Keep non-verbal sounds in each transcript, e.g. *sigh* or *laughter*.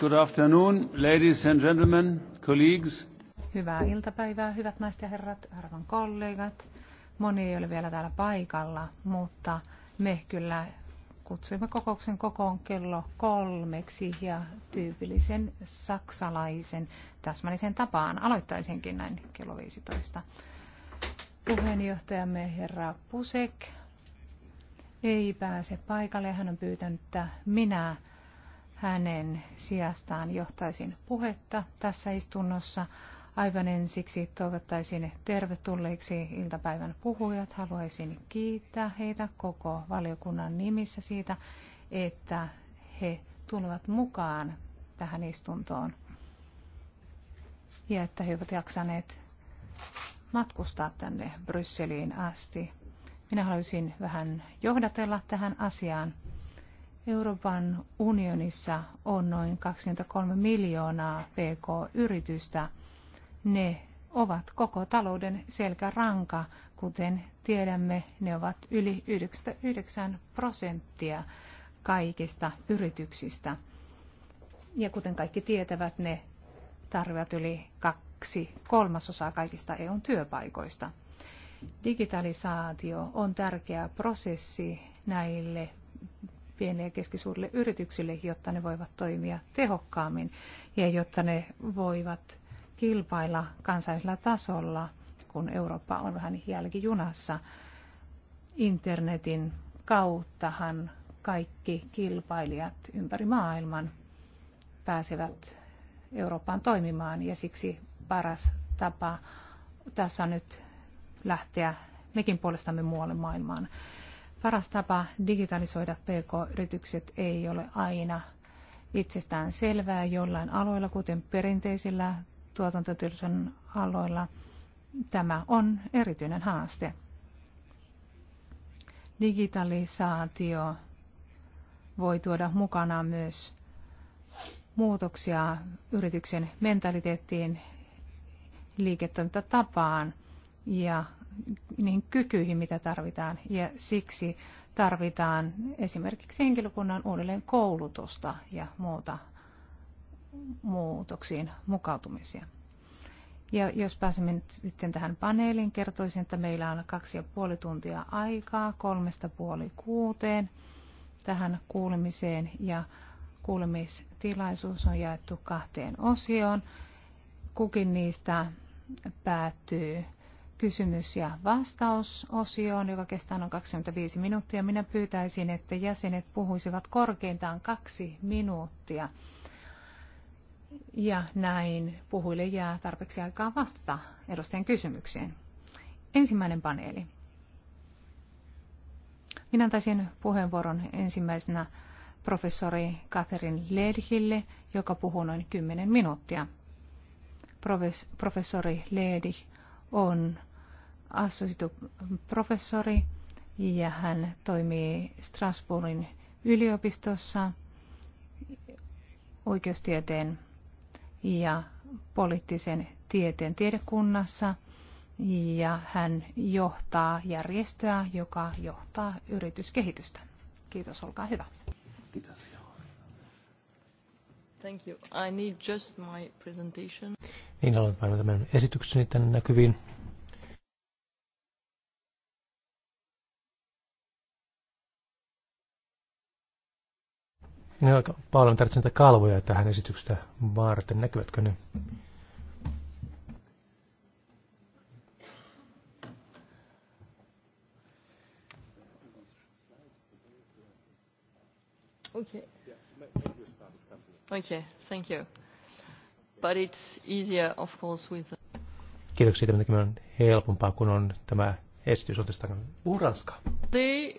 Good afternoon, ladies and gentlemen, colleagues. Hyvää iltapäivää, hyvät naiset ja herrat, arvon kollegat. Moni ei ole vielä täällä paikalla, mutta me kyllä kutsuimme kokouksen kokoon kello kolmeksi ja tyypillisen saksalaisen täsmällisen tapaan aloittaisinkin näin kello 15. Puheenjohtajamme herra Pusek ei pääse paikalle. Hän on pyytänyt, että minä hänen sijastaan johtaisin puhetta tässä istunnossa. Aivan ensiksi toivottaisin tervetulleiksi iltapäivän puhujat. Haluaisin kiittää heitä koko valiokunnan nimissä siitä, että he tulevat mukaan tähän istuntoon ja että he ovat jaksaneet matkustaa tänne Brysseliin asti. Minä haluaisin vähän johdatella tähän asiaan. Euroopan unionissa on noin 23 miljoonaa pk-yritystä. Ne ovat koko talouden selkäranka, kuten tiedämme, ne ovat yli 99 prosenttia kaikista yrityksistä. Ja kuten kaikki tietävät, ne tarvitsevat yli kaksi kolmasosaa kaikista EUn työpaikoista. Digitalisaatio on tärkeä prosessi näille pienille ja keskisuurille yrityksille, jotta ne voivat toimia tehokkaammin ja jotta ne voivat kilpailla kansainvälisellä tasolla, kun Eurooppa on vähän niin jälkijunassa. Internetin kauttahan kaikki kilpailijat ympäri maailman pääsevät Eurooppaan toimimaan ja siksi paras tapa tässä on nyt lähteä mekin puolestamme muualle maailmaan. Paras tapa digitalisoida pk-yritykset ei ole aina itsestään selvää jollain aloilla, kuten perinteisillä tuotantotyöllisen aloilla. Tämä on erityinen haaste. Digitalisaatio voi tuoda mukanaan myös muutoksia yrityksen mentaliteettiin, liiketoimintatapaan ja niihin kykyihin, mitä tarvitaan. Ja siksi tarvitaan esimerkiksi henkilökunnan uudelleen koulutusta ja muuta muutoksiin mukautumisia. Ja jos pääsemme nyt sitten tähän paneeliin, kertoisin, että meillä on kaksi ja puoli tuntia aikaa kolmesta puoli kuuteen tähän kuulemiseen ja kuulemistilaisuus on jaettu kahteen osioon. Kukin niistä päättyy kysymys- ja vastausosioon, joka kestää noin 25 minuuttia. Minä pyytäisin, että jäsenet puhuisivat korkeintaan kaksi minuuttia. Ja näin puhuille jää tarpeeksi aikaa vastata edustajan kysymykseen. Ensimmäinen paneeli. Minä antaisin puheenvuoron ensimmäisenä professori Catherine Ledhille, joka puhuu noin 10 minuuttia. Professori Ledih on assosito professori ja hän toimii Strasbourgin yliopistossa oikeustieteen ja poliittisen tieteen tiedekunnassa ja hän johtaa järjestöä, joka johtaa yrityskehitystä. Kiitos, olkaa hyvä. Kiitos. Thank you. I need just my presentation. Niin haluan painaa tämän esitykseni tänne näkyviin. No, Paula, tarvitsen näitä kalvoja tähän esityksestä varten. Näkyvätkö ne? Okay. Okay, thank you. But it's easier, of course, with... Kiitoksia, tämä on helpompaa, kun on tämä esitys on tästä puhu ranskaa. De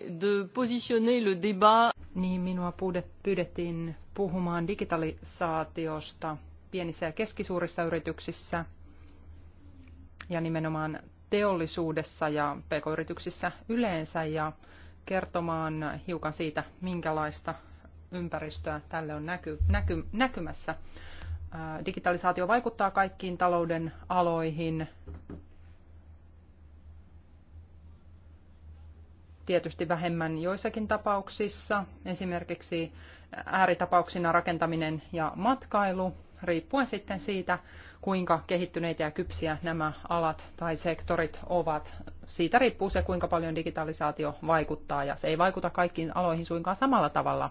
le débat. Niin minua pyydettiin puhumaan digitalisaatiosta pienissä ja keskisuurissa yrityksissä ja nimenomaan teollisuudessa ja pk-yrityksissä yleensä ja kertomaan hiukan siitä, minkälaista ympäristöä tälle on näky, näky, näkymässä. Digitalisaatio vaikuttaa kaikkiin talouden aloihin, tietysti vähemmän joissakin tapauksissa, esimerkiksi ääritapauksina rakentaminen ja matkailu, riippuen sitten siitä, kuinka kehittyneitä ja kypsiä nämä alat tai sektorit ovat. Siitä riippuu se, kuinka paljon digitalisaatio vaikuttaa, ja se ei vaikuta kaikkiin aloihin suinkaan samalla tavalla.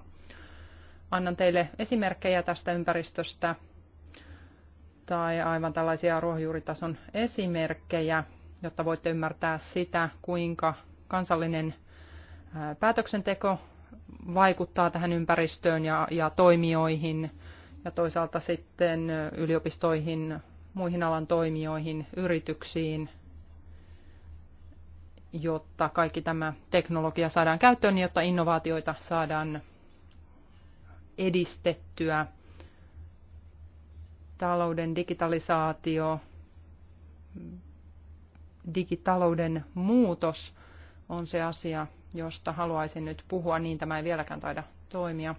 Annan teille esimerkkejä tästä ympäristöstä tai aivan tällaisia ruohonjuuritason esimerkkejä, jotta voitte ymmärtää sitä, kuinka kansallinen päätöksenteko vaikuttaa tähän ympäristöön ja, ja toimijoihin ja toisaalta sitten yliopistoihin, muihin alan toimijoihin, yrityksiin, jotta kaikki tämä teknologia saadaan käyttöön, jotta innovaatioita saadaan edistettyä. Talouden digitalisaatio, digitalouden muutos on se asia, josta haluaisin nyt puhua, niin tämä ei vieläkään taida toimia.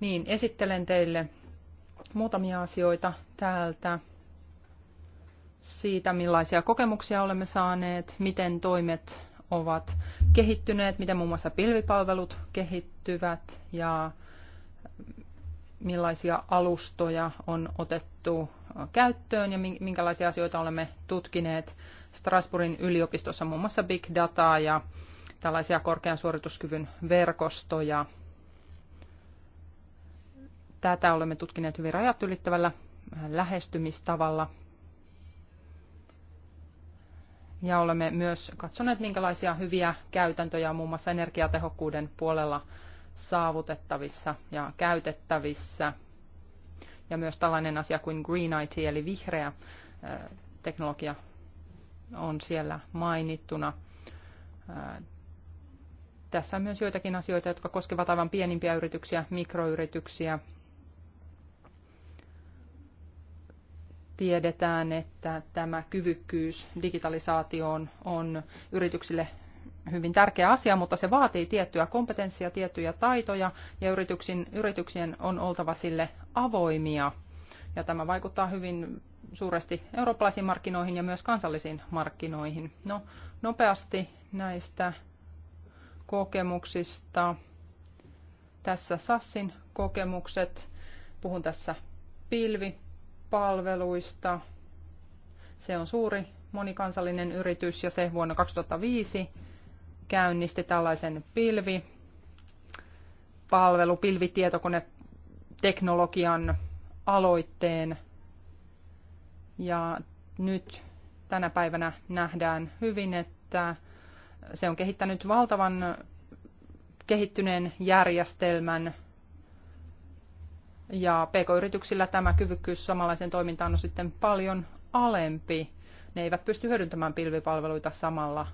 Niin, esittelen teille muutamia asioita täältä siitä, millaisia kokemuksia olemme saaneet, miten toimet ovat kehittyneet, miten muun muassa pilvipalvelut kehittyvät ja millaisia alustoja on otettu käyttöön ja minkälaisia asioita olemme tutkineet Strasbourgin yliopistossa, muun muassa big dataa ja tällaisia korkean suorituskyvyn verkostoja. Tätä olemme tutkineet hyvin rajat ylittävällä lähestymistavalla. Ja olemme myös katsoneet, minkälaisia hyviä käytäntöjä on muun muassa energiatehokkuuden puolella saavutettavissa ja käytettävissä. Ja myös tällainen asia kuin Green IT eli vihreä teknologia on siellä mainittuna tässä on myös joitakin asioita, jotka koskevat aivan pienimpiä yrityksiä, mikroyrityksiä. Tiedetään, että tämä kyvykkyys digitalisaatioon on yrityksille hyvin tärkeä asia, mutta se vaatii tiettyä kompetenssia, tiettyjä taitoja ja yrityksin, yrityksien on oltava sille avoimia. Ja tämä vaikuttaa hyvin suuresti eurooppalaisiin markkinoihin ja myös kansallisiin markkinoihin. No, nopeasti näistä kokemuksista. Tässä Sassin kokemukset. Puhun tässä pilvipalveluista. Se on suuri monikansallinen yritys ja se vuonna 2005 käynnisti tällaisen pilvi palvelu, pilvitietokoneteknologian aloitteen. Ja nyt tänä päivänä nähdään hyvin, että se on kehittänyt valtavan kehittyneen järjestelmän ja pk-yrityksillä tämä kyvykkyys samanlaiseen toimintaan on sitten paljon alempi. Ne eivät pysty hyödyntämään pilvipalveluita samalla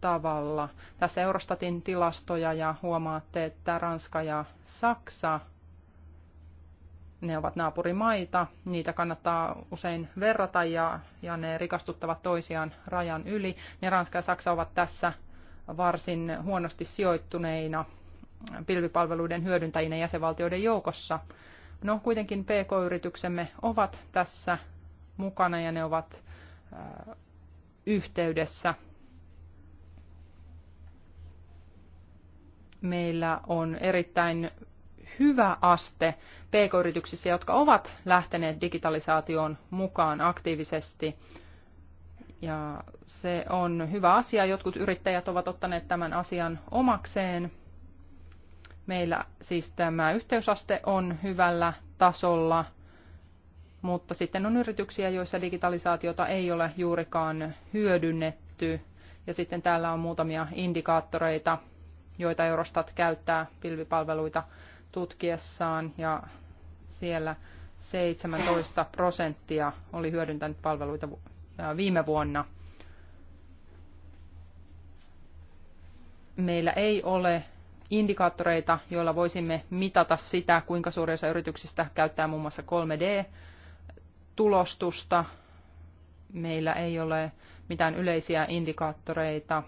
tavalla. Tässä Eurostatin tilastoja ja huomaatte, että Ranska ja Saksa, ne ovat naapurimaita. Niitä kannattaa usein verrata ja, ja ne rikastuttavat toisiaan rajan yli. Ne Ranska ja Saksa ovat tässä varsin huonosti sijoittuneina pilvipalveluiden hyödyntäjinä jäsenvaltioiden joukossa. No kuitenkin PK-yrityksemme ovat tässä mukana ja ne ovat yhteydessä. Meillä on erittäin hyvä aste PK-yrityksissä, jotka ovat lähteneet digitalisaatioon mukaan aktiivisesti ja se on hyvä asia. Jotkut yrittäjät ovat ottaneet tämän asian omakseen. Meillä siis tämä yhteysaste on hyvällä tasolla, mutta sitten on yrityksiä, joissa digitalisaatiota ei ole juurikaan hyödynnetty. Ja sitten täällä on muutamia indikaattoreita, joita Eurostat käyttää pilvipalveluita tutkiessaan. Ja siellä 17 prosenttia oli hyödyntänyt palveluita viime vuonna. Meillä ei ole indikaattoreita, joilla voisimme mitata sitä, kuinka suuri osa yrityksistä käyttää muun muassa 3D-tulostusta. Meillä ei ole mitään yleisiä indikaattoreita.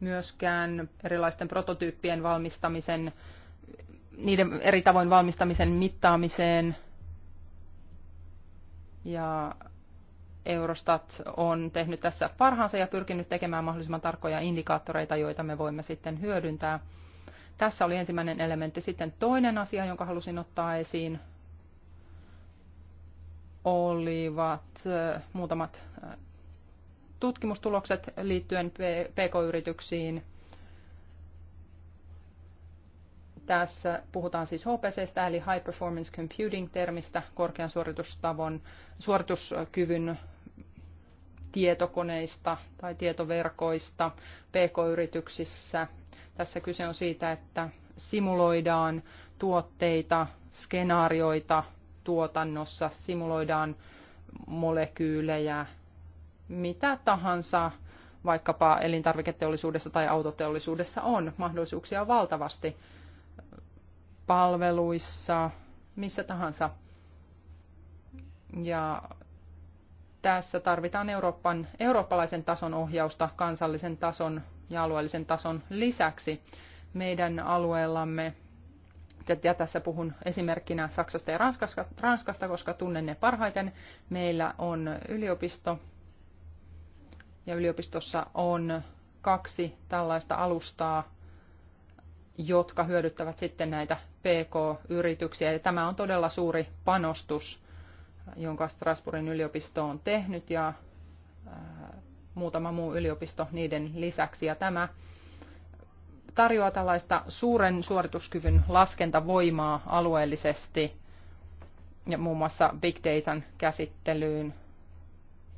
Myöskään erilaisten prototyyppien valmistamisen, niiden eri tavoin valmistamisen mittaamiseen – ja Eurostat on tehnyt tässä parhaansa ja pyrkinyt tekemään mahdollisimman tarkkoja indikaattoreita, joita me voimme sitten hyödyntää. Tässä oli ensimmäinen elementti. Sitten toinen asia, jonka halusin ottaa esiin, olivat äh, muutamat äh, tutkimustulokset liittyen pk-yrityksiin Tässä puhutaan siis HPC, eli High Performance Computing-termistä, korkean suoritustavon, suorituskyvyn tietokoneista tai tietoverkoista PK-yrityksissä. Tässä kyse on siitä, että simuloidaan tuotteita, skenaarioita tuotannossa, simuloidaan molekyylejä, mitä tahansa vaikkapa elintarviketeollisuudessa tai autoteollisuudessa on. Mahdollisuuksia on valtavasti palveluissa, missä tahansa. Ja tässä tarvitaan Euroopan, eurooppalaisen tason ohjausta kansallisen tason ja alueellisen tason lisäksi meidän alueellamme. Ja tässä puhun esimerkkinä Saksasta ja Ranskasta, Ranskasta koska tunnen ne parhaiten. Meillä on yliopisto ja yliopistossa on kaksi tällaista alustaa, jotka hyödyttävät sitten näitä PK-yrityksiä. Ja tämä on todella suuri panostus, jonka Strasbourgin yliopisto on tehnyt ja muutama muu yliopisto niiden lisäksi. Ja tämä tarjoaa tällaista suuren suorituskyvyn laskentavoimaa alueellisesti ja muun muassa big datan käsittelyyn,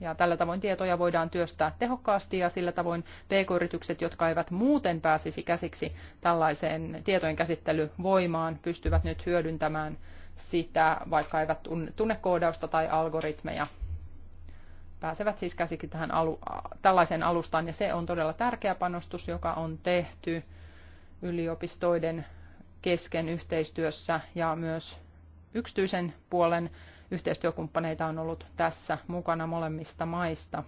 ja tällä tavoin tietoja voidaan työstää tehokkaasti ja sillä tavoin pk-yritykset, jotka eivät muuten pääsisi käsiksi tällaiseen tietojen käsittelyvoimaan, pystyvät nyt hyödyntämään sitä, vaikka eivät tunne koodausta tai algoritmeja. Pääsevät siis käsiksi tähän alu, tällaiseen alustaan ja se on todella tärkeä panostus, joka on tehty yliopistoiden kesken yhteistyössä ja myös yksityisen puolen yhteistyökumppaneita on ollut tässä mukana molemmista maista.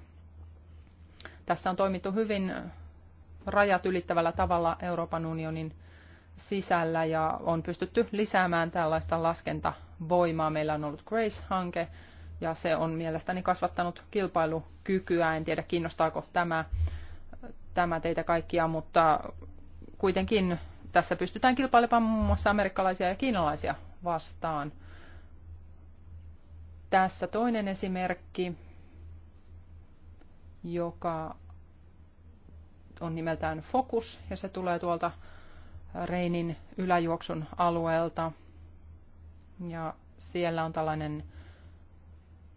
Tässä on toimittu hyvin rajat ylittävällä tavalla Euroopan unionin sisällä ja on pystytty lisäämään tällaista laskentavoimaa. Meillä on ollut Grace-hanke ja se on mielestäni kasvattanut kilpailukykyä. En tiedä kiinnostaako tämä, tämä teitä kaikkia, mutta kuitenkin tässä pystytään kilpailemaan muun muassa amerikkalaisia ja kiinalaisia vastaan – tässä toinen esimerkki, joka on nimeltään Focus ja se tulee tuolta Reinin yläjuoksun alueelta. Ja siellä on tällainen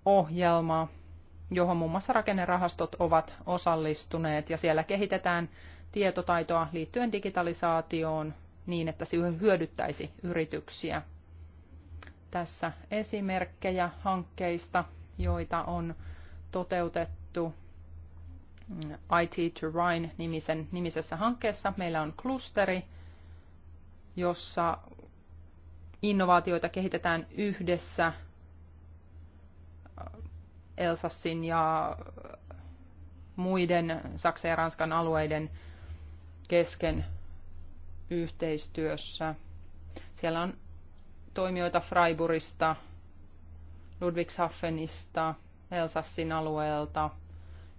ohjelma, johon muun muassa rakennerahastot ovat osallistuneet ja siellä kehitetään tietotaitoa liittyen digitalisaatioon niin, että se hyödyttäisi yrityksiä tässä esimerkkejä hankkeista, joita on toteutettu IT to Rhine nimisen, nimisessä hankkeessa. Meillä on klusteri, jossa innovaatioita kehitetään yhdessä äh, Elsassin ja muiden Saksan ja Ranskan alueiden kesken yhteistyössä. Siellä on toimijoita Freiburgista, Ludwigshafenista, Elsassin alueelta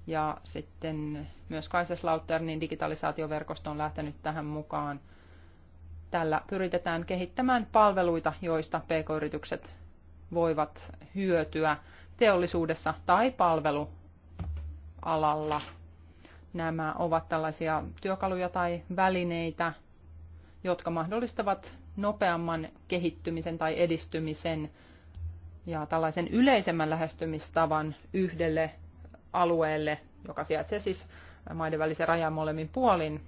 ja sitten myös Kaiserslauternin digitalisaatioverkosto on lähtenyt tähän mukaan. Tällä pyritetään kehittämään palveluita, joista pk-yritykset voivat hyötyä teollisuudessa tai palvelualalla. Nämä ovat tällaisia työkaluja tai välineitä, jotka mahdollistavat nopeamman kehittymisen tai edistymisen ja tällaisen yleisemmän lähestymistavan yhdelle alueelle, joka sijaitsee siis maiden välisen rajan molemmin puolin.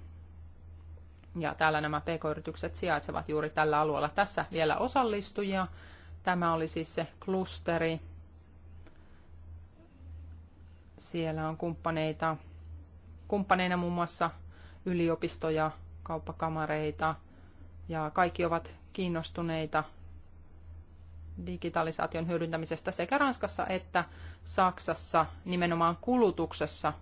Ja täällä nämä pk-yritykset sijaitsevat juuri tällä alueella. Tässä vielä osallistujia. Tämä oli siis se klusteri. Siellä on kumppaneita, kumppaneina muun muassa yliopistoja, kauppakamareita – ja kaikki ovat kiinnostuneita digitalisaation hyödyntämisestä sekä Ranskassa että Saksassa nimenomaan kulutuksessa.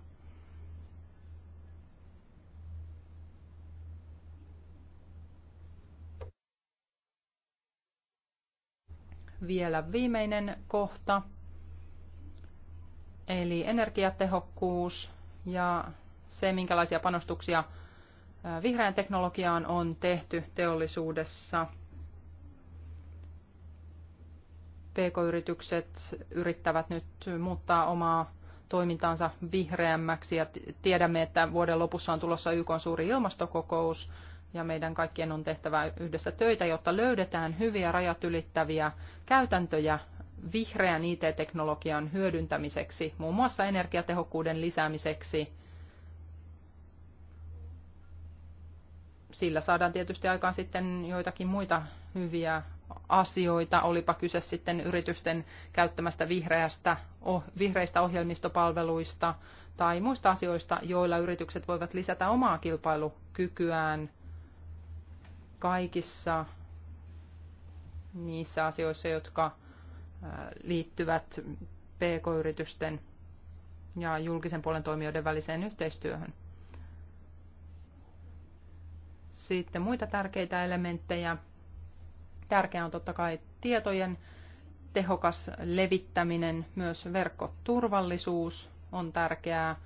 Vielä viimeinen kohta, eli energiatehokkuus ja se, minkälaisia panostuksia vihreän teknologiaan on tehty teollisuudessa. PK-yritykset yrittävät nyt muuttaa omaa toimintaansa vihreämmäksi ja tiedämme, että vuoden lopussa on tulossa YK on suuri ilmastokokous ja meidän kaikkien on tehtävä yhdessä töitä, jotta löydetään hyviä rajat ylittäviä käytäntöjä vihreän IT-teknologian hyödyntämiseksi, muun muassa energiatehokkuuden lisäämiseksi – sillä saadaan tietysti aikaan sitten joitakin muita hyviä asioita, olipa kyse sitten yritysten käyttämästä vihreästä, oh, vihreistä ohjelmistopalveluista tai muista asioista, joilla yritykset voivat lisätä omaa kilpailukykyään kaikissa niissä asioissa, jotka liittyvät pk-yritysten ja julkisen puolen toimijoiden väliseen yhteistyöhön. Sitten muita tärkeitä elementtejä. Tärkeää on totta kai tietojen tehokas levittäminen, myös verkkoturvallisuus on tärkeää.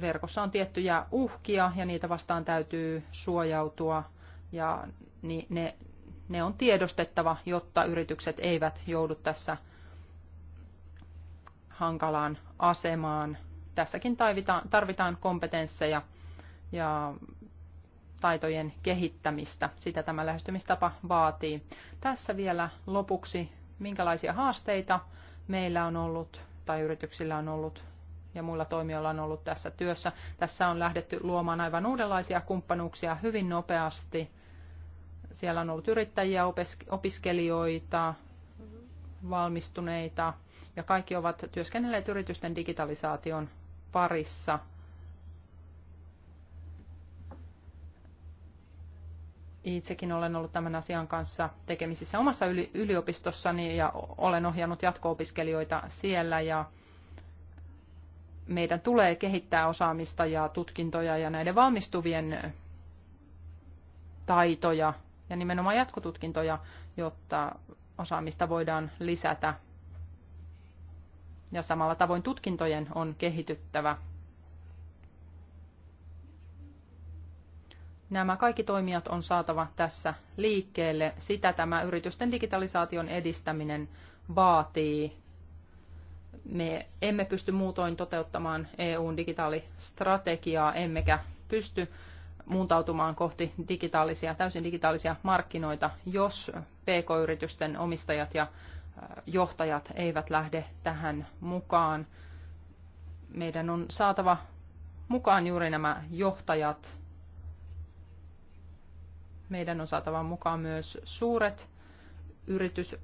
Verkossa on tiettyjä uhkia ja niitä vastaan täytyy suojautua ja ne, ne on tiedostettava, jotta yritykset eivät joudu tässä hankalaan asemaan. Tässäkin tarvitaan, tarvitaan kompetensseja ja taitojen kehittämistä. Sitä tämä lähestymistapa vaatii. Tässä vielä lopuksi, minkälaisia haasteita meillä on ollut tai yrityksillä on ollut ja muilla toimijoilla on ollut tässä työssä. Tässä on lähdetty luomaan aivan uudenlaisia kumppanuuksia hyvin nopeasti. Siellä on ollut yrittäjiä, opiskelijoita, valmistuneita ja kaikki ovat työskennelleet yritysten digitalisaation parissa – Itsekin olen ollut tämän asian kanssa tekemisissä omassa yliopistossani ja olen ohjannut jatko-opiskelijoita siellä ja meidän tulee kehittää osaamista ja tutkintoja ja näiden valmistuvien taitoja ja nimenomaan jatkotutkintoja, jotta osaamista voidaan lisätä. Ja samalla tavoin tutkintojen on kehityttävä Nämä kaikki toimijat on saatava tässä liikkeelle. Sitä tämä yritysten digitalisaation edistäminen vaatii. Me emme pysty muutoin toteuttamaan EUn digitaalistrategiaa, emmekä pysty muuntautumaan kohti digitaalisia, täysin digitaalisia markkinoita, jos pk-yritysten omistajat ja johtajat eivät lähde tähän mukaan. Meidän on saatava mukaan juuri nämä johtajat meidän on saatava mukaan myös suuret yritys,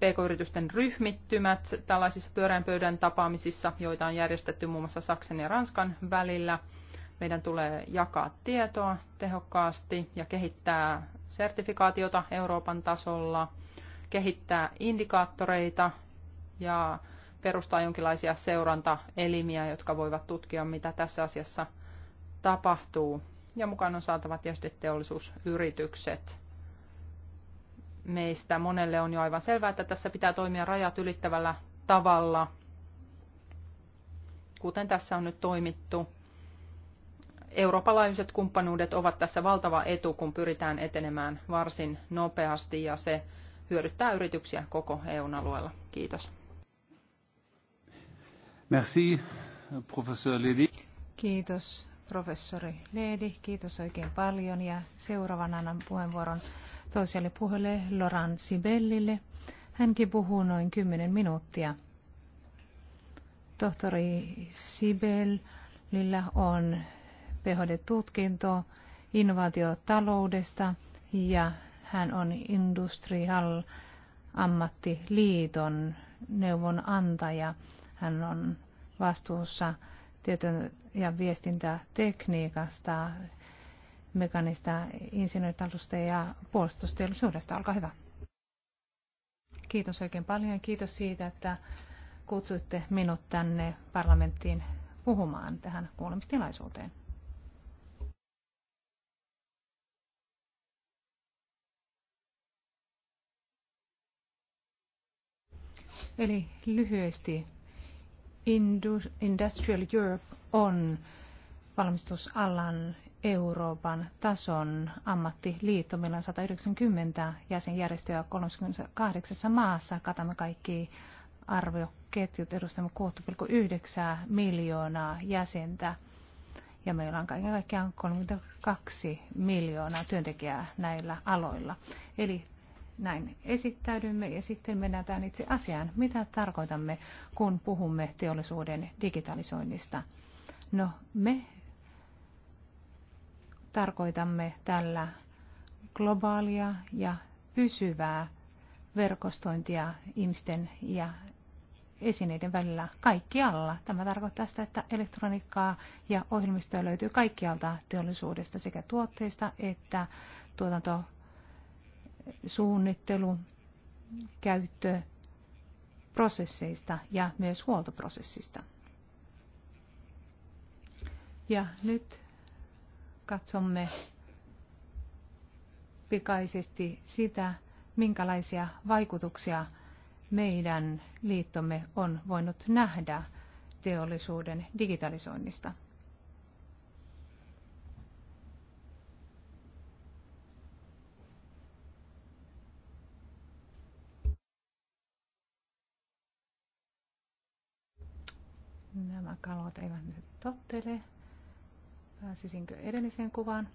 pk-yritysten ryhmittymät tällaisissa pyörän pöydän tapaamisissa, joita on järjestetty muun muassa Saksan ja Ranskan välillä. Meidän tulee jakaa tietoa tehokkaasti ja kehittää sertifikaatiota Euroopan tasolla, kehittää indikaattoreita ja perustaa jonkinlaisia seurantaelimiä, jotka voivat tutkia, mitä tässä asiassa tapahtuu ja mukaan on saatava tietysti teollisuusyritykset. Meistä monelle on jo aivan selvää, että tässä pitää toimia rajat ylittävällä tavalla, kuten tässä on nyt toimittu. Eurooppalaiset kumppanuudet ovat tässä valtava etu, kun pyritään etenemään varsin nopeasti ja se hyödyttää yrityksiä koko EUn alueella. Kiitos. Merci, professor Lévy. Kiitos, professori Leedi. Kiitos oikein paljon ja seuraavan annan puheenvuoron toiselle puhelle Loran Sibellille. Hänkin puhuu noin 10 minuuttia. Tohtori Sibellillä on PhD-tutkinto innovaatiotaloudesta ja hän on Industrial ammattiliiton neuvonantaja. Hän on vastuussa tieto- ja viestintätekniikasta, mekanista insinööritalusta ja puolustusteollisuudesta. Olkaa hyvä. Kiitos oikein paljon ja kiitos siitä, että kutsuitte minut tänne parlamenttiin puhumaan tähän kuulemistilaisuuteen. Eli lyhyesti Industrial Europe on valmistusalan Euroopan tason ammattiliitto. Meillä on 190 jäsenjärjestöä 38 maassa. Katamme kaikki arvioketjut. Edustamme 6,9 miljoonaa jäsentä. Ja meillä on kaiken kaikkiaan 32 miljoonaa työntekijää näillä aloilla. Eli näin esittäydymme ja sitten mennään tähän itse asiaan. Mitä tarkoitamme, kun puhumme teollisuuden digitalisoinnista? No, me tarkoitamme tällä globaalia ja pysyvää verkostointia ihmisten ja esineiden välillä kaikkialla. Tämä tarkoittaa sitä, että elektroniikkaa ja ohjelmistoja löytyy kaikkialta teollisuudesta sekä tuotteista että tuotanto suunnittelu, käyttö prosesseista ja myös huoltoprosessista. Ja nyt katsomme pikaisesti sitä, minkälaisia vaikutuksia meidän liittomme on voinut nähdä teollisuuden digitalisoinnista. Nämä kalot eivät nyt tottele. Pääsisinkö edelliseen kuvaan?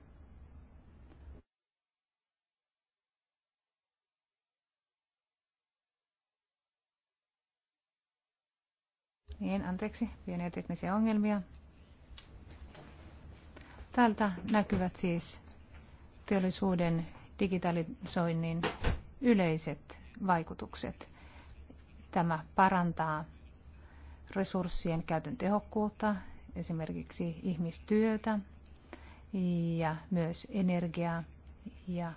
Niin, anteeksi, pieniä teknisiä ongelmia. Täältä näkyvät siis teollisuuden digitalisoinnin yleiset vaikutukset. Tämä parantaa resurssien käytön tehokkuutta, esimerkiksi ihmistyötä ja myös energiaa ja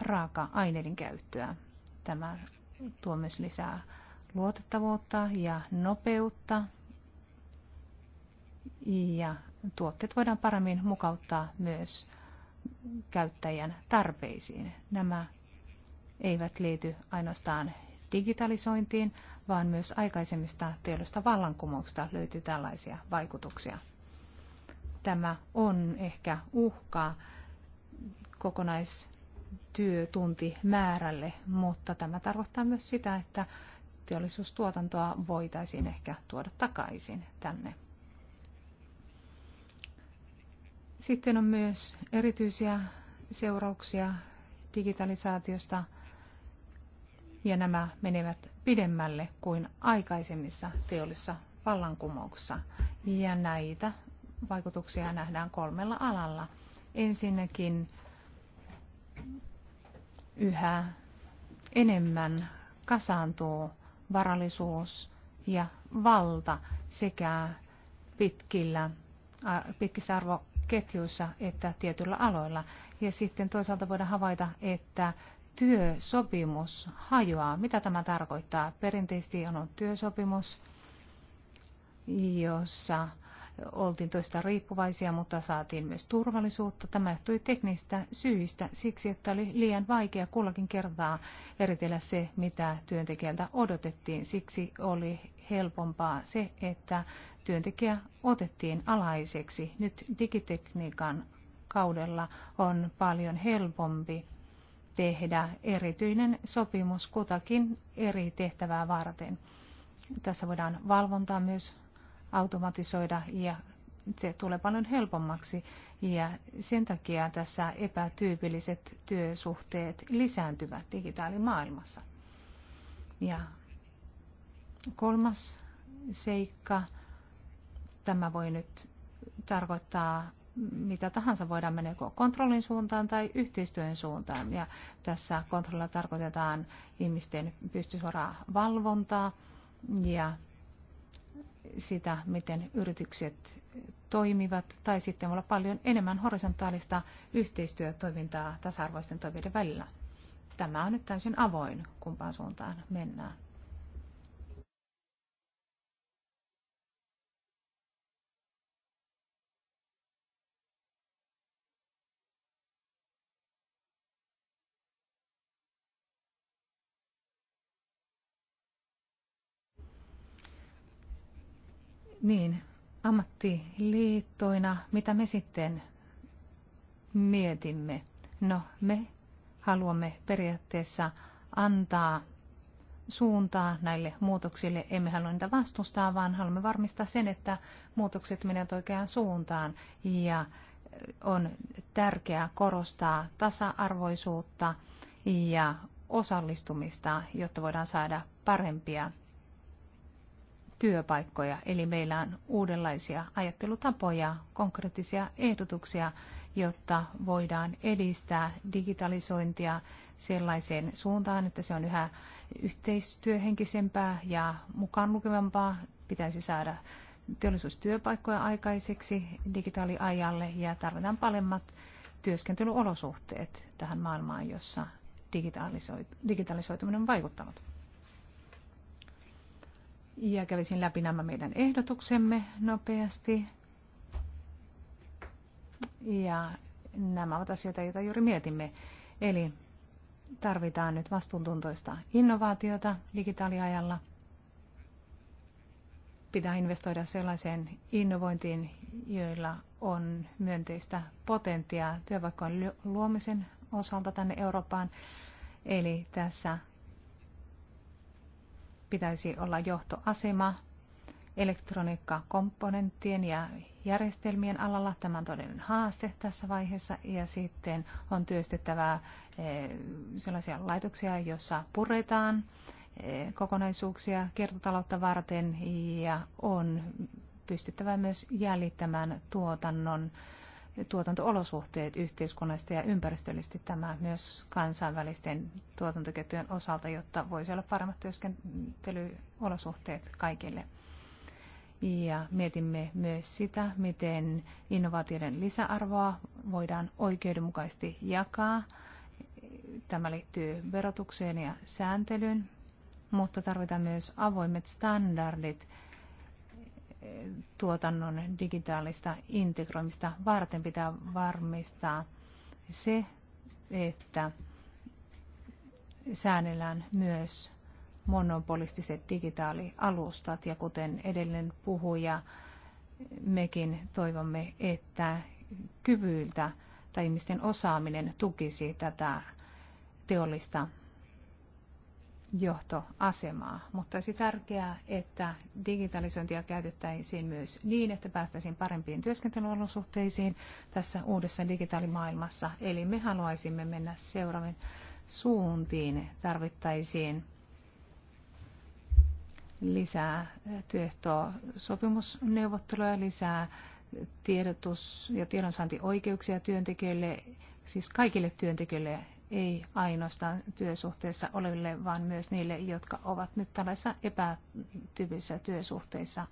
raaka-aineiden käyttöä. Tämä tuo myös lisää luotettavuutta ja nopeutta ja tuotteet voidaan paremmin mukauttaa myös käyttäjän tarpeisiin. Nämä eivät liity ainoastaan digitalisointiin, vaan myös aikaisemmista teollista vallankumouksista löytyy tällaisia vaikutuksia. Tämä on ehkä uhka kokonaistyötuntimäärälle, mutta tämä tarkoittaa myös sitä, että teollisuustuotantoa voitaisiin ehkä tuoda takaisin tänne. Sitten on myös erityisiä seurauksia digitalisaatiosta – ja nämä menevät pidemmälle kuin aikaisemmissa teollisissa vallankumouksissa. Ja näitä vaikutuksia nähdään kolmella alalla. Ensinnäkin yhä enemmän kasaantuu varallisuus ja valta sekä pitkillä, pitkissä arvoketjuissa että tietyillä aloilla. Ja sitten toisaalta voidaan havaita, että työsopimus hajoaa. Mitä tämä tarkoittaa? Perinteisesti on ollut työsopimus, jossa oltiin toista riippuvaisia, mutta saatiin myös turvallisuutta. Tämä johtui teknistä syistä siksi, että oli liian vaikea kullakin kertaa eritellä se, mitä työntekijältä odotettiin. Siksi oli helpompaa se, että työntekijä otettiin alaiseksi. Nyt digitekniikan kaudella on paljon helpompi tehdä erityinen sopimus kutakin eri tehtävää varten. Tässä voidaan valvontaa myös automatisoida ja se tulee paljon helpommaksi ja sen takia tässä epätyypilliset työsuhteet lisääntyvät digitaalimaailmassa. Ja kolmas seikka, tämä voi nyt tarkoittaa mitä tahansa voidaan mennä joko kontrollin suuntaan tai yhteistyön suuntaan. Ja tässä kontrollilla tarkoitetaan ihmisten pystysuoraa valvontaa ja sitä, miten yritykset toimivat, tai sitten olla paljon enemmän horisontaalista yhteistyötoimintaa tasa-arvoisten toimijoiden välillä. Tämä on nyt täysin avoin, kumpaan suuntaan mennään. Niin, ammattiliittoina, mitä me sitten mietimme? No, me haluamme periaatteessa antaa suuntaa näille muutoksille. Emme halua niitä vastustaa, vaan haluamme varmistaa sen, että muutokset menevät oikeaan suuntaan. Ja on tärkeää korostaa tasa-arvoisuutta ja osallistumista, jotta voidaan saada parempia työpaikkoja. Eli meillä on uudenlaisia ajattelutapoja, konkreettisia ehdotuksia, jotta voidaan edistää digitalisointia sellaiseen suuntaan, että se on yhä yhteistyöhenkisempää ja mukaan lukevampaa. Pitäisi saada teollisuustyöpaikkoja aikaiseksi digitaaliajalle ja tarvitaan paremmat työskentelyolosuhteet tähän maailmaan, jossa digitalisoituminen on vaikuttanut ja kävisin läpi nämä meidän ehdotuksemme nopeasti. Ja nämä ovat asioita, joita juuri mietimme. Eli tarvitaan nyt vastuuntuntoista innovaatiota digitaaliajalla. Pitää investoida sellaiseen innovointiin, joilla on myönteistä potentiaa työpaikkojen luomisen osalta tänne Eurooppaan. Eli tässä pitäisi olla johtoasema elektroniikkakomponenttien ja järjestelmien alalla. Tämä on todellinen haaste tässä vaiheessa. Ja sitten on työstettävää eh, sellaisia laitoksia, joissa puretaan eh, kokonaisuuksia kiertotaloutta varten ja on pystyttävä myös jäljittämään tuotannon tuotantoolosuhteet yhteiskunnallisesti ja ympäristöllisesti tämä myös kansainvälisten tuotantoketjujen osalta, jotta voisi olla paremmat työskentelyolosuhteet kaikille. Ja mietimme myös sitä, miten innovaatioiden lisäarvoa voidaan oikeudenmukaisesti jakaa. Tämä liittyy verotukseen ja sääntelyyn, mutta tarvitaan myös avoimet standardit tuotannon digitaalista integroimista varten pitää varmistaa se, että säännellään myös monopolistiset digitaalialustat. Ja kuten edellinen puhuja, mekin toivomme, että kyvyiltä tai ihmisten osaaminen tukisi tätä teollista johtoasemaa, mutta olisi tärkeää, että digitalisointia käytettäisiin myös niin, että päästäisiin parempiin työskentelyolosuhteisiin tässä uudessa digitaalimaailmassa. Eli me haluaisimme mennä seuraaviin suuntiin. Tarvittaisiin lisää työehtosopimusneuvotteluja, lisää tiedotus- ja tiedonsaantioikeuksia työntekijöille, siis kaikille työntekijöille ei ainoastaan työsuhteessa oleville, vaan myös niille, jotka ovat nyt tällaisissa epätyypillisissä työsuhteissa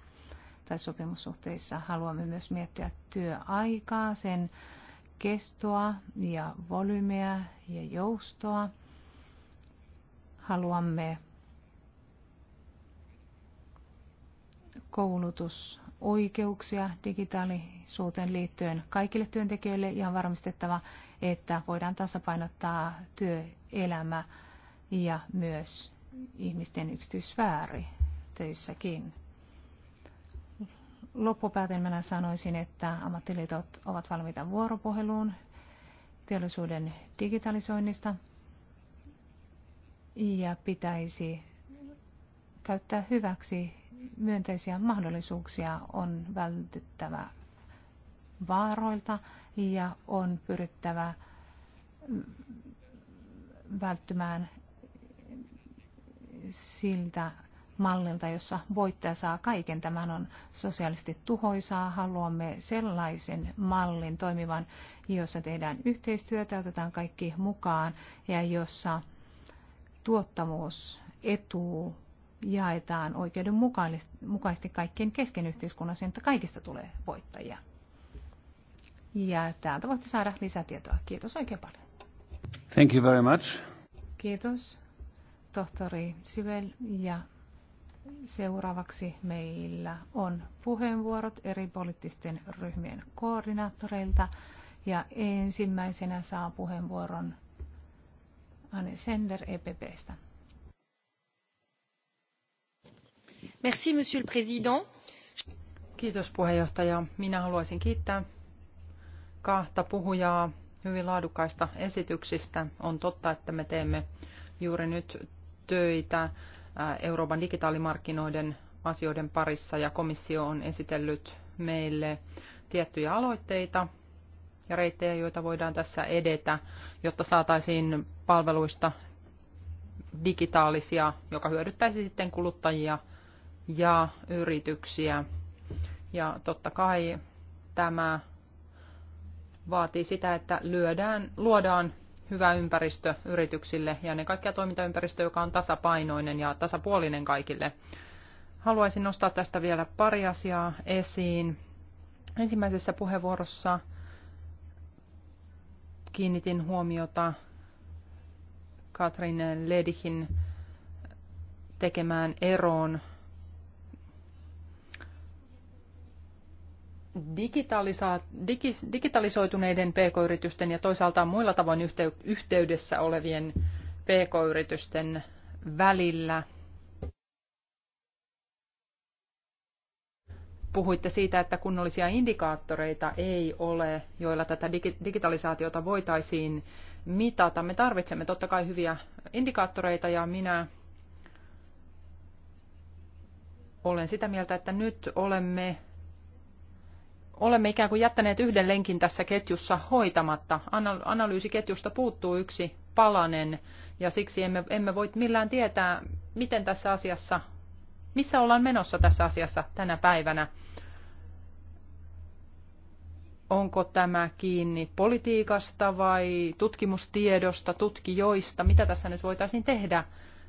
tai sopimussuhteissa. Haluamme myös miettiä työaikaa, sen kestoa ja volyymiä ja joustoa. Haluamme koulutusoikeuksia digitaalisuuteen liittyen kaikille työntekijöille ja on varmistettava, että voidaan tasapainottaa työelämä ja myös ihmisten yksityisfääri töissäkin. Loppupäätelmänä sanoisin, että ammattiliitot ovat valmiita vuoropuheluun teollisuuden digitalisoinnista ja pitäisi käyttää hyväksi myönteisiä mahdollisuuksia on vältyttävä vaaroilta ja on pyrittävä välttymään siltä mallilta, jossa voittaja saa kaiken. Tämän on sosiaalisesti tuhoisaa. Haluamme sellaisen mallin toimivan, jossa tehdään yhteistyötä, otetaan kaikki mukaan ja jossa tuottavuus, etu jaetaan oikeudenmukaisesti kaikkien kesken yhteiskunnassa, että kaikista tulee voittajia. Ja täältä voitte saada lisätietoa. Kiitos oikein paljon. Thank you very much. Kiitos, tohtori Sivel. Ja seuraavaksi meillä on puheenvuorot eri poliittisten ryhmien koordinaattoreilta. Ja ensimmäisenä saa puheenvuoron Anne Sender EPPstä. Merci, monsieur le président. Kiitos puheenjohtaja. Minä haluaisin kiittää kahta puhujaa hyvin laadukkaista esityksistä. On totta, että me teemme juuri nyt töitä äh, Euroopan digitaalimarkkinoiden asioiden parissa ja komissio on esitellyt meille tiettyjä aloitteita ja reittejä, joita voidaan tässä edetä, jotta saataisiin palveluista digitaalisia, joka hyödyttäisi sitten kuluttajia ja yrityksiä. Ja totta kai tämä vaatii sitä, että lyödään, luodaan hyvä ympäristö yrityksille ja ne kaikkia toimintaympäristö, joka on tasapainoinen ja tasapuolinen kaikille. Haluaisin nostaa tästä vielä pari asiaa esiin. Ensimmäisessä puheenvuorossa kiinnitin huomiota Katrin Ledihin tekemään eroon digitalisoituneiden pk-yritysten ja toisaalta muilla tavoin yhteydessä olevien pk-yritysten välillä. Puhuitte siitä, että kunnollisia indikaattoreita ei ole, joilla tätä digitalisaatiota voitaisiin mitata. Me tarvitsemme totta kai hyviä indikaattoreita ja minä olen sitä mieltä, että nyt olemme olemme ikään kuin jättäneet yhden lenkin tässä ketjussa hoitamatta. Analyysiketjusta puuttuu yksi palanen ja siksi emme, emme voi millään tietää, miten tässä asiassa, missä ollaan menossa tässä asiassa tänä päivänä. Onko tämä kiinni politiikasta vai tutkimustiedosta, tutkijoista? Mitä tässä nyt voitaisiin tehdä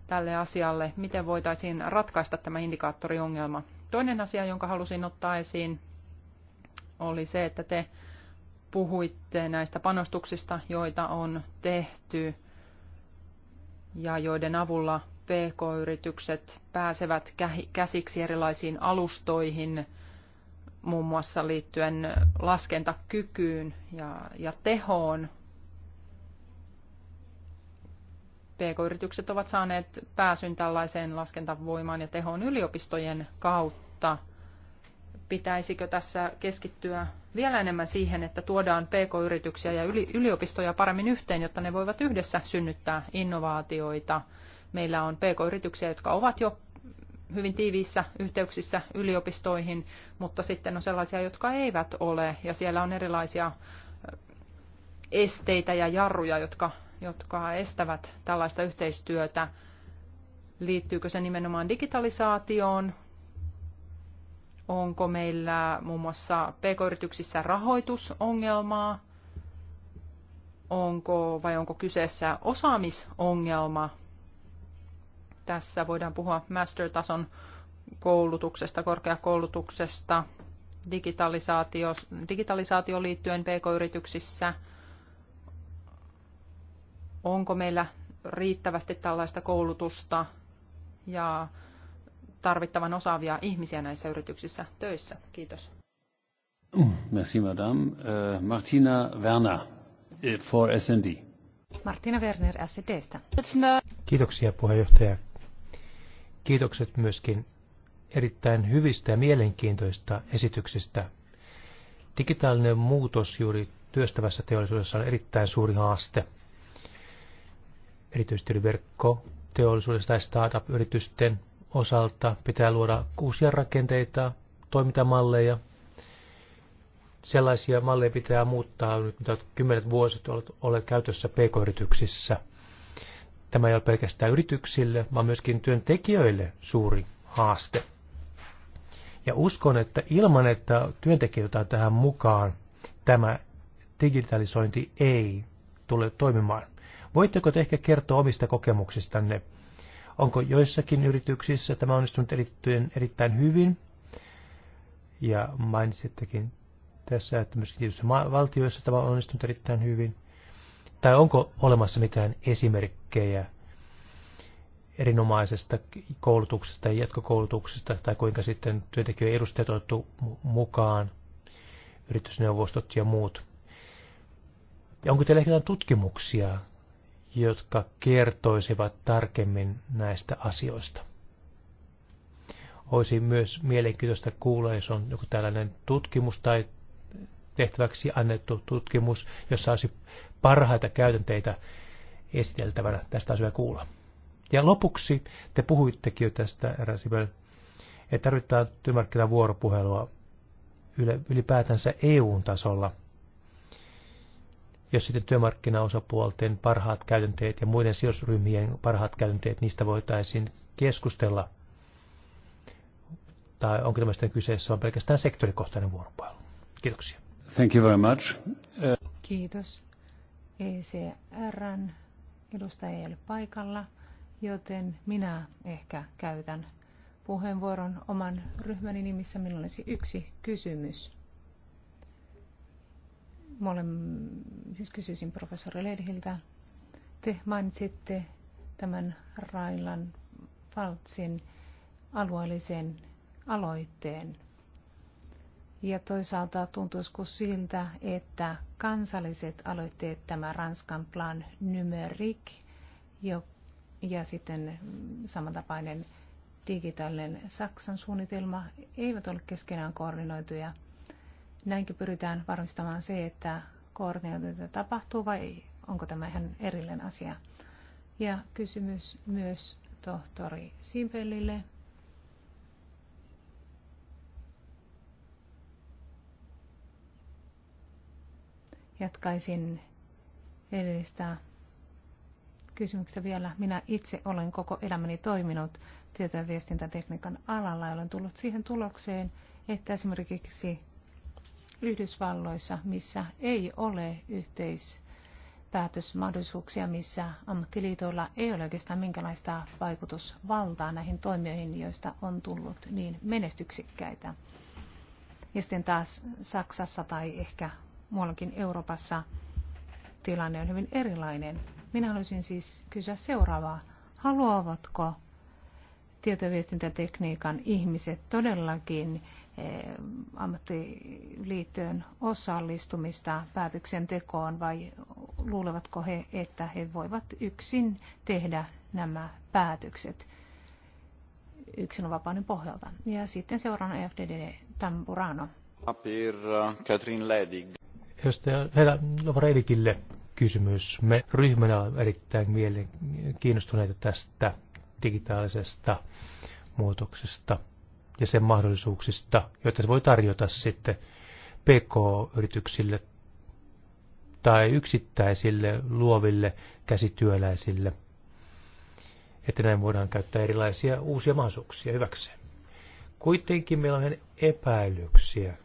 tälle asialle? Miten voitaisiin ratkaista tämä indikaattoriongelma? Toinen asia, jonka halusin ottaa esiin, oli se, että te puhuitte näistä panostuksista, joita on tehty ja joiden avulla PK-yritykset pääsevät käsiksi erilaisiin alustoihin, muun muassa liittyen laskentakykyyn ja, ja tehoon. PK-yritykset ovat saaneet pääsyn tällaiseen laskentavoimaan ja tehoon yliopistojen kautta – pitäisikö tässä keskittyä vielä enemmän siihen, että tuodaan pk-yrityksiä ja yliopistoja paremmin yhteen, jotta ne voivat yhdessä synnyttää innovaatioita. Meillä on pk-yrityksiä, jotka ovat jo hyvin tiiviissä yhteyksissä yliopistoihin, mutta sitten on sellaisia, jotka eivät ole, ja siellä on erilaisia esteitä ja jarruja, jotka, jotka estävät tällaista yhteistyötä. Liittyykö se nimenomaan digitalisaatioon Onko meillä muun muassa pk-yrityksissä rahoitusongelmaa? Onko vai onko kyseessä osaamisongelma? Tässä voidaan puhua master-tason koulutuksesta, korkeakoulutuksesta, digitalisaatio, digitalisaatio liittyen pk-yrityksissä. Onko meillä riittävästi tällaista koulutusta ja tarvittavan osaavia ihmisiä näissä yrityksissä töissä. Kiitos. Merci madame. Uh, Martina Werner eh, for S&D. Martina Werner SDstä. Kiitoksia puheenjohtaja. Kiitokset myöskin erittäin hyvistä ja mielenkiintoista esityksistä. Digitaalinen muutos juuri työstävässä teollisuudessa on erittäin suuri haaste. Erityisesti teollisuudessa tai startup-yritysten osalta pitää luoda uusia rakenteita, toimintamalleja. Sellaisia malleja pitää muuttaa nyt, mitä kymmenet vuosit olet, olet käytössä pk-yrityksissä. Tämä ei ole pelkästään yrityksille, vaan myöskin työntekijöille suuri haaste. Ja uskon, että ilman, että työntekijöitä on tähän mukaan, tämä digitalisointi ei tule toimimaan. Voitteko te ehkä kertoa omista kokemuksistanne Onko joissakin yrityksissä tämä onnistunut erittäin, erittäin hyvin? Ja mainitsittekin tässä, että myöskin tietyissä valtioissa tämä on onnistunut erittäin hyvin. Tai onko olemassa mitään esimerkkejä erinomaisesta koulutuksesta ja jatkokoulutuksesta, tai kuinka sitten työntekijöiden edustajat on otettu mukaan, yritysneuvostot ja muut. Ja onko teillä jotain tutkimuksia jotka kertoisivat tarkemmin näistä asioista. Olisi myös mielenkiintoista kuulla, jos on joku tällainen tutkimus tai tehtäväksi annettu tutkimus, jossa olisi parhaita käytänteitä esiteltävänä. Tästä olisi hyvä kuulla. Ja lopuksi te puhuittekin jo tästä, Rasibel, että tarvitaan työmarkkinavuoropuhelua ylipäätänsä eu tasolla – jos sitten työmarkkinaosapuolten parhaat käytänteet ja muiden sijoitusryhmien parhaat käytänteet, niistä voitaisiin keskustella. Tai onko tämä sitten kyseessä on pelkästään sektorikohtainen vuoropuhelu? Kiitoksia. Thank you very much. Uh... Kiitos. ECR edustaja ei ole paikalla, joten minä ehkä käytän puheenvuoron oman ryhmäni nimissä. Minulla olisi yksi kysymys olen, siis kysyisin professori Ledhiltä. Te mainitsitte tämän Railan Faltsin alueellisen aloitteen. Ja toisaalta tuntuisiko siltä, että kansalliset aloitteet, tämä Ranskan plan numerik ja sitten samantapainen digitaalinen Saksan suunnitelma eivät ole keskenään koordinoituja – Näinkin pyritään varmistamaan se, että koordinaatiota tapahtuu vai onko tämä ihan erillinen asia. Ja kysymys myös tohtori Simpelille. Jatkaisin edellistä kysymyksestä vielä. Minä itse olen koko elämäni toiminut tieto- ja viestintätekniikan alalla ja olen tullut siihen tulokseen, että esimerkiksi Yhdysvalloissa, missä ei ole yhteispäätösmahdollisuuksia, missä ammattiliitoilla ei ole oikeastaan minkälaista vaikutusvaltaa näihin toimijoihin, joista on tullut niin menestyksikkäitä. Ja sitten taas Saksassa tai ehkä muuallakin Euroopassa tilanne on hyvin erilainen. Minä haluaisin siis kysyä seuraavaa. Haluavatko tietoviestintätekniikan ihmiset todellakin Eh, ammattiliittojen osallistumista päätöksentekoon vai luulevatko he, että he voivat yksin tehdä nämä päätökset yksilönvapauden pohjalta. Ja sitten seuraavana FDD Tamburano. Per eh, Katrin Ledig. Edustaja Hela kysymys. Me ryhmänä olemme erittäin mielen kiinnostuneita tästä digitaalisesta muutoksesta – ja sen mahdollisuuksista, joita se voi tarjota sitten PK-yrityksille tai yksittäisille luoville käsityöläisille, että näin voidaan käyttää erilaisia uusia mahdollisuuksia hyväkseen. Kuitenkin meillä on epäilyksiä,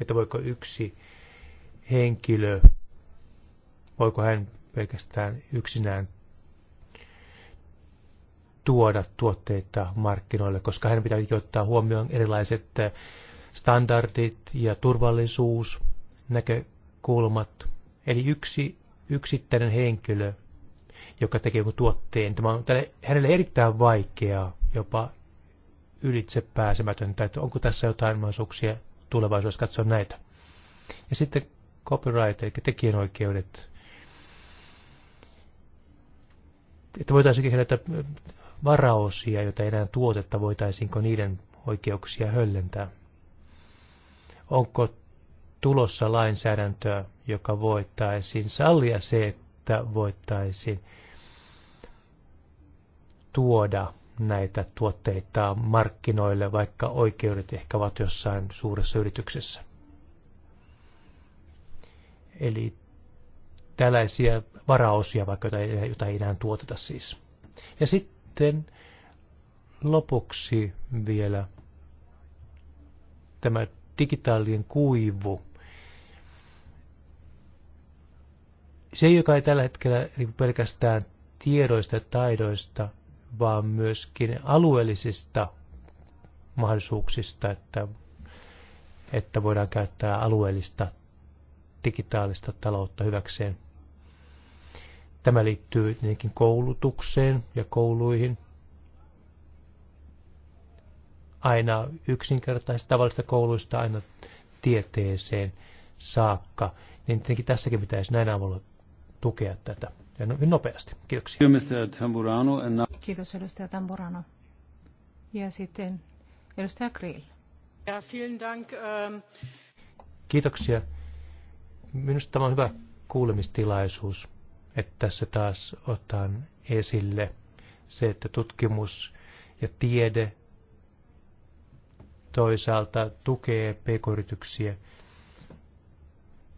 että voiko yksi henkilö, voiko hän pelkästään yksinään tuoda tuotteita markkinoille, koska hän pitää ottaa huomioon erilaiset eh, standardit ja turvallisuus, näkökulmat. Eli yksi yksittäinen henkilö, joka tekee jonkun tuotteen, tämä on tälle, hänelle erittäin vaikeaa, jopa ylitse pääsemätöntä, että onko tässä jotain mahdollisuuksia tulevaisuudessa katsoa näitä. Ja sitten copyright, eli tekijänoikeudet. Että voitaisiin kehittää varaosia, joita enää tuotetta, voitaisiinko niiden oikeuksia höllentää? Onko tulossa lainsäädäntöä, joka voittaisiin sallia se, että voittaisiin tuoda näitä tuotteita markkinoille, vaikka oikeudet ehkä ovat jossain suuressa yrityksessä. Eli tällaisia varaosia, vaikka joita ei, joita ei enää tuoteta siis. Ja sitten sitten lopuksi vielä tämä digitaalinen kuivu. Se, joka ei tällä hetkellä niin pelkästään tiedoista ja taidoista, vaan myöskin alueellisista mahdollisuuksista, että, että voidaan käyttää alueellista digitaalista taloutta hyväkseen. Tämä liittyy tietenkin koulutukseen ja kouluihin. Aina yksinkertaisista tavallista kouluista aina tieteeseen saakka. Niin tietenkin tässäkin pitäisi näin avulla tukea tätä. Ja no, hyvin nopeasti. Kiitoksia. Kiitos edustaja Tamburano. Ja sitten edustaja Grill. Ja, dank, ähm... Kiitoksia. Minusta tämä on hyvä kuulemistilaisuus että tässä taas otan esille se, että tutkimus ja tiede toisaalta tukee pk-yrityksiä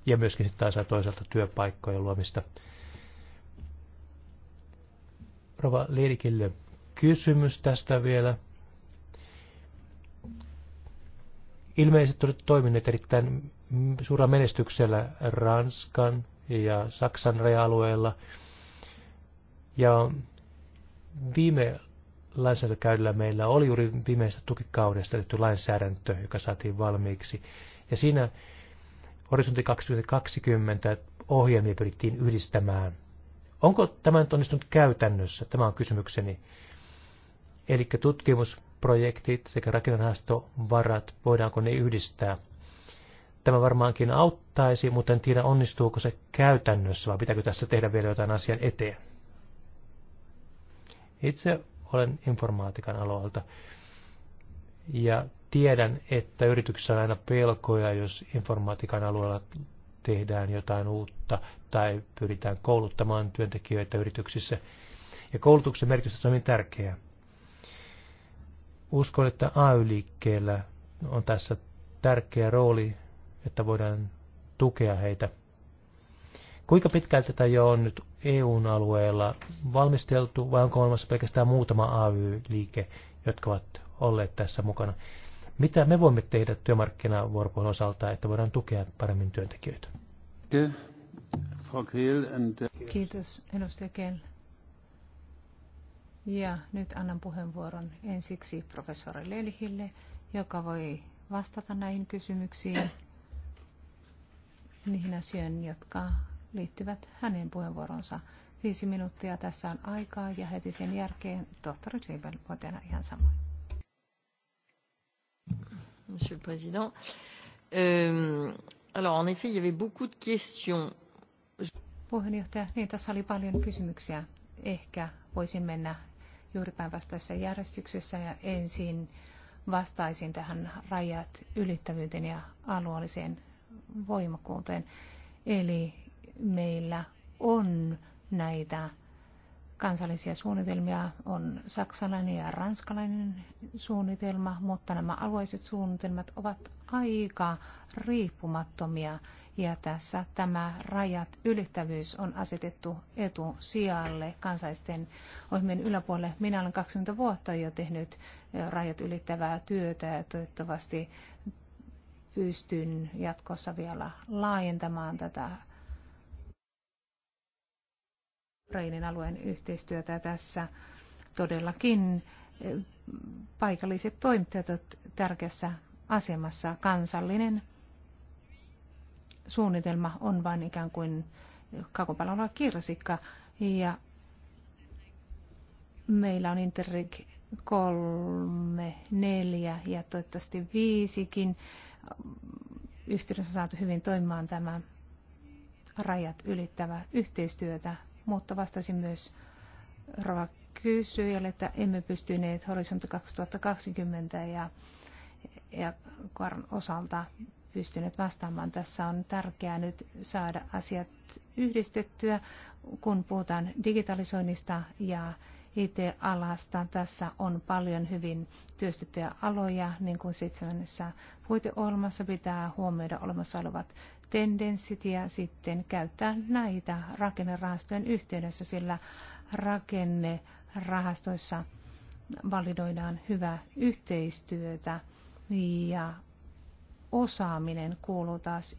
ja myöskin sitten taas toisaalta työpaikkojen luomista. Rova Lirikille kysymys tästä vielä. Ilmeisesti olet toimineet erittäin suurella menestyksellä Ranskan ja Saksan raja-alueella. Ja viime lainsäädäntökäydellä meillä oli juuri viimeistä tukikaudesta tehty lainsäädäntö, joka saatiin valmiiksi. Ja siinä Horisontti 2020 ohjelmia pyrittiin yhdistämään. Onko tämä nyt onnistunut käytännössä? Tämä on kysymykseni. Eli tutkimusprojektit sekä rakennanhaastovarat, voidaanko ne yhdistää? tämä varmaankin auttaisi, mutta en tiedä onnistuuko se käytännössä vai pitääkö tässä tehdä vielä jotain asian eteen. Itse olen informaatikan aloilta ja tiedän, että yrityksessä on aina pelkoja, jos informaatikan alueella tehdään jotain uutta tai pyritään kouluttamaan työntekijöitä yrityksissä. Ja koulutuksen merkitys on hyvin tärkeää. Uskon, että AY-liikkeellä on tässä tärkeä rooli että voidaan tukea heitä. Kuinka pitkälti tätä jo on nyt EUn alueella valmisteltu vai onko olemassa pelkästään muutama AY-liike, jotka ovat olleet tässä mukana? Mitä me voimme tehdä työmarkkinavuoropuolen osalta, että voidaan tukea paremmin työntekijöitä? Kiitos, edustaja Kell. Ja nyt annan puheenvuoron ensiksi professori Lelihille, joka voi vastata näihin kysymyksiin niihin asioihin, jotka liittyvät hänen puheenvuoronsa. Viisi minuuttia tässä on aikaa ja heti sen jälkeen tohtori Siebel voi tehdä ihan samoin. Monsieur le Président, euh, alors en effet, il y avait beaucoup de questions. Puheenjohtaja, niin tässä oli paljon kysymyksiä. Ehkä voisin mennä juuri päinvastaisessa järjestyksessä ja ensin vastaisin tähän rajat ylittävyyteen ja alueelliseen voimakkuuteen. Eli meillä on näitä kansallisia suunnitelmia, on saksalainen ja ranskalainen suunnitelma, mutta nämä alueiset suunnitelmat ovat aika riippumattomia ja tässä tämä rajat ylittävyys on asetettu etusijalle kansallisten ohjelmien yläpuolelle. Minä olen 20 vuotta jo tehnyt rajat ylittävää työtä ja toivottavasti pystyn jatkossa vielä laajentamaan tätä Reinin alueen yhteistyötä tässä todellakin eh, paikalliset toimittajat ovat tärkeässä asemassa. Kansallinen suunnitelma on vain ikään kuin kakopalolla kirsikka ja meillä on Interreg kolme, neljä ja toivottavasti viisikin yhteydessä saatu hyvin toimimaan tämä rajat ylittävä yhteistyötä, mutta vastasin myös Rova kysyjälle, että emme pystyneet horisontti 2020 ja, ja Karon osalta pystyneet vastaamaan. Tässä on tärkeää nyt saada asiat yhdistettyä, kun puhutaan digitalisoinnista ja IT-alasta. Tässä on paljon hyvin työstettyjä aloja, niin kuin seitsemännessä puiteohjelmassa pitää huomioida olemassa olevat tendenssit ja sitten käyttää näitä rakennerahastojen yhteydessä, sillä rakennerahastoissa validoidaan hyvää yhteistyötä ja osaaminen kuuluu taas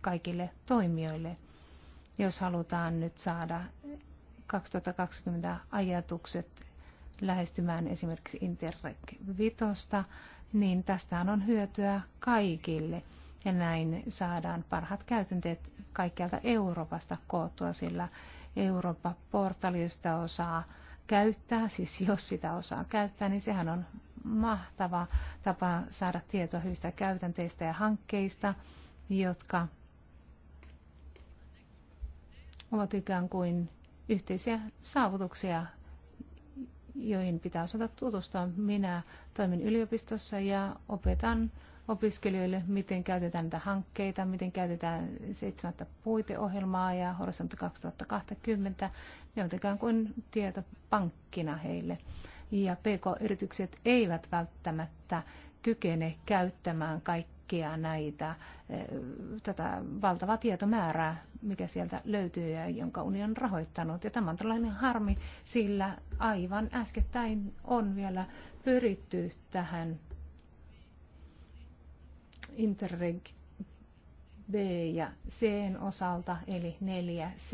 kaikille toimijoille. Jos halutaan nyt saada 2020 ajatukset lähestymään esimerkiksi Interreg 5, niin tästähän on hyötyä kaikille. Ja näin saadaan parhaat käytänteet kaikkialta Euroopasta koottua, sillä Eurooppa-portaalista osaa käyttää, siis jos sitä osaa käyttää, niin sehän on mahtava tapa saada tietoa hyvistä käytänteistä ja hankkeista, jotka ovat ikään kuin yhteisiä saavutuksia, joihin pitää osata tutustua. Minä toimin yliopistossa ja opetan opiskelijoille, miten käytetään näitä hankkeita, miten käytetään seitsemättä puiteohjelmaa ja horisontti 2020. Ne ovat ikään kuin tietopankkina heille. Ja PK-yritykset eivät välttämättä kykene käyttämään kaikkia kaikkea näitä, eh, tätä valtavaa tietomäärää, mikä sieltä löytyy ja jonka union on rahoittanut. Ja tämä on tällainen harmi, sillä aivan äskettäin on vielä pyritty tähän Interreg B ja C osalta, eli 4 C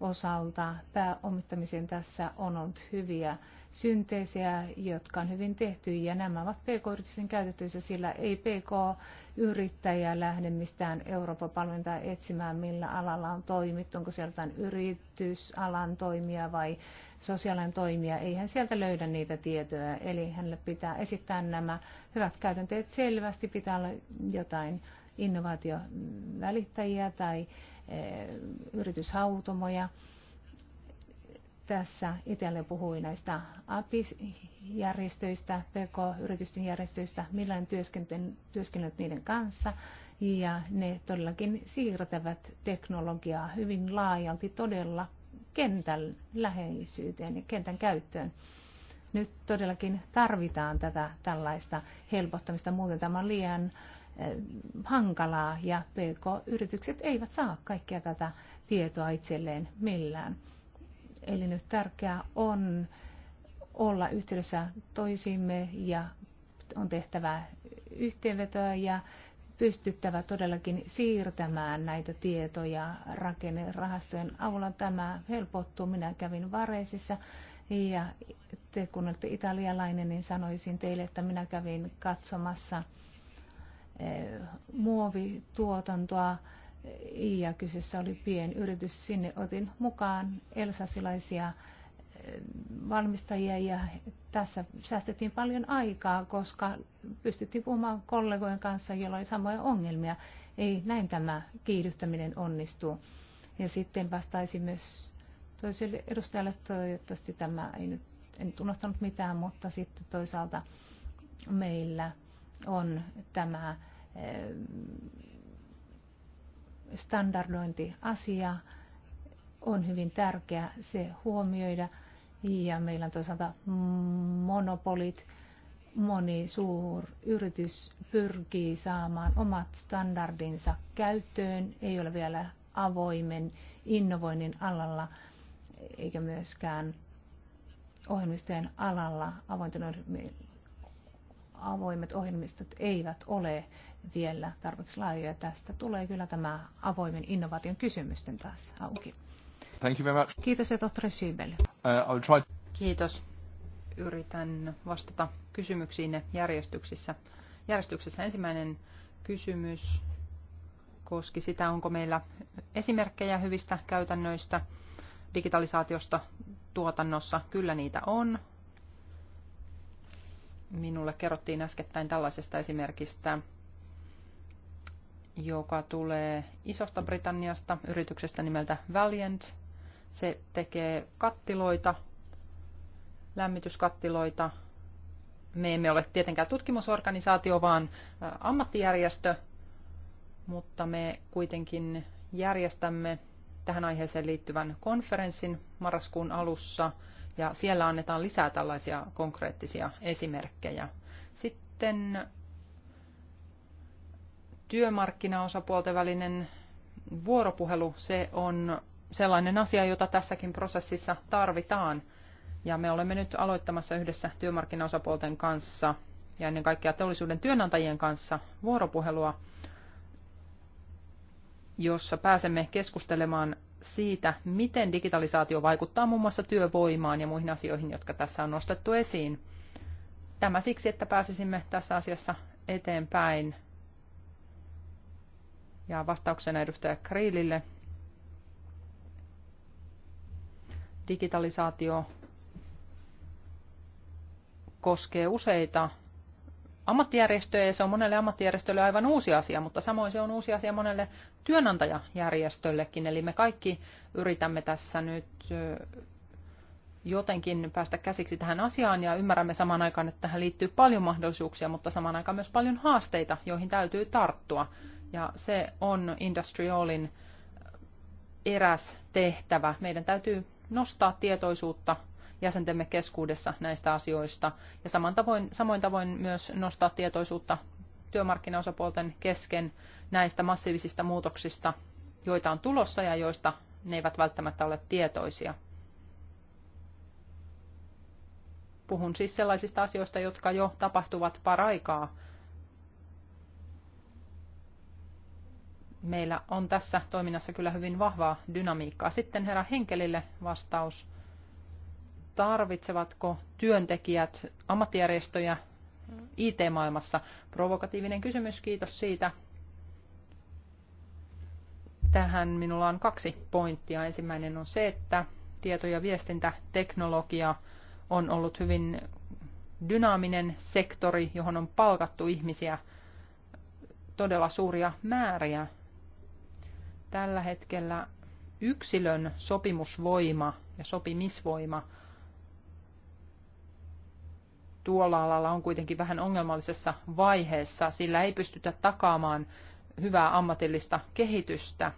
osalta pääomittamiseen tässä on ollut hyviä synteisiä, jotka on hyvin tehty ja nämä ovat pk-yritysten käytettävissä, sillä ei pk-yrittäjä lähde mistään Euroopan palveluita etsimään, millä alalla on toimittu, onko sieltä yritysalan toimija vai sosiaalinen toimija, ei hän sieltä löydä niitä tietoja, eli hänelle pitää esittää nämä hyvät käytänteet selvästi, pitää olla jotain innovaatiovälittäjiä tai Eh, yrityshautomoja. Tässä Italia puhui näistä APIS-järjestöistä, PK-yritysten järjestöistä, millainen työskennellyt niiden kanssa. Ja ne todellakin siirtävät teknologiaa hyvin laajalti todella kentän läheisyyteen ja kentän käyttöön nyt todellakin tarvitaan tätä tällaista helpottamista, muuten tämä on liian hankalaa ja PK-yritykset eivät saa kaikkea tätä tietoa itselleen millään. Eli nyt tärkeää on olla yhteydessä toisiimme ja on tehtävä yhteenvetoa ja pystyttävä todellakin siirtämään näitä tietoja rakennerahastojen avulla. Tämä helpottuu. Minä kävin Vareisissa ja te kun olette italialainen, niin sanoisin teille, että minä kävin katsomassa Eh, muovituotantoa ja kyseessä oli pienyritys. Sinne otin mukaan elsasilaisia eh, valmistajia ja tässä säästettiin paljon aikaa, koska pystyttiin puhumaan kollegojen kanssa, joilla oli samoja ongelmia. Ei näin tämä kiihdyttäminen onnistuu. Ja sitten vastaisin myös toiselle edustajalle, toivottavasti tämä ei nyt, en nyt unohtanut mitään, mutta sitten toisaalta meillä – on tämä eh, standardointiasia on hyvin tärkeä se huomioida. Ja meillä on toisaalta monopolit. Moni suur yritys pyrkii saamaan omat standardinsa käyttöön. Ei ole vielä avoimen innovoinnin alalla eikä myöskään ohjelmistojen alalla avointen avoimet ohjelmistot eivät ole vielä tarpeeksi laajoja. Tästä tulee kyllä tämä avoimen innovaation kysymysten taas auki. Thank you very much. Kiitos ja tohtori Sybel. Uh, Kiitos. Yritän vastata kysymyksiin järjestyksissä. järjestyksessä. Ensimmäinen kysymys koski sitä, onko meillä esimerkkejä hyvistä käytännöistä digitalisaatiosta tuotannossa. Kyllä niitä on. Minulle kerrottiin äskettäin tällaisesta esimerkistä, joka tulee Isosta Britanniasta, yrityksestä nimeltä Valiant. Se tekee kattiloita, lämmityskattiloita. Me emme ole tietenkään tutkimusorganisaatio, vaan ammattijärjestö, mutta me kuitenkin järjestämme tähän aiheeseen liittyvän konferenssin marraskuun alussa – ja siellä annetaan lisää tällaisia konkreettisia esimerkkejä. Sitten työmarkkinaosapuolten välinen vuoropuhelu, se on sellainen asia, jota tässäkin prosessissa tarvitaan. Ja me olemme nyt aloittamassa yhdessä työmarkkinaosapuolten kanssa ja ennen kaikkea teollisuuden työnantajien kanssa vuoropuhelua, jossa pääsemme keskustelemaan siitä, miten digitalisaatio vaikuttaa muun muassa työvoimaan ja muihin asioihin, jotka tässä on nostettu esiin. Tämä siksi, että pääsisimme tässä asiassa eteenpäin. Ja vastauksena edustaja Kriilille. Digitalisaatio koskee useita ammattijärjestöjä ja se on monelle ammattijärjestölle aivan uusi asia, mutta samoin se on uusi asia monelle työnantajajärjestöllekin. Eli me kaikki yritämme tässä nyt jotenkin päästä käsiksi tähän asiaan ja ymmärrämme samaan aikaan, että tähän liittyy paljon mahdollisuuksia, mutta samaan aikaan myös paljon haasteita, joihin täytyy tarttua. Ja se on Industrialin eräs tehtävä. Meidän täytyy nostaa tietoisuutta jäsentemme keskuudessa näistä asioista ja saman tavoin, samoin tavoin myös nostaa tietoisuutta työmarkkinaosapuolten kesken näistä massiivisista muutoksista, joita on tulossa ja joista ne eivät välttämättä ole tietoisia. Puhun siis sellaisista asioista, jotka jo tapahtuvat paraikaa. Meillä on tässä toiminnassa kyllä hyvin vahvaa dynamiikkaa. Sitten herra Henkelille vastaus tarvitsevatko työntekijät ammattijärjestöjä IT-maailmassa? Provokatiivinen kysymys, kiitos siitä. Tähän minulla on kaksi pointtia. Ensimmäinen on se, että tieto- ja viestintäteknologia on ollut hyvin dynaaminen sektori, johon on palkattu ihmisiä todella suuria määriä. Tällä hetkellä yksilön sopimusvoima ja sopimisvoima – tuolla alalla on kuitenkin vähän ongelmallisessa vaiheessa, sillä ei pystytä takaamaan hyvää ammatillista kehitystä.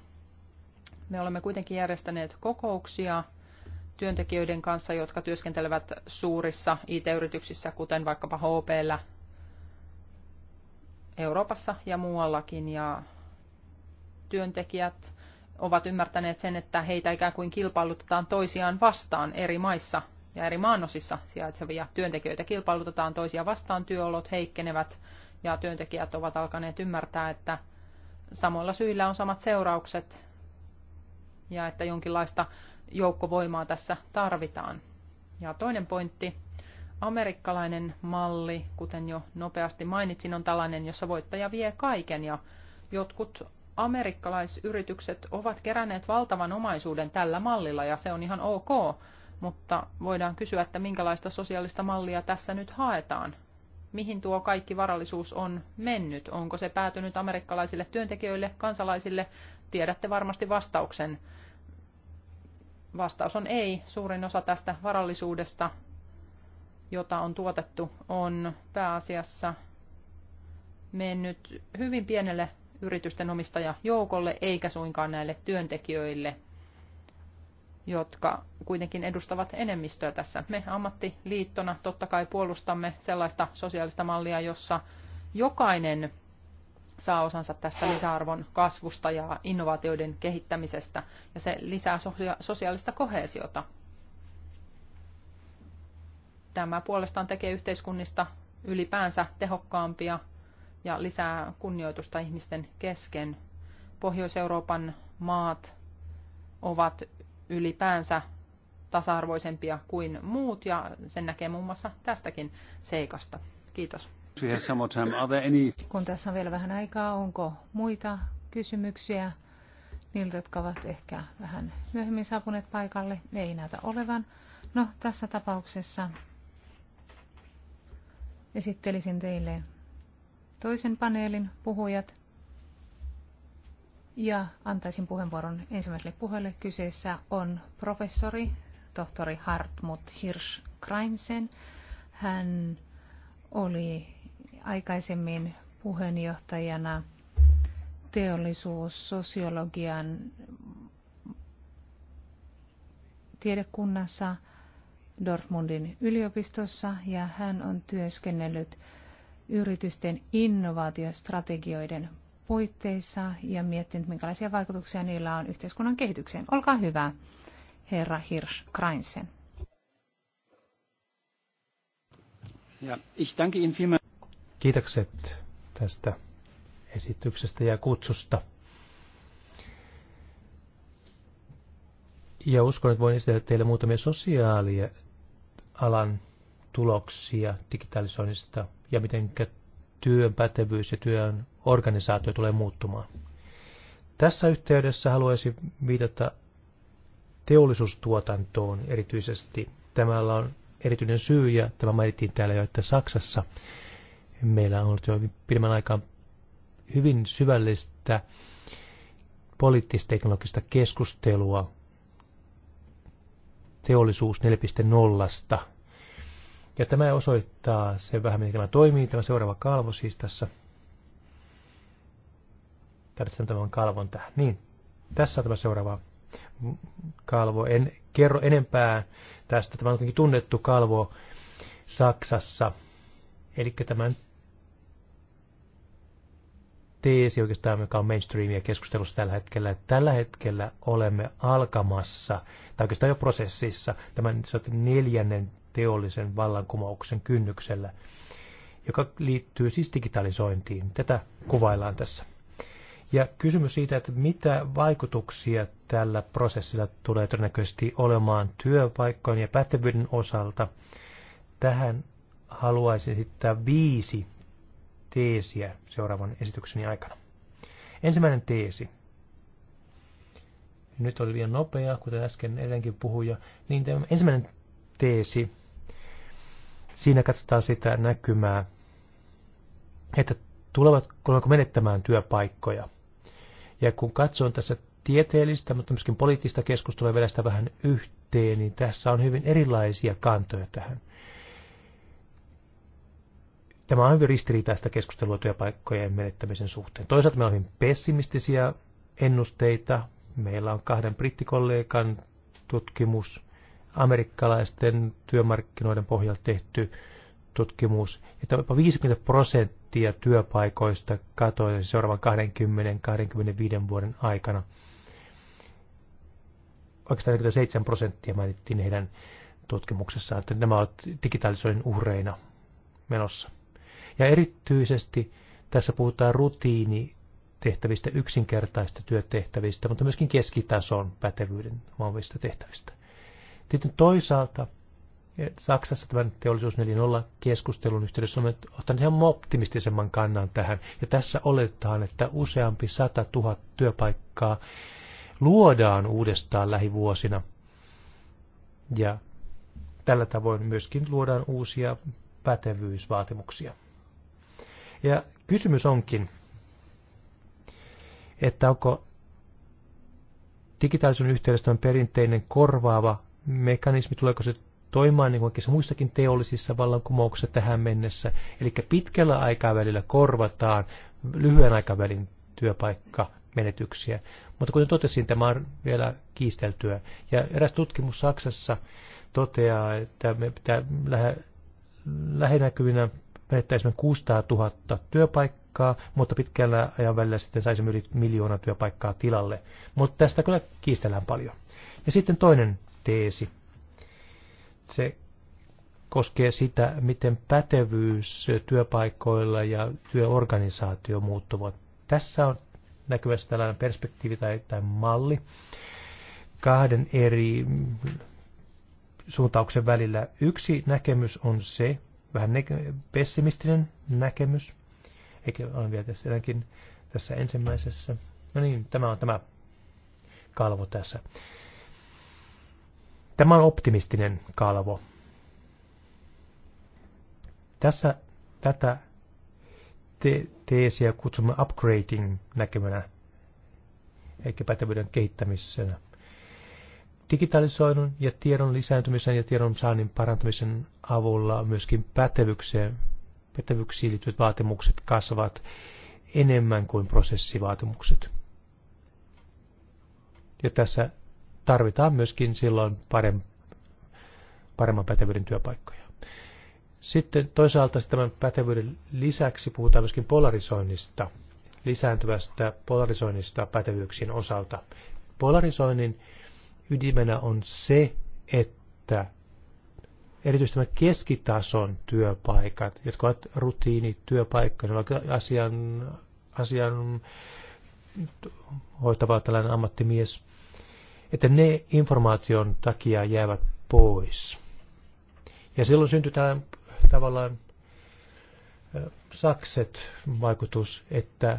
Me olemme kuitenkin järjestäneet kokouksia työntekijöiden kanssa, jotka työskentelevät suurissa IT-yrityksissä, kuten vaikkapa HP Euroopassa ja muuallakin. Ja työntekijät ovat ymmärtäneet sen, että heitä ikään kuin kilpailutetaan toisiaan vastaan eri maissa – ja eri maanosissa sijaitsevia työntekijöitä kilpailutetaan toisia vastaan, työolot heikkenevät ja työntekijät ovat alkaneet ymmärtää, että samoilla syillä on samat seuraukset ja että jonkinlaista joukkovoimaa tässä tarvitaan. Ja toinen pointti, amerikkalainen malli, kuten jo nopeasti mainitsin, on tällainen, jossa voittaja vie kaiken ja jotkut amerikkalaisyritykset ovat keränneet valtavan omaisuuden tällä mallilla ja se on ihan ok, mutta voidaan kysyä, että minkälaista sosiaalista mallia tässä nyt haetaan. Mihin tuo kaikki varallisuus on mennyt? Onko se päätynyt amerikkalaisille työntekijöille, kansalaisille? Tiedätte varmasti vastauksen. Vastaus on ei. Suurin osa tästä varallisuudesta, jota on tuotettu, on pääasiassa mennyt hyvin pienelle yritysten omistajajoukolle, eikä suinkaan näille työntekijöille – jotka kuitenkin edustavat enemmistöä tässä. Me ammattiliittona totta kai puolustamme sellaista sosiaalista mallia, jossa jokainen saa osansa tästä lisäarvon kasvusta ja innovaatioiden kehittämisestä, ja se lisää sosiaalista kohesiota. Tämä puolestaan tekee yhteiskunnista ylipäänsä tehokkaampia ja lisää kunnioitusta ihmisten kesken. Pohjois-Euroopan maat ovat ylipäänsä tasa-arvoisempia kuin muut, ja sen näkee muun muassa tästäkin seikasta. Kiitos. Kun tässä on vielä vähän aikaa, onko muita kysymyksiä niiltä, jotka ovat ehkä vähän myöhemmin saapuneet paikalle? Ei näytä olevan. No, tässä tapauksessa esittelisin teille toisen paneelin puhujat. Ja antaisin puheenvuoron ensimmäiselle puheelle. Kyseessä on professori, tohtori Hartmut Hirsch Kreinsen. Hän oli aikaisemmin puheenjohtajana teollisuussosiologian tiedekunnassa Dortmundin yliopistossa ja hän on työskennellyt yritysten innovaatiostrategioiden puitteissa ja miettinyt, minkälaisia vaikutuksia niillä on yhteiskunnan kehitykseen. Olkaa hyvä, herra Hirsch Kreinsen. Ja, ich danke Ihnen Kiitokset tästä esityksestä ja kutsusta. Ja uskon, että voin esitellä teille muutamia sosiaalialan tuloksia digitalisoinnista ja miten työn pätevyys ja työn organisaatio tulee muuttumaan. Tässä yhteydessä haluaisin viitata teollisuustuotantoon erityisesti. Tämä on erityinen syy, ja tämä mainittiin täällä jo, että Saksassa meillä on ollut jo pidemmän aikaa hyvin syvällistä poliittisteknologista keskustelua teollisuus 4.0. Ja tämä osoittaa sen vähän, miten tämä toimii, tämä seuraava kalvo siis tässä – Tarvitsen tämän kalvon tähän. Niin, tässä on tämä seuraava kalvo. En kerro enempää tästä. Tämä on tunnettu kalvo Saksassa. Eli tämän teesi oikeastaan, joka on mainstreamia keskustelussa tällä hetkellä, tällä hetkellä olemme alkamassa, tai oikeastaan jo prosessissa, tämän niin neljännen teollisen vallankumouksen kynnyksellä, joka liittyy siis digitalisointiin. Tätä kuvaillaan tässä. Ja kysymys siitä, että mitä vaikutuksia tällä prosessilla tulee todennäköisesti olemaan työpaikkojen ja pätevyyden osalta, tähän haluaisin esittää viisi teesiä seuraavan esitykseni aikana. Ensimmäinen teesi. Nyt oli liian nopea, kuten äsken edenkin puhuja. Niin tämä ensimmäinen teesi. Siinä katsotaan sitä näkymää, että tulevat, tulevatko menettämään työpaikkoja. Ja kun katson tässä tieteellistä, mutta myöskin poliittista keskustelua vielä sitä vähän yhteen, niin tässä on hyvin erilaisia kantoja tähän. Tämä on hyvin ristiriitaista keskustelua työpaikkojen menettämisen suhteen. Toisaalta meillä on hyvin pessimistisiä ennusteita. Meillä on kahden brittikollegan tutkimus, amerikkalaisten työmarkkinoiden pohjalta tehty tutkimus, että jopa 50 prosenttia prosenttia työpaikoista katoi seuraavan 20-25 vuoden aikana. 47 prosenttia mainittiin heidän tutkimuksessaan, että nämä ovat digitaalisoinnin uhreina menossa. Ja erityisesti tässä puhutaan tehtävistä, yksinkertaista työtehtävistä, mutta myöskin keskitason pätevyyden omavista tehtävistä. Tietysti toisaalta – Saksassa tämän teollisuus 4.0 keskustelun yhteydessä on ottanut ihan optimistisemman kannan tähän. Ja tässä oletetaan, että useampi 100 000 työpaikkaa luodaan uudestaan lähivuosina. Ja tällä tavoin myöskin luodaan uusia pätevyysvaatimuksia. Ja kysymys onkin, että onko digitaalisen yhteydessä perinteinen korvaava mekanismi, tuleeko se toimimaan niin kuin muissakin teollisissa vallankumouksissa tähän mennessä. Eli pitkällä aikavälillä korvataan lyhyen aikavälin työpaikka menetyksiä. Mutta kuten totesin, tämä on vielä kiisteltyä. Ja eräs tutkimus Saksassa toteaa, että me pitää lähe, lähinäkyvinä esimerkiksi 600 000 työpaikkaa, mutta pitkällä ajan välillä sitten saisimme yli miljoona työpaikkaa tilalle. Mutta tästä kyllä kiistellään paljon. Ja sitten toinen teesi se koskee sitä, miten pätevyys työpaikoilla ja työorganisaatio muuttuvat. Tässä on näkyvässä tällainen perspektiivi tai, tai malli kahden eri suuntauksen välillä. Yksi näkemys on se, vähän ne- pessimistinen näkemys, eikä ole vielä tässä tässä ensimmäisessä. No niin, tämä on tämä kalvo tässä. Tämä on optimistinen kalvo. Tässä tätä te- teesiä kutsumme upgrading-näkemänä, eli pätevyyden kehittämisenä. Digitalisoinnun ja tiedon lisääntymisen ja tiedon saannin parantamisen avulla myöskin pätevyykseen, pätevyyksiin liittyvät vaatimukset kasvavat enemmän kuin prosessivaatimukset. Ja tässä tarvitaan myöskin silloin paremman pätevyyden työpaikkoja. Sitten toisaalta tämän pätevyyden lisäksi puhutaan myöskin polarisoinnista, lisääntyvästä polarisoinnista pätevyyksien osalta. Polarisoinnin ydimenä on se, että erityisesti tämän keskitason työpaikat, jotka ovat ne ovat asian, asian hoitava tällainen ammattimies että ne informaation takia jäävät pois. Ja silloin syntyy tämä tavallaan sakset vaikutus, että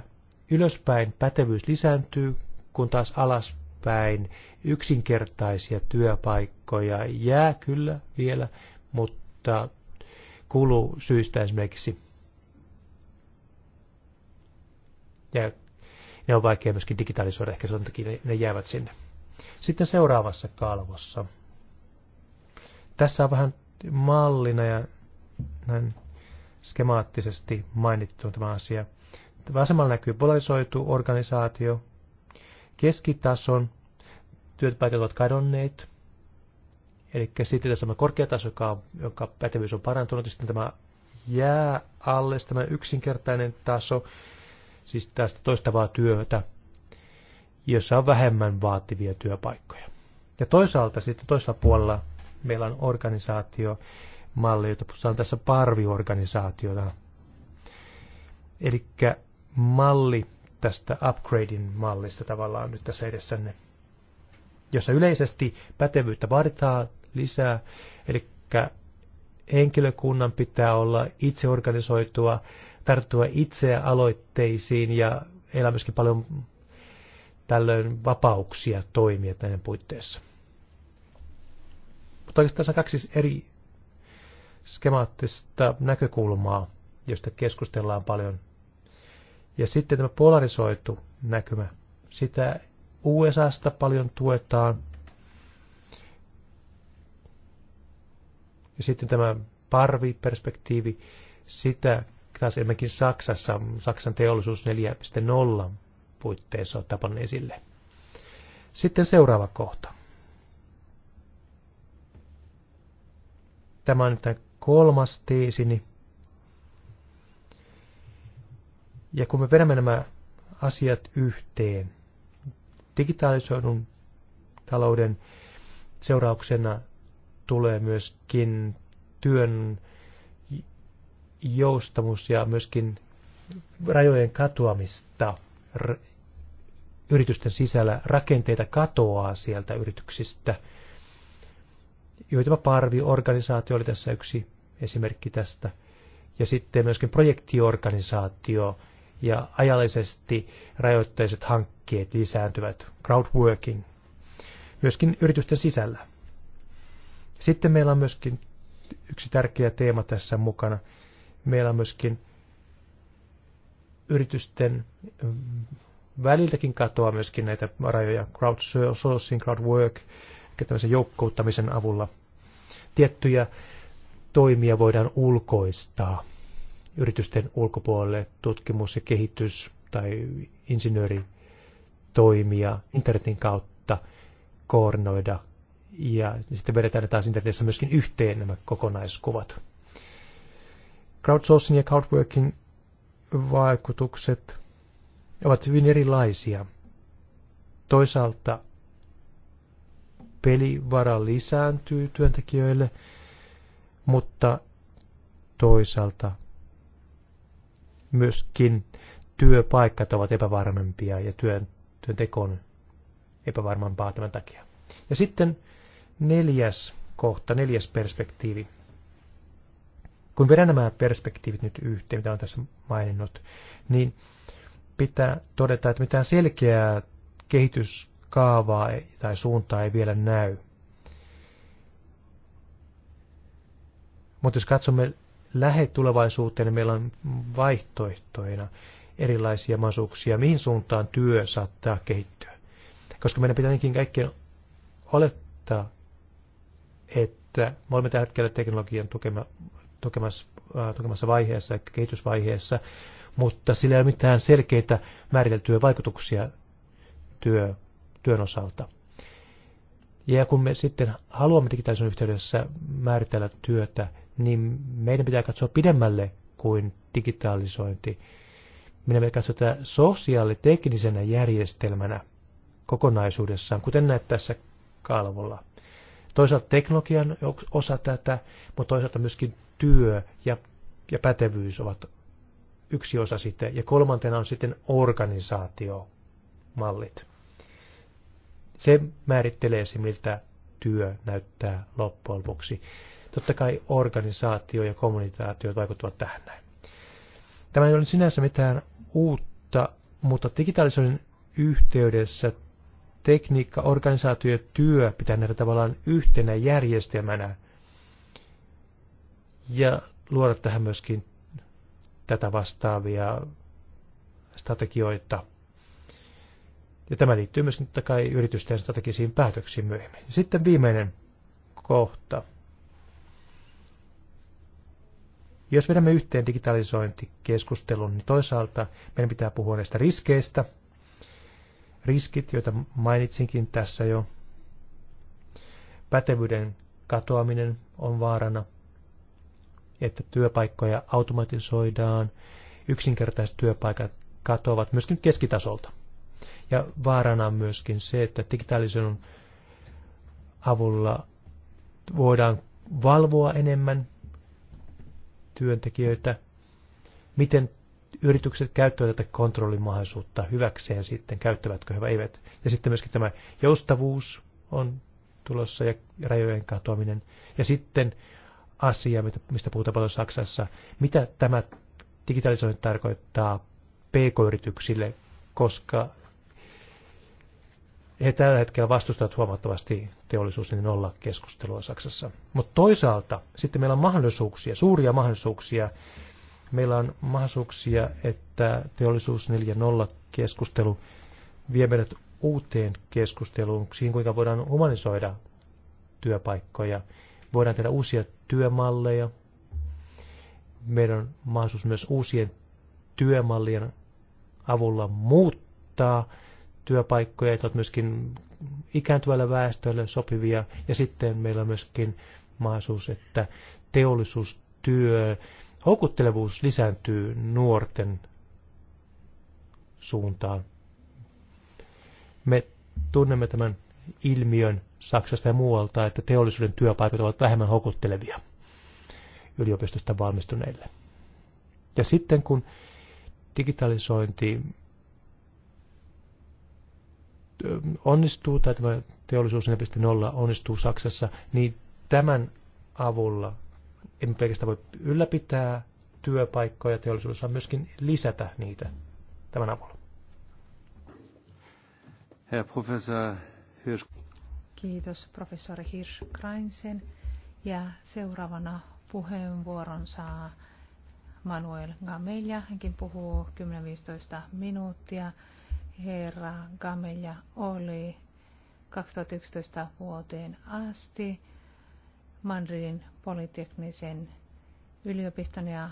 ylöspäin pätevyys lisääntyy, kun taas alaspäin yksinkertaisia työpaikkoja jää kyllä vielä, mutta syystä esimerkiksi. Ja ne on vaikea myöskin digitalisoida, ehkä sen takia ne jäävät sinne. Sitten seuraavassa kalvossa. Tässä on vähän mallina ja näin skemaattisesti mainittu tämä asia. Vasemmalla näkyy polarisoitu organisaatio, keskitason työpaikat ovat kadonneet, eli sitten tässä on korkeataso, joka, jonka pätevyys on parantunut, ja sitten tämä jää alle, tämä yksinkertainen taso, siis tästä toistavaa työtä, jossa on vähemmän vaativia työpaikkoja. Ja toisaalta sitten toisella puolella meillä on organisaatiomalli, jota puhutaan tässä parviorganisaationa. Eli malli tästä upgradein mallista tavallaan nyt tässä edessänne, jossa yleisesti pätevyyttä vaaditaan lisää, eli henkilökunnan pitää olla itseorganisoitua, tarttua itseä aloitteisiin ja elää myöskin paljon tällöin vapauksia toimia näiden puitteissa. Mutta oikeastaan on kaksi eri skemaattista näkökulmaa, josta keskustellaan paljon. Ja sitten tämä polarisoitu näkymä. Sitä USAsta paljon tuetaan. Ja sitten tämä parvi perspektiivi, sitä taas enemmänkin Saksassa, Saksan teollisuus 4.0 puitteissa ottaa esille. Sitten seuraava kohta. Tämä on nyt kolmas tiisini. Ja kun me vedämme nämä asiat yhteen, digitaalisoidun talouden seurauksena tulee myöskin työn joustamus ja myöskin rajojen katoamista yritysten sisällä rakenteita katoaa sieltä yrityksistä. Joitava parvi, organisaatio oli tässä yksi esimerkki tästä. Ja sitten myöskin projektiorganisaatio ja ajallisesti rajoitteiset hankkeet lisääntyvät, crowdworking, myöskin yritysten sisällä. Sitten meillä on myöskin yksi tärkeä teema tässä mukana. Meillä on myöskin yritysten väliltäkin katoaa myöskin näitä rajoja crowdsourcing, crowdwork, eli tämmöisen joukkouttamisen avulla tiettyjä toimia voidaan ulkoistaa yritysten ulkopuolelle, tutkimus ja kehitys tai insinööritoimia internetin kautta koordinoida ja sitten vedetään taas internetissä myöskin yhteen nämä kokonaiskuvat. Crowdsourcing ja crowdworking vaikutukset ovat hyvin erilaisia. Toisaalta pelivara lisääntyy työntekijöille, mutta toisaalta myöskin työpaikat ovat epävarmempia ja työn, työnteko on epävarmampaa tämän takia. Ja sitten neljäs kohta, neljäs perspektiivi. Kun vedän nämä perspektiivit nyt yhteen, mitä olen tässä maininnut, niin pitää todeta, että mitään selkeää kehityskaavaa tai suuntaa ei vielä näy. Mutta jos katsomme lähetulevaisuuteen, niin meillä on vaihtoehtoina erilaisia mahdollisuuksia, mihin suuntaan työ saattaa kehittyä. Koska meidän pitää ainakin kaikkien olettaa, että me olemme tällä hetkellä teknologian tukema, tukemassa, äh, tukemassa vaiheessa, kehitysvaiheessa, mutta sillä ei ole mitään selkeitä määriteltyjä vaikutuksia työ, työn osalta. Ja kun me sitten haluamme digitaalisen yhteydessä määritellä työtä, niin meidän pitää katsoa pidemmälle kuin digitalisointi. Minä pitää katsoa tätä sosiaaliteknisenä järjestelmänä kokonaisuudessaan, kuten näet tässä kalvolla. Toisaalta teknologian osa tätä, mutta toisaalta myöskin työ ja, ja pätevyys ovat yksi osa sitten, ja kolmantena on sitten organisaatiomallit. Se määrittelee se, miltä työ näyttää loppujen lopuksi. Totta kai organisaatio ja kommunikaatio vaikuttavat tähän näin. Tämä ei ole sinänsä mitään uutta, mutta digitaalisuuden yhteydessä tekniikka, organisaatio ja työ pitää nähdä tavallaan yhtenä järjestelmänä ja luoda tähän myöskin tätä vastaavia strategioita. Ja tämä liittyy myös totta kai yritysten strategisiin päätöksiin myöhemmin. Sitten viimeinen kohta. Jos vedämme yhteen digitalisointikeskustelun, niin toisaalta meidän pitää puhua näistä riskeistä. Riskit, joita mainitsinkin tässä jo. Pätevyyden katoaminen on vaarana – että työpaikkoja automatisoidaan, yksinkertaiset työpaikat katoavat myöskin keskitasolta. Ja vaarana on myöskin se, että digitaalisen avulla voidaan valvoa enemmän työntekijöitä, miten yritykset käyttävät tätä kontrollimahdollisuutta hyväkseen sitten, käyttävätkö he vai eivät. Ja sitten myöskin tämä joustavuus on tulossa ja rajojen katoaminen. Ja sitten asia, mistä puhutaan paljon Saksassa. Mitä tämä digitalisointi tarkoittaa pk-yrityksille, koska he tällä hetkellä vastustavat huomattavasti teollisuus niin olla keskustelua Saksassa. Mutta toisaalta sitten meillä on mahdollisuuksia, suuria mahdollisuuksia. Meillä on mahdollisuuksia, että teollisuus 4.0 keskustelu vie meidät uuteen keskusteluun, siihen kuinka voidaan humanisoida työpaikkoja Voidaan tehdä uusia työmalleja. Meidän on mahdollisuus myös uusien työmallien avulla muuttaa työpaikkoja, jotka ovat myöskin ikääntyvälle väestölle sopivia. Ja sitten meillä on myöskin mahdollisuus, että teollisuustyö, houkuttelevuus lisääntyy nuorten suuntaan. Me tunnemme tämän ilmiön Saksasta ja muualta, että teollisuuden työpaikat ovat vähemmän houkuttelevia yliopistosta valmistuneille. Ja sitten kun digitalisointi onnistuu, tai tämä teollisuus 4.0 onnistuu Saksassa, niin tämän avulla emme pelkästään voi ylläpitää työpaikkoja teollisuudessa, vaan myöskin lisätä niitä tämän avulla. Herr Professor Kiitos professori Hirsch Kreinsen. Ja seuraavana puheenvuoron saa Manuel Gamelia. Hänkin puhuu 10-15 minuuttia. Herra Gamelia oli 2011 vuoteen asti Madridin polyteknisen yliopiston ja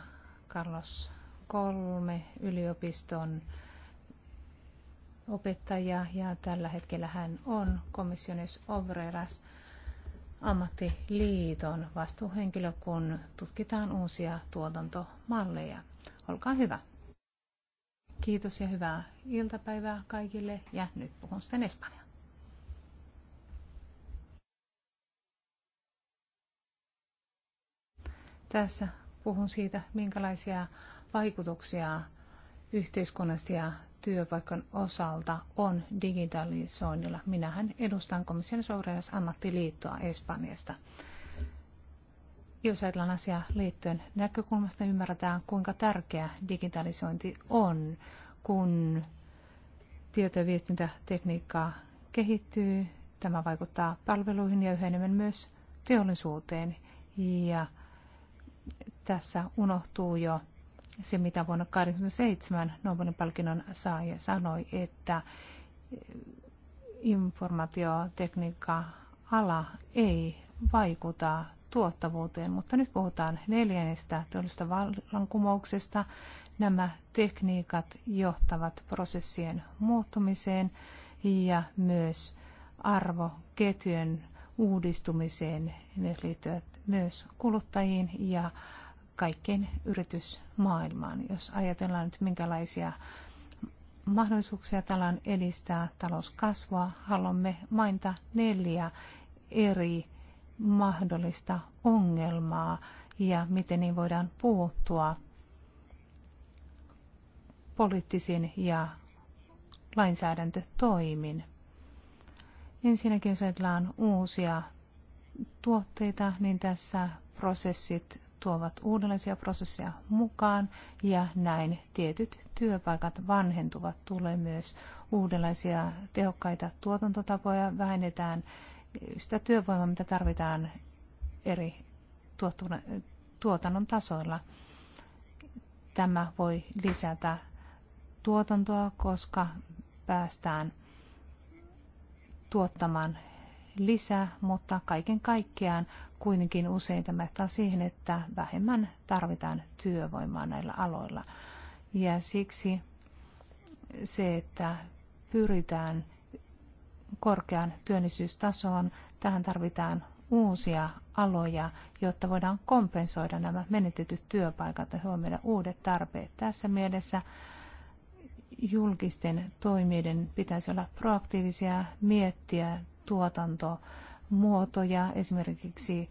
Carlos kolme yliopiston opettaja ja tällä hetkellä hän on komissiones Obreras ammattiliiton vastuuhenkilö, kun tutkitaan uusia tuotantomalleja. Olkaa hyvä. Kiitos ja hyvää iltapäivää kaikille ja nyt puhun sitten Espanjaa. Tässä puhun siitä, minkälaisia vaikutuksia yhteiskunnasta ja työpaikan osalta on digitalisoinnilla. Minähän edustan komission sourajas ammattiliittoa Espanjasta. Jos ajatellaan asiaa liittyen näkökulmasta, ymmärretään kuinka tärkeä digitalisointi on, kun tieto- ja viestintätekniikkaa kehittyy. Tämä vaikuttaa palveluihin ja yhä enemmän myös teollisuuteen. Ja tässä unohtuu jo se, mitä vuonna 1987 Nobelin palkinnon saaja sanoi, että eh, informaatiotekniikka-ala ei vaikuta tuottavuuteen, mutta nyt puhutaan neljännestä teollisesta vallankumouksesta. Nämä tekniikat johtavat prosessien muuttumiseen ja myös arvoketjun uudistumiseen. Ne liittyvät myös kuluttajiin ja kaikkeen yritysmaailmaan. Jos ajatellaan nyt minkälaisia mahdollisuuksia täällä on edistää talouskasvua, haluamme mainita neljä eri mahdollista ongelmaa ja miten niin voidaan puuttua poliittisin ja lainsäädäntötoimin. Ensinnäkin jos ajatellaan uusia tuotteita, niin tässä prosessit tuovat uudenlaisia prosesseja mukaan ja näin tietyt työpaikat vanhentuvat. Tulee myös uudenlaisia tehokkaita tuotantotapoja, vähennetään sitä työvoimaa, mitä tarvitaan eri tuotannon tasoilla. Tämä voi lisätä tuotantoa, koska päästään tuottamaan lisää, mutta kaiken kaikkiaan kuitenkin usein tämä johtaa siihen, että vähemmän tarvitaan työvoimaa näillä aloilla. Ja siksi se, että pyritään korkeaan työllisyystasoon, tähän tarvitaan uusia aloja, jotta voidaan kompensoida nämä menetetyt työpaikat ja huomioida uudet tarpeet. Tässä mielessä julkisten toimijoiden pitäisi olla proaktiivisia, miettiä tuotantomuotoja esimerkiksi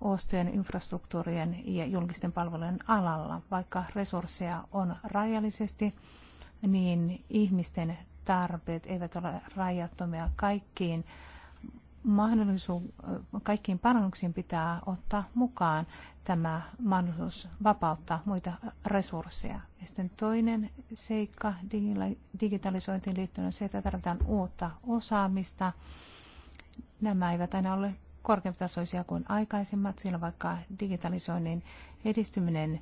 ostojen, infrastruktuurien ja julkisten palvelujen alalla. Vaikka resursseja on rajallisesti, niin ihmisten tarpeet eivät ole rajattomia kaikkiin mahdollisuus, kaikkiin parannuksiin pitää ottaa mukaan tämä mahdollisuus vapauttaa muita resursseja. Ja sitten toinen seikka digitalisointiin liittyen on se, että tarvitaan uutta osaamista nämä eivät aina ole korkeatasoisia kuin aikaisemmat, Siellä vaikka digitalisoinnin edistyminen,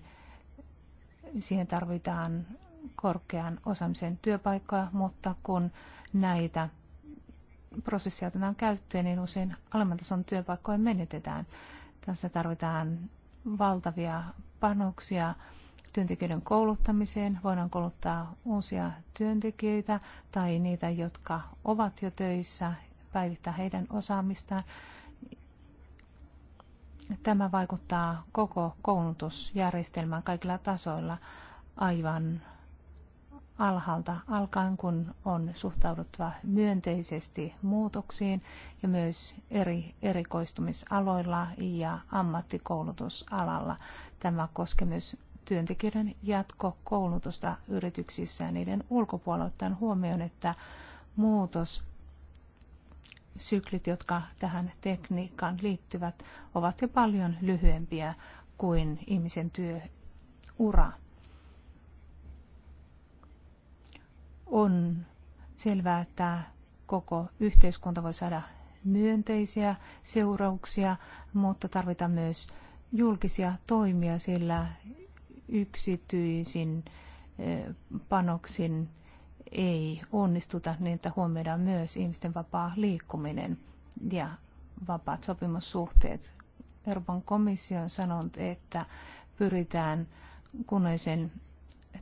siihen tarvitaan korkean osaamisen työpaikkoja, mutta kun näitä prosessia otetaan käyttöön, niin usein alemman tason työpaikkoja menetetään. Tässä tarvitaan valtavia panoksia työntekijöiden kouluttamiseen. Voidaan kouluttaa uusia työntekijöitä tai niitä, jotka ovat jo töissä päivittää heidän osaamistaan. Tämä vaikuttaa koko koulutusjärjestelmään kaikilla tasoilla aivan alhaalta alkaen, kun on suhtauduttava myönteisesti muutoksiin ja myös eri erikoistumisaloilla ja ammattikoulutusalalla. Tämä koskee myös työntekijöiden jatkokoulutusta yrityksissä ja niiden ulkopuolella ottaen huomioon, että muutos syklit, jotka tähän tekniikkaan liittyvät, ovat jo paljon lyhyempiä kuin ihmisen työura. On selvää, että koko yhteiskunta voi saada myönteisiä seurauksia, mutta tarvitaan myös julkisia toimia, sillä yksityisin eh, panoksin ei onnistuta niin, että huomioidaan myös ihmisten vapaa liikkuminen ja vapaat sopimussuhteet. Euroopan komissio on sanonut, että pyritään kunnallisen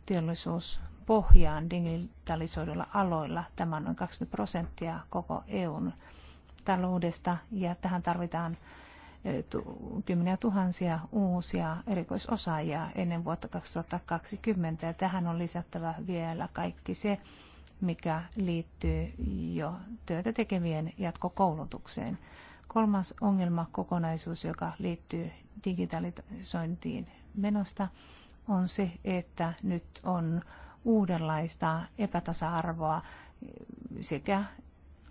teollisuuspohjaan digitalisoidulla aloilla. Tämä on noin 20 prosenttia koko EUn taloudesta ja tähän tarvitaan Eh, kymmeniä tuhansia uusia erikoisosaajia ennen vuotta 2020. Ja tähän on lisättävä vielä kaikki se, mikä liittyy jo työtä tekevien jatkokoulutukseen. Kolmas ongelma kokonaisuus, joka liittyy digitalisointiin menosta, on se, että nyt on uudenlaista epätasa-arvoa sekä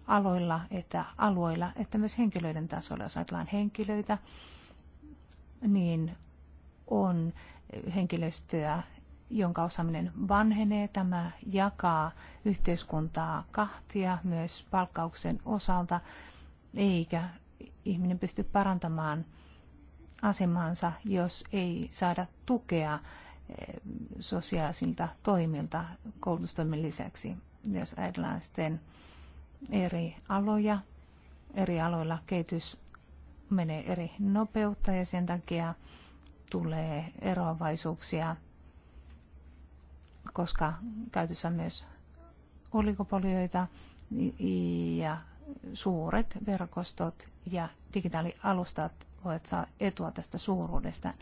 aloilla että alueilla, että myös henkilöiden tasolla. Jos ajatellaan henkilöitä, niin on henkilöstöä, jonka osaaminen vanhenee. Tämä jakaa yhteiskuntaa kahtia myös palkkauksen osalta, eikä ihminen pysty parantamaan asemaansa, jos ei saada tukea eh, sosiaalisilta toimilta koulutustoimen lisäksi. Jos ajatellaan sitten eri aloja. Eri aloilla kehitys menee eri nopeutta ja sen takia tulee eroavaisuuksia, koska käytössä on myös oligopolioita ja suuret verkostot ja digitaalialustat voivat saa etua tästä suuruudesta.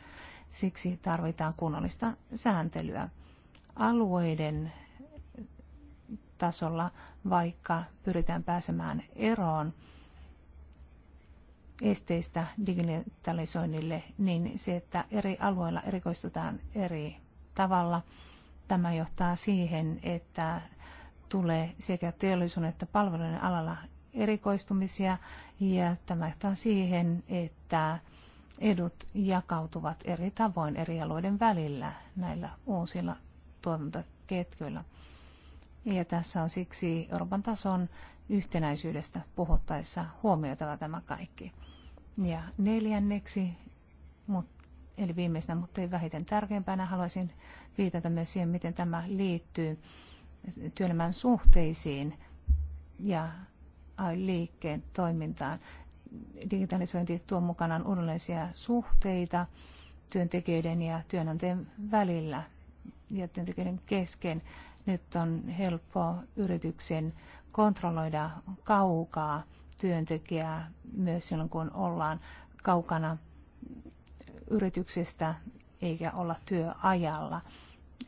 Siksi tarvitaan kunnollista sääntelyä. Alueiden tasolla, vaikka pyritään pääsemään eroon esteistä digitalisoinnille, niin se, että eri alueilla erikoistutaan eri tavalla, tämä johtaa siihen, että tulee sekä teollisuuden että palveluiden alalla erikoistumisia ja tämä johtaa siihen, että edut jakautuvat eri tavoin eri alueiden välillä näillä uusilla tuotantoketjuilla. Ja tässä on siksi Euroopan tason yhtenäisyydestä puhuttaessa huomioitava tämä kaikki. Ja neljänneksi, eli viimeisenä, mutta ei vähiten tärkeimpänä, haluaisin viitata myös siihen, miten tämä liittyy työelämän suhteisiin ja liikkeen toimintaan. Digitalisointi tuo mukanaan uudenlaisia suhteita työntekijöiden ja työnantajien välillä ja työntekijöiden kesken. Nyt on helppo yrityksen kontrolloida kaukaa työntekijää myös silloin, kun ollaan kaukana yrityksestä eikä olla työajalla.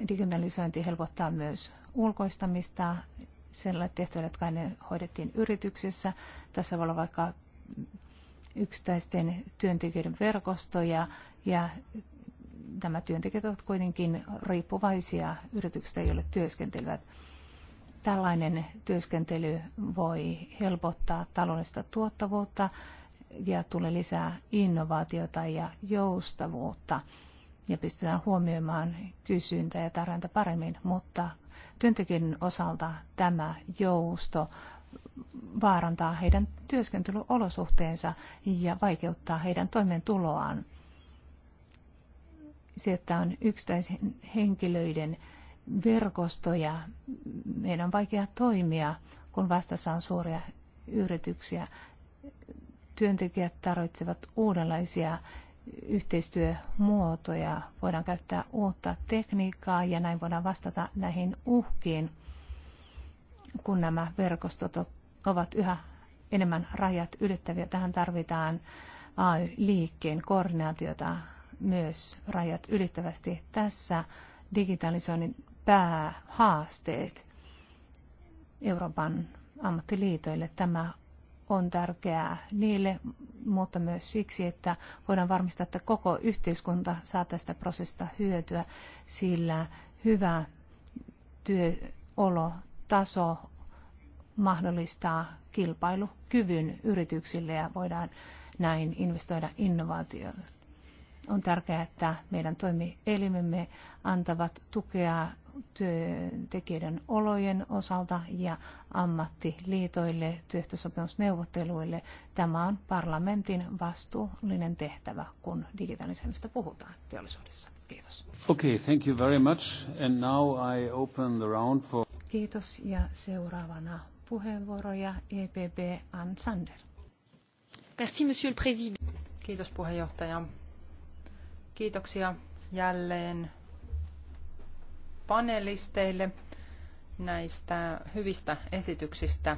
Digitalisointi helpottaa myös ulkoistamista sellaiset tehtävät, jotka ne hoidettiin yrityksessä. Tässä voi olla vaikka yksittäisten työntekijöiden verkostoja ja nämä työntekijät ovat kuitenkin riippuvaisia yrityksistä, joille työskentelevät. Tällainen työskentely voi helpottaa taloudellista tuottavuutta ja tulee lisää innovaatiota ja joustavuutta ja pystytään huomioimaan kysyntä ja tarjonta paremmin, mutta työntekijän osalta tämä jousto vaarantaa heidän työskentelyolosuhteensa ja vaikeuttaa heidän toimeentuloaan se, että on yksittäisen henkilöiden verkostoja. Meidän on vaikea toimia, kun vastassa on suuria yrityksiä. Työntekijät tarvitsevat uudenlaisia yhteistyömuotoja, voidaan käyttää uutta tekniikkaa ja näin voidaan vastata näihin uhkiin, kun nämä verkostot ovat yhä enemmän rajat ylittäviä. Tähän tarvitaan AY-liikkeen koordinaatiota myös rajat ylittävästi. Tässä digitalisoinnin päähaasteet Euroopan ammattiliitoille. Tämä on tärkeää niille, mutta myös siksi, että voidaan varmistaa, että koko yhteiskunta saa tästä prosessista hyötyä, sillä hyvä työolotaso mahdollistaa kilpailukyvyn yrityksille ja voidaan näin investoida innovaatioon on tärkeää, että meidän toimielimemme antavat tukea työntekijöiden olojen osalta ja ammattiliitoille, työehtosopimusneuvotteluille. Tämä on parlamentin vastuullinen tehtävä, kun digitalisoinnista puhutaan teollisuudessa. Kiitos. Okay, thank you very much. And now I open the round for... Kiitos ja seuraavana puheenvuoroja EPP Ann Sander. Merci, monsieur le président. Kiitos puheenjohtaja Kiitoksia jälleen panelisteille näistä hyvistä esityksistä.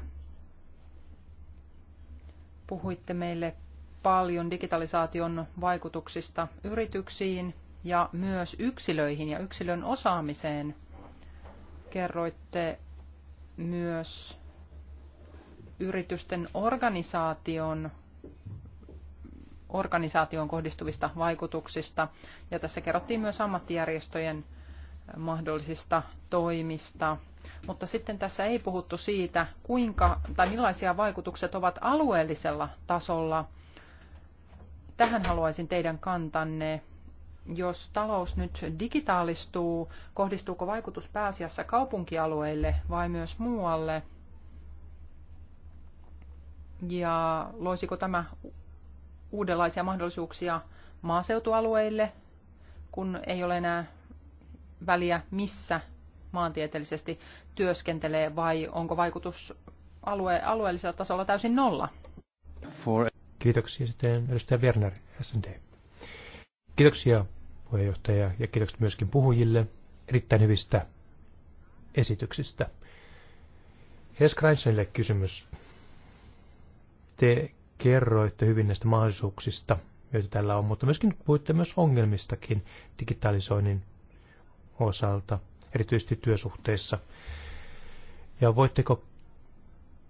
Puhuitte meille paljon digitalisaation vaikutuksista yrityksiin ja myös yksilöihin ja yksilön osaamiseen. Kerroitte myös yritysten organisaation organisaatioon kohdistuvista vaikutuksista. Ja tässä kerrottiin myös ammattijärjestöjen mahdollisista toimista. Mutta sitten tässä ei puhuttu siitä, kuinka tai millaisia vaikutukset ovat alueellisella tasolla. Tähän haluaisin teidän kantanne. Jos talous nyt digitaalistuu, kohdistuuko vaikutus pääasiassa kaupunkialueille vai myös muualle? Ja loisiko tämä uudenlaisia mahdollisuuksia maaseutualueille, kun ei ole enää väliä, missä maantieteellisesti työskentelee, vai onko vaikutus alue, alueellisella tasolla täysin nolla? For... Kiitoksia sitten edustaja Werner, SND. Kiitoksia puheenjohtaja ja kiitokset myöskin puhujille erittäin hyvistä esityksistä. Hes kysymys. Te kerroitte hyvin näistä mahdollisuuksista, joita tällä on, mutta myöskin puhuitte myös ongelmistakin digitalisoinnin osalta, erityisesti työsuhteissa. Ja voitteko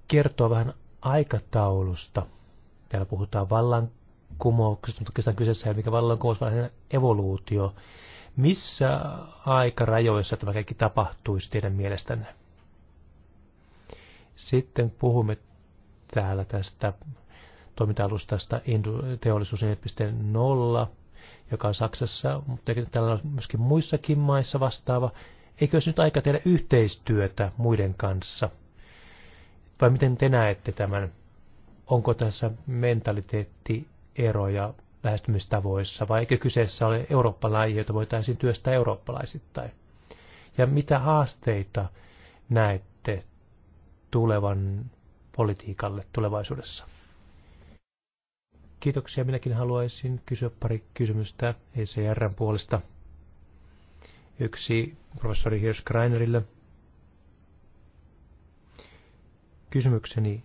kertoa vähän aikataulusta? Täällä puhutaan vallankumouksesta, mutta oikeastaan kyseessä ei mikä vallankumous, vaan evoluutio. Missä aikarajoissa tämä kaikki tapahtuisi teidän mielestänne? Sitten puhumme täällä tästä toiminta-alustasta teollisuus 4.0, joka on Saksassa, mutta tällä on myöskin muissakin maissa vastaava. Eikö olisi nyt aika tehdä yhteistyötä muiden kanssa? Vai miten te näette tämän? Onko tässä mentaliteettieroja lähestymistavoissa vai eikö kyseessä ole eurooppalainen, jota voitaisiin työstää eurooppalaisittain? Ja mitä haasteita näette tulevan politiikalle tulevaisuudessa? Kiitoksia. Minäkin haluaisin kysyä pari kysymystä ECRn puolesta. Yksi professori Hirsch Kysymykseni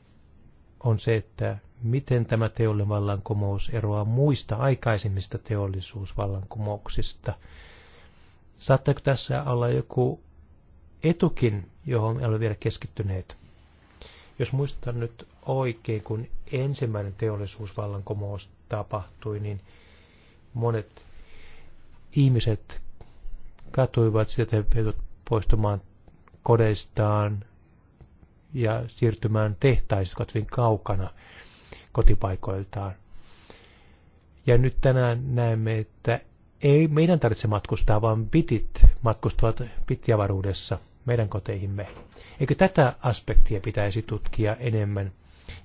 on se, että miten tämä teollinen vallankumous eroaa muista aikaisemmista teollisuusvallankumouksista. Saattaako tässä olla joku etukin, johon me olemme vielä keskittyneet? Jos muistan nyt oikein, kun ensimmäinen teollisuusvallankumous tapahtui, niin monet ihmiset katuivat sieltä että poistumaan kodeistaan ja siirtymään tehtaisiin, jotka hyvin kaukana kotipaikoiltaan. Ja nyt tänään näemme, että ei meidän tarvitse matkustaa, vaan bitit matkustavat pitjavaruudessa meidän koteihimme. Eikö tätä aspektia pitäisi tutkia enemmän?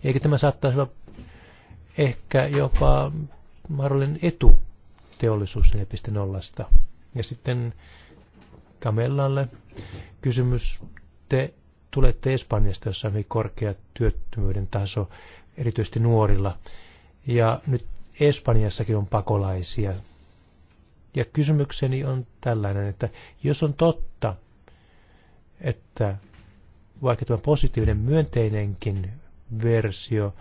Eikö tämä saattaisi olla ehkä jopa mahdollinen etu teollisuus 4.0? Ja sitten Kamellalle kysymys. Te tulette Espanjasta, jossa on hyvin korkea työttömyyden taso, erityisesti nuorilla. Ja nyt Espanjassakin on pakolaisia. Ja kysymykseni on tällainen, että jos on totta, että vaikka tämä positiivinen myönteinenkin versio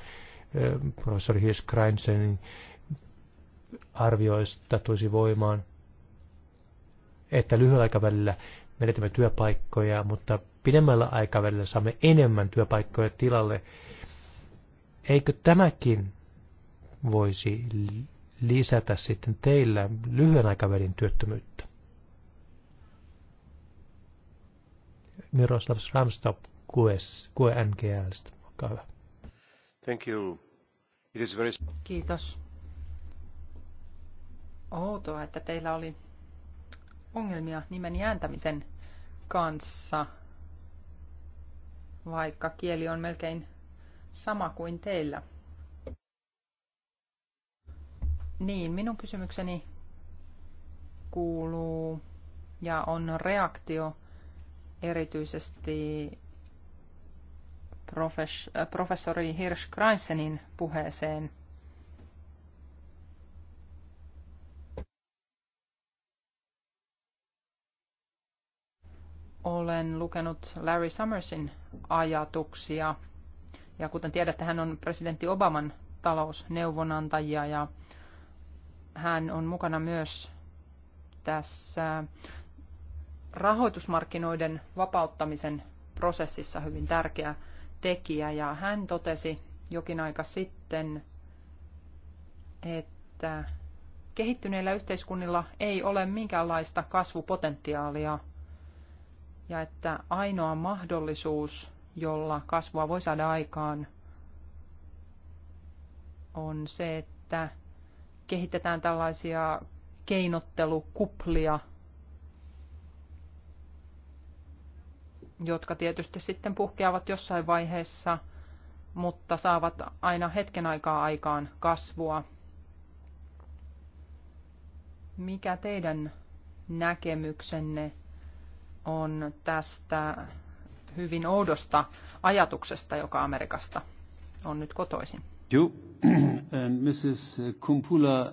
professori Hirschkreinsenin arvioista tulisi voimaan, että lyhyellä aikavälillä menetämme työpaikkoja, mutta pidemmällä aikavälillä saamme enemmän työpaikkoja tilalle. Eikö tämäkin voisi lisätä sitten teillä lyhyen aikavälin työttömyyttä? Miroslav Sramstop QS, QNGLstä. Olkaa hyvä. Thank you. It is very... Kiitos. Outoa, että teillä oli ongelmia nimen ääntämisen kanssa, vaikka kieli on melkein sama kuin teillä. Niin, minun kysymykseni kuuluu ja on reaktio erityisesti profes, äh, professori Hirsch Kreinsenin puheeseen. Olen lukenut Larry Summersin ajatuksia ja kuten tiedätte, hän on presidentti Obaman talousneuvonantajia ja hän on mukana myös tässä rahoitusmarkkinoiden vapauttamisen prosessissa hyvin tärkeä tekijä ja hän totesi jokin aika sitten, että kehittyneillä yhteiskunnilla ei ole minkäänlaista kasvupotentiaalia ja että ainoa mahdollisuus, jolla kasvua voi saada aikaan, on se, että kehitetään tällaisia keinottelukuplia – jotka tietysti sitten puhkeavat jossain vaiheessa, mutta saavat aina hetken aikaa aikaan kasvua. Mikä teidän näkemyksenne on tästä hyvin oudosta ajatuksesta, joka Amerikasta on nyt kotoisin? Joo. Mrs. *clears throat* Kumpula.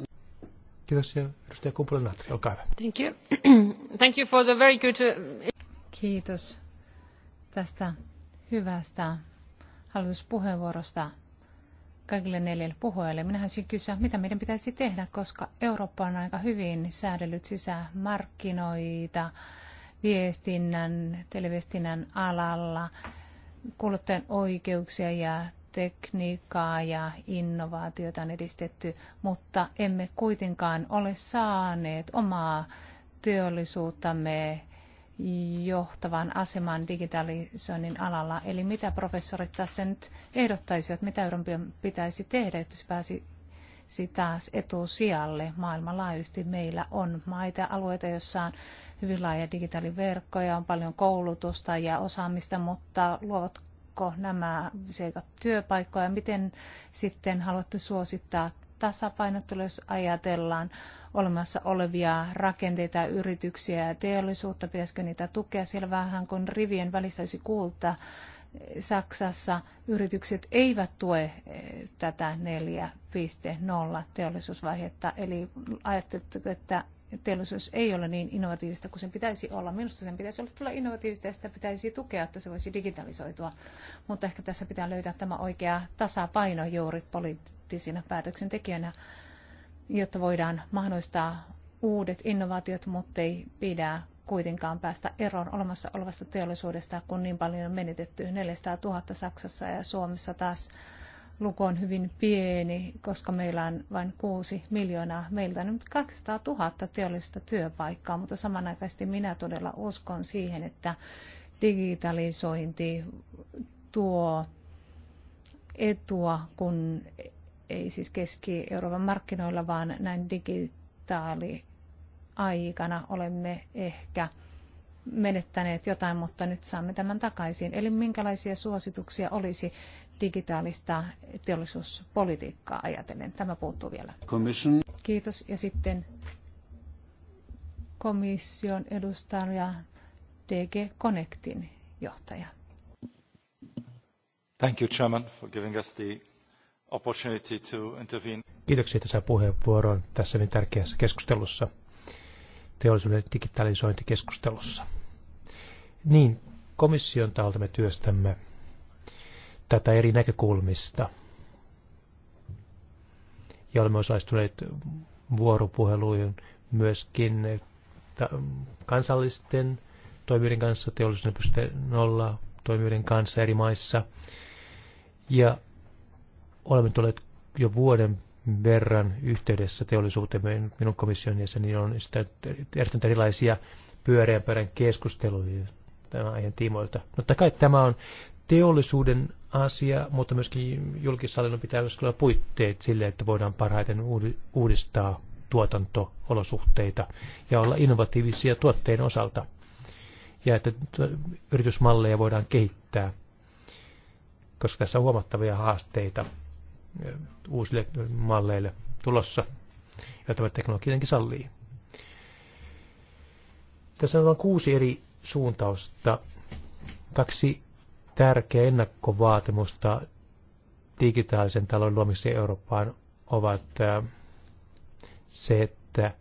Kiitoksia. Edustaja Kumpula-Natri, olkaa hyvä. Thank you. *clears throat* Thank you for the very good... Uh, Kiitos tästä hyvästä hallituspuheenvuorosta kaikille neljälle puhujalle. Minä haluaisin kysyä, mitä meidän pitäisi tehdä, koska Eurooppa on aika hyvin säädellyt sisämarkkinoita viestinnän, televiestinnän alalla, kuluttajan oikeuksia ja tekniikkaa ja innovaatiota on edistetty, mutta emme kuitenkaan ole saaneet omaa teollisuuttamme johtavan aseman digitalisoinnin alalla. Eli mitä professorit tässä nyt ehdottaisivat, mitä Euroopan pitäisi tehdä, että se pääsi sitä etusijalle maailmanlaajuisesti. Meillä on maita alueita, joissa on hyvin laaja digitaaliverkko ja on paljon koulutusta ja osaamista, mutta luovatko nämä seikat työpaikkoja? Miten sitten haluatte suosittaa tasapainottelua, jos ajatellaan olemassa olevia rakenteita, yrityksiä ja teollisuutta, pitäisikö niitä tukea siellä vähän kun rivien välissä olisi kuulta. Saksassa yritykset eivät tue eh, tätä 4.0 teollisuusvaihetta, eli ajatteletteko, että teollisuus ei ole niin innovatiivista kuin sen pitäisi olla. Minusta sen pitäisi olla tulla innovatiivista ja sitä pitäisi tukea, että se voisi digitalisoitua. Mutta ehkä tässä pitää löytää tämä oikea tasapaino juuri poliittisina päätöksentekijöinä jotta voidaan mahdollistaa uudet innovaatiot, mutta ei pidä kuitenkaan päästä eroon olemassa olevasta teollisuudesta, kun niin paljon on menetetty 400 000 Saksassa ja Suomessa taas luku on hyvin pieni, koska meillä on vain 6 miljoonaa. Meiltä on nyt 200 000 teollista työpaikkaa, mutta samanaikaisesti minä todella uskon siihen, että digitalisointi tuo etua, kun ei siis Keski-Euroopan markkinoilla, vaan näin digitaaliaikana olemme ehkä menettäneet jotain, mutta nyt saamme tämän takaisin. Eli minkälaisia suosituksia olisi digitaalista teollisuuspolitiikkaa ajatellen? Tämä puuttuu vielä. Commission. Kiitos. Ja sitten komission edustaja DG Connectin johtaja. Thank you, Chairman, for giving us the opportunity to intervene. Kiitoksia tässä puheenvuoroon tässä hyvin tärkeässä keskustelussa, teollisuuden digitalisointikeskustelussa. Niin, komission taholta me työstämme tätä eri näkökulmista. Ja olemme osallistuneet vuoropuheluun myöskin kansallisten toimijoiden kanssa, teollisuuden nolla toimijoiden kanssa eri maissa. Ja olemme tulleet jo vuoden verran yhteydessä teollisuuteen. Minun komission jäseni on sitä järjestänyt erilaisia pyöreän pöydän keskusteluja tämän aiheen tiimoilta. Mutta no, kai tämä on teollisuuden asia, mutta myöskin julkishallinnon pitää myös olla puitteet sille, että voidaan parhaiten uudistaa tuotantoolosuhteita ja olla innovatiivisia tuotteen osalta. Ja että yritysmalleja voidaan kehittää, koska tässä on huomattavia haasteita uusille malleille tulossa, joita tämä teknologia tietenkin sallii. Tässä on vain kuusi eri suuntausta, kaksi tärkeää ennakkovaatimusta digitaalisen talouden luomiseen Eurooppaan ovat äh, se, että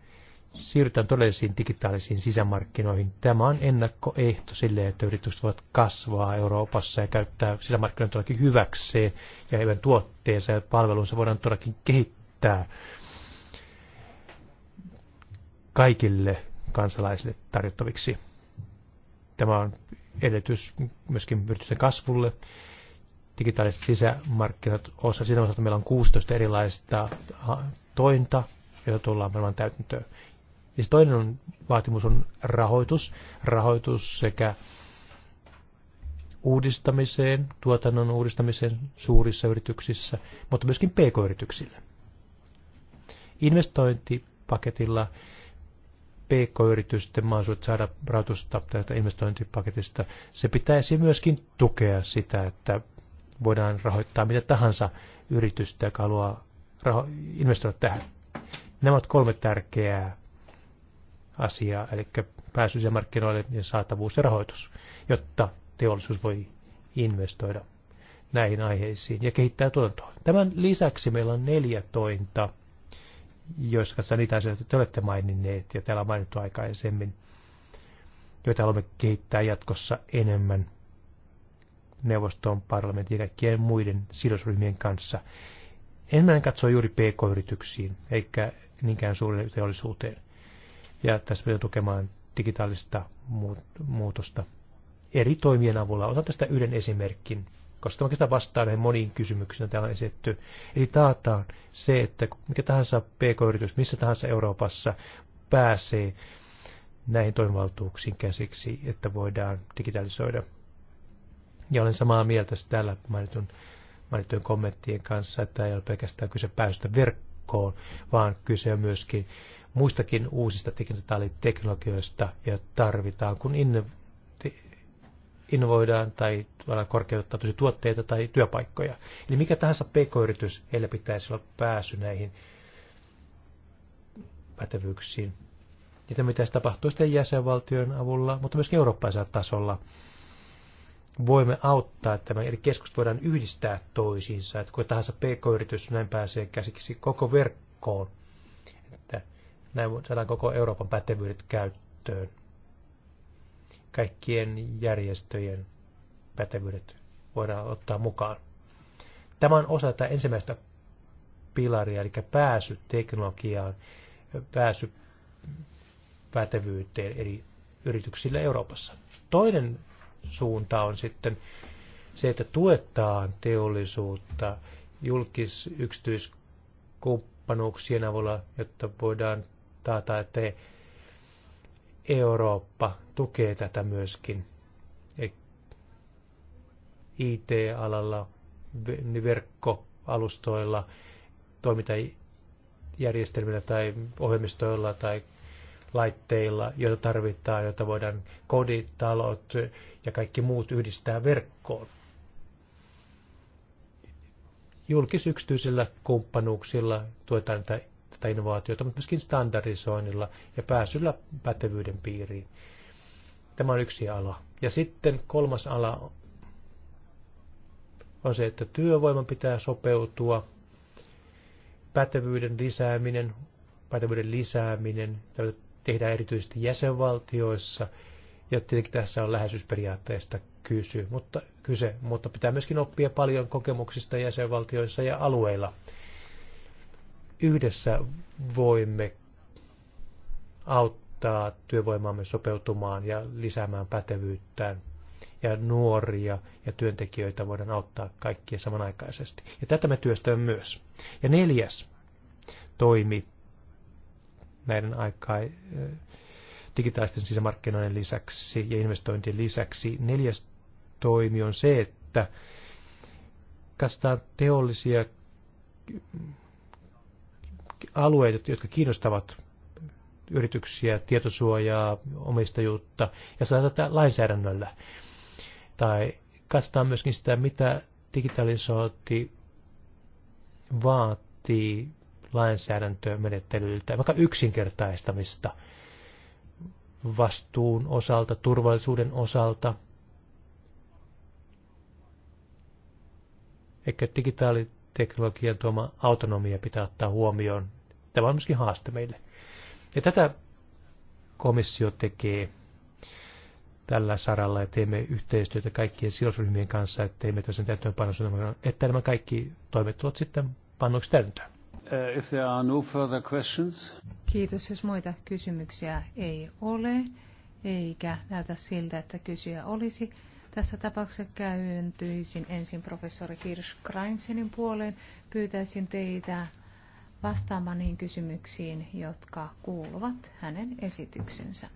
siirrytään todellisiin digitaalisiin sisämarkkinoihin. Tämä on ennakkoehto sille, että yritykset voivat kasvaa Euroopassa ja käyttää sisämarkkinoita todellakin hyväkseen ja heidän tuotteensa ja palvelunsa voidaan todellakin kehittää kaikille kansalaisille tarjottaviksi. Tämä on edellytys myöskin yritysten kasvulle. Digitaaliset sisämarkkinat, osa, sitä osalta meillä on 16 erilaista tointa, joita tullaan varmaan täytäntöön. Ja se toinen on, vaatimus on rahoitus. Rahoitus sekä uudistamiseen, tuotannon uudistamiseen suurissa yrityksissä, mutta myöskin pk-yrityksille. Investointipaketilla pk-yritysten mahdollisuudet saada rahoitusta tästä investointipaketista, se pitäisi myöskin tukea sitä, että voidaan rahoittaa mitä tahansa yritystä, joka haluaa investoida tähän. Nämä ovat kolme tärkeää asiaa, eli pääsy markkinoille ja saatavuus ja rahoitus, jotta teollisuus voi investoida näihin aiheisiin ja kehittää tuotantoa. Tämän lisäksi meillä on neljä tointa, joissa katsotaan niitä asioita, joita te olette maininneet ja täällä on mainittu aikaisemmin, joita haluamme kehittää jatkossa enemmän neuvoston, parlamentin ja kaikkien muiden sidosryhmien kanssa. Ensimmäinen katsoo juuri pk-yrityksiin, eikä niinkään suurelle teollisuuteen ja tässä pitää tukemaan digitaalista muutosta eri toimien avulla. Otan tästä yhden esimerkin, koska oikeastaan vastaa näihin moniin kysymyksiin, joita täällä on esitetty. Eli taataan se, että mikä tahansa pk-yritys missä tahansa Euroopassa pääsee näihin toimivaltuuksiin käsiksi, että voidaan digitalisoida. Ja olen samaa mieltä täällä mainitun, mainittujen kommenttien kanssa, että ei ole pelkästään kyse päästä verkkoon, vaan kyse on myöskin muistakin uusista digitaaliteknologioista ja tarvitaan, kun innovoidaan tai korkeuttaa tosi tuotteita tai työpaikkoja. Eli mikä tahansa pk-yritys, heillä pitäisi olla pääsy näihin pätevyyksiin. Ja pitäisi tapahtua sitten jäsenvaltion avulla, mutta myös eurooppalaisella tasolla. Voimme auttaa, että tämä eri keskus voidaan yhdistää toisiinsa, että kuinka tahansa pk-yritys näin pääsee käsiksi koko verkkoon. Että näin saadaan koko Euroopan pätevyydet käyttöön. Kaikkien järjestöjen pätevyydet voidaan ottaa mukaan. Tämä on osa tätä ensimmäistä pilaria, eli pääsy teknologiaan, pääsy pätevyyteen eri yrityksille Euroopassa. Toinen suunta on sitten se, että tuetaan teollisuutta julkis-yksityiskumppanuuksien avulla, jotta voidaan tai että Eurooppa tukee tätä myöskin. IT-alalla, niin verkkoalustoilla, toimintajärjestelmillä tai ohjelmistoilla tai laitteilla, joita tarvitaan, joita voidaan kodit, talot ja kaikki muut yhdistää verkkoon. Julkisyksityisillä kumppanuuksilla tuetaan tätä tätä innovaatiota, mutta myöskin standardisoinnilla ja pääsyllä pätevyyden piiriin. Tämä on yksi ala. Ja sitten kolmas ala on se, että työvoiman pitää sopeutua, pätevyyden lisääminen, pätevyyden lisääminen, tämä tehdään erityisesti jäsenvaltioissa, ja tietenkin tässä on läheisyysperiaatteesta kysy, mutta, kyse, mutta pitää myöskin oppia paljon kokemuksista jäsenvaltioissa ja alueilla – yhdessä voimme auttaa työvoimaamme sopeutumaan ja lisäämään pätevyyttään. Ja nuoria ja työntekijöitä voidaan auttaa kaikkia samanaikaisesti. Ja tätä me työstämme myös. Ja neljäs toimi näiden aikaa eh, digitaalisten sisämarkkinoiden lisäksi ja investointien lisäksi. Neljäs toimi on se, että katsotaan teollisia alueet, jotka kiinnostavat yrityksiä, tietosuojaa, omistajuutta ja saada tätä lainsäädännöllä. Tai katsotaan myöskin sitä, mitä digitalisointi vaatii lainsäädäntömenettelyltä, vaikka yksinkertaistamista vastuun osalta, turvallisuuden osalta. Ehkä digitaaliteknologian tuoma autonomia pitää ottaa huomioon Tämä on myöskin haaste meille. Ja tätä komissio tekee tällä saralla ja teemme yhteistyötä kaikkien sidosryhmien kanssa, että teemme tämmöisen täyttöönpanosuunnitelman, että nämä kaikki toimet tulevat sitten pannuiksi täyttöön. Uh, if there are no further questions. Kiitos, jos muita kysymyksiä ei ole, eikä näytä siltä, että kysyjä olisi. Tässä tapauksessa käyntyisin ensin professori Hirsch Kreinsenin puoleen. Pyytäisin teitä vastaamaan niihin kysymyksiin, jotka kuuluvat hänen esityksensä.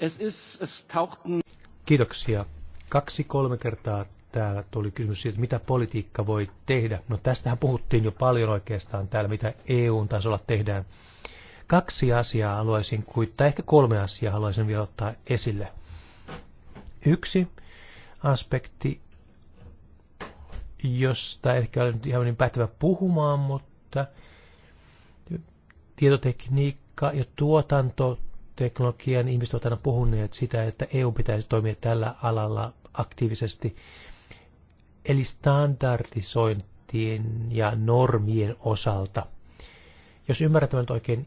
Es ist, es tauchten... Kiitoksia. Kaksi-kolme kertaa täällä tuli kysymys siitä, mitä politiikka voi tehdä. No tästähän puhuttiin jo paljon oikeastaan täällä, mitä EU-tasolla tehdään. Kaksi asiaa haluaisin kuitta ehkä kolme asiaa haluaisin vielä ottaa esille. Yksi aspekti, josta ehkä olen ihan niin päättävä puhumaan, mutta tietotekniikka ja tuotantoteknologian ihmiset ovat aina puhuneet sitä, että EU pitäisi toimia tällä alalla aktiivisesti. Eli standardisointien ja normien osalta. Jos ymmärrän tämän oikein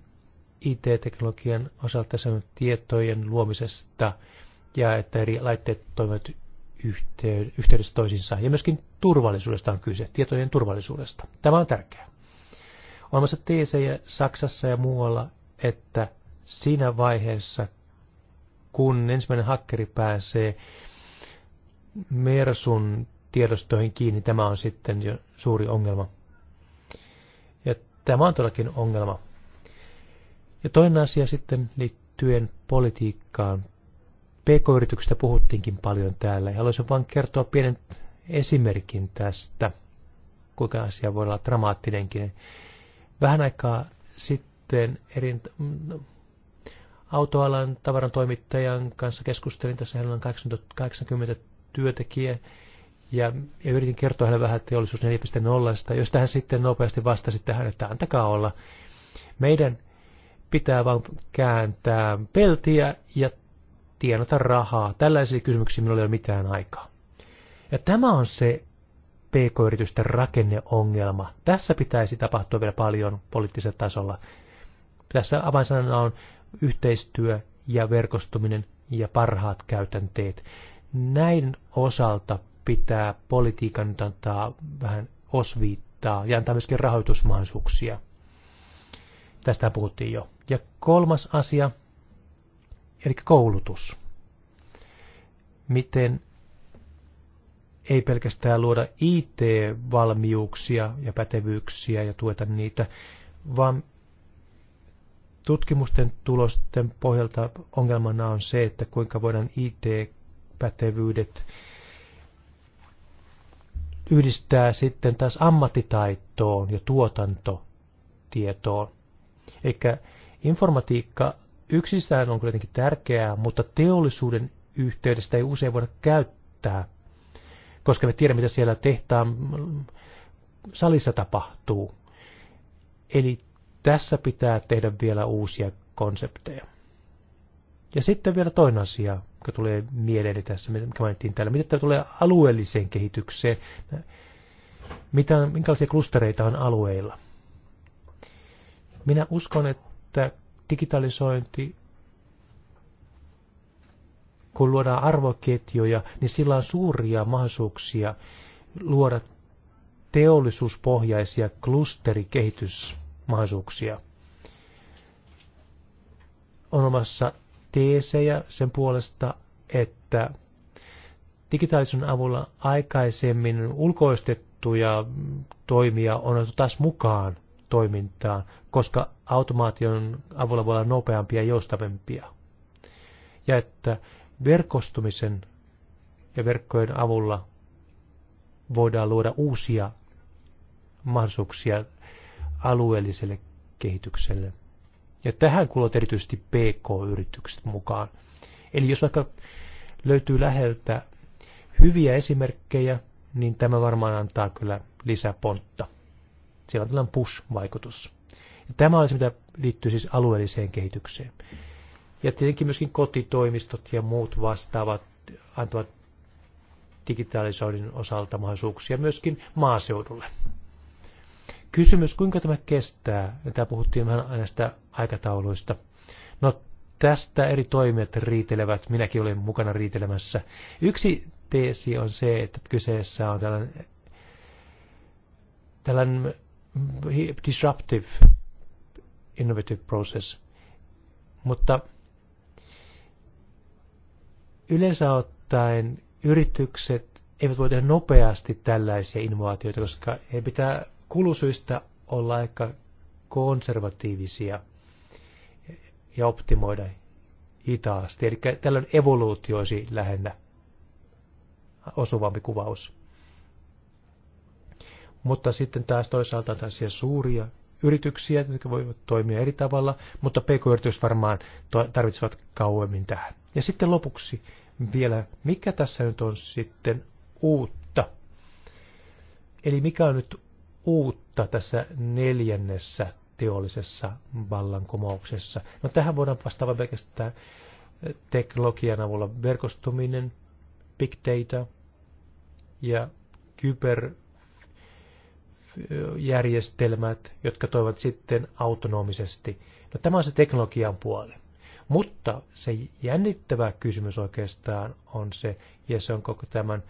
IT-teknologian osalta sen tietojen luomisesta ja että eri laitteet toimivat yhteydessä toisinsa ja myöskin turvallisuudesta on kyse, tietojen turvallisuudesta. Tämä on tärkeää olemassa teesejä Saksassa ja muualla, että siinä vaiheessa, kun ensimmäinen hakkeri pääsee Mersun tiedostoihin kiinni, tämä on sitten jo suuri ongelma. Ja tämä on todellakin ongelma. Ja toinen asia sitten liittyen politiikkaan. PK-yrityksistä puhuttiinkin paljon täällä ja haluaisin vain kertoa pienen esimerkin tästä, kuinka asia voi olla dramaattinenkin. Vähän aikaa sitten eri mm, autoalan toimittajan kanssa keskustelin, tässä hänellä on 80 työntekijää, ja, ja yritin kertoa hänelle vähän teollisuus 4.0, josta hän sitten nopeasti vastasi tähän, että antakaa olla. Meidän pitää vaan kääntää peltiä ja tienata rahaa. Tällaisia kysymyksiä minulla ei ole mitään aikaa. Ja tämä on se pk-yritysten rakenneongelma. Tässä pitäisi tapahtua vielä paljon poliittisella tasolla. Tässä avainsanana on yhteistyö ja verkostuminen ja parhaat käytänteet. Näin osalta pitää politiikan nyt antaa vähän osviittaa ja antaa myöskin rahoitusmahdollisuuksia. Tästä puhuttiin jo. Ja kolmas asia, eli koulutus. Miten ei pelkästään luoda IT-valmiuksia ja pätevyyksiä ja tueta niitä, vaan tutkimusten tulosten pohjalta ongelmana on se, että kuinka voidaan IT-pätevyydet yhdistää sitten taas ammattitaitoon ja tuotantotietoon. Eli informatiikka yksistään on kuitenkin tärkeää, mutta teollisuuden yhteydestä ei usein voida käyttää koska me tiedämme, mitä siellä tehtaan salissa tapahtuu. Eli tässä pitää tehdä vielä uusia konsepteja. Ja sitten vielä toinen asia, joka tulee mieleeni tässä, mikä mainittiin täällä. Mitä tämä tulee alueelliseen kehitykseen? Mitä, minkälaisia klustereita on alueilla? Minä uskon, että digitalisointi kun luodaan arvoketjuja, niin sillä on suuria mahdollisuuksia luoda teollisuuspohjaisia klusterikehitysmahdollisuuksia. On olemassa teesejä sen puolesta, että digitaalisen avulla aikaisemmin ulkoistettuja toimia on otettu taas mukaan toimintaan, koska automaation avulla voi olla nopeampia ja joustavampia. Ja että Verkostumisen ja verkkojen avulla voidaan luoda uusia mahdollisuuksia alueelliselle kehitykselle. Ja tähän kuuluvat erityisesti PK-yritykset mukaan. Eli jos vaikka löytyy läheltä hyviä esimerkkejä, niin tämä varmaan antaa kyllä lisäpontta. Siellä on tällainen push-vaikutus. Ja tämä on se, mitä liittyy siis alueelliseen kehitykseen. Ja tietenkin myöskin kotitoimistot ja muut vastaavat antavat digitalisoinnin osalta mahdollisuuksia myöskin maaseudulle. Kysymys, kuinka tämä kestää? Tämä puhuttiin vähän näistä aikatauluista. No, tästä eri toimijat riitelevät. Minäkin olen mukana riitelemässä. Yksi teesi on se, että kyseessä on tällainen, tällainen disruptive innovative process. Mutta Yleensä ottaen yritykset eivät voi tehdä nopeasti tällaisia innovaatioita, koska he pitää kulusyistä olla aika konservatiivisia ja optimoida hitaasti. Eli tällöin evoluutio olisi lähinnä osuvampi kuvaus. Mutta sitten taas toisaalta on tällaisia suuria yrityksiä, jotka voivat toimia eri tavalla, mutta pk-yritykset varmaan tarvitsevat kauemmin tähän. Ja sitten lopuksi vielä, mikä tässä nyt on sitten uutta. Eli mikä on nyt uutta tässä neljännessä teollisessa vallankumouksessa. No tähän voidaan vastata pelkästään eh, teknologian avulla verkostuminen, big data ja kyberjärjestelmät, eh, jotka toivat sitten autonomisesti. No tämä on se teknologian puoli. Mutta se jännittävä kysymys oikeastaan on se, ja se on koko tämän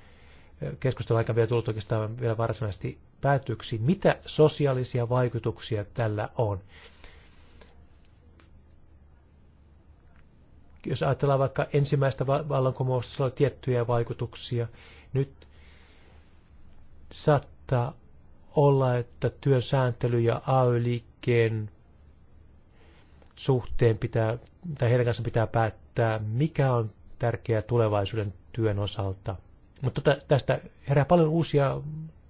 keskustelun aikana vielä tullut oikeastaan vielä varsinaisesti päätyksi, mitä sosiaalisia vaikutuksia tällä on. Jos ajatellaan vaikka ensimmäistä vallankumousta, sillä oli tiettyjä vaikutuksia. Nyt saattaa olla, että työsääntely ja AY-liikkeen suhteen pitää, tai heidän kanssa pitää päättää, mikä on tärkeää tulevaisuuden työn osalta. Mutta tästä herää paljon uusia,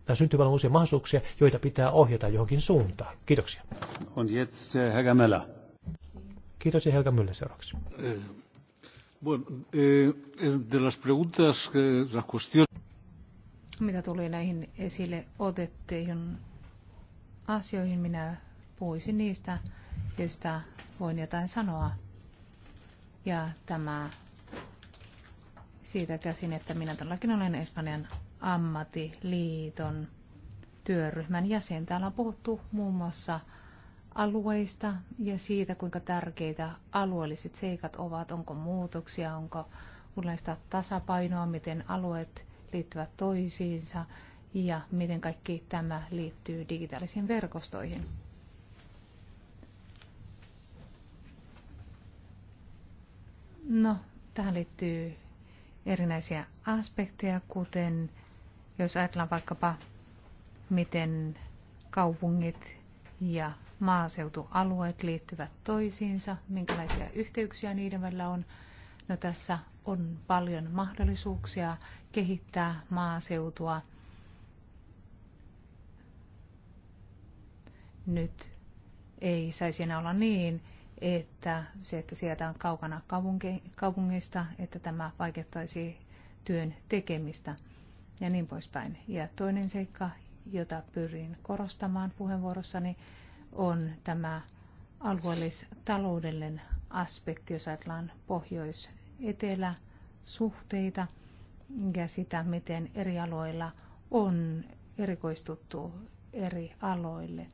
tai syntyy paljon uusia mahdollisuuksia, joita pitää ohjata johonkin suuntaan. Kiitoksia. On jetzt äh, Helga Möller. Kiitos ja Helga Möller seuraavaksi. Äh, äh, eh, Mitä tuli näihin esille otettuihin asioihin, minä puhuisin niistä, joista voin jotain sanoa. Ja tämä siitä käsin, että minä todellakin olen Espanjan ammattiliiton työryhmän jäsen. Täällä on puhuttu muun muassa alueista ja siitä, kuinka tärkeitä alueelliset seikat ovat, onko muutoksia, onko uudenlaista tasapainoa, miten alueet liittyvät toisiinsa ja miten kaikki tämä liittyy digitaalisiin verkostoihin. No, tähän liittyy erinäisiä aspekteja, kuten jos ajatellaan vaikkapa, miten kaupungit ja maaseutualueet liittyvät toisiinsa, minkälaisia yhteyksiä niiden välillä on. No tässä on paljon mahdollisuuksia kehittää maaseutua. Nyt ei saisi enää olla niin, että se, että sieltä on kaukana kaupungeista, että tämä vaikeuttaisi työn tekemistä ja niin poispäin. Ja toinen seikka, jota pyrin korostamaan puheenvuorossani, on tämä alueellistaloudellinen aspekti, jos ajatellaan pohjois-etelä-suhteita ja sitä, miten eri aloilla on erikoistuttu eri aloille.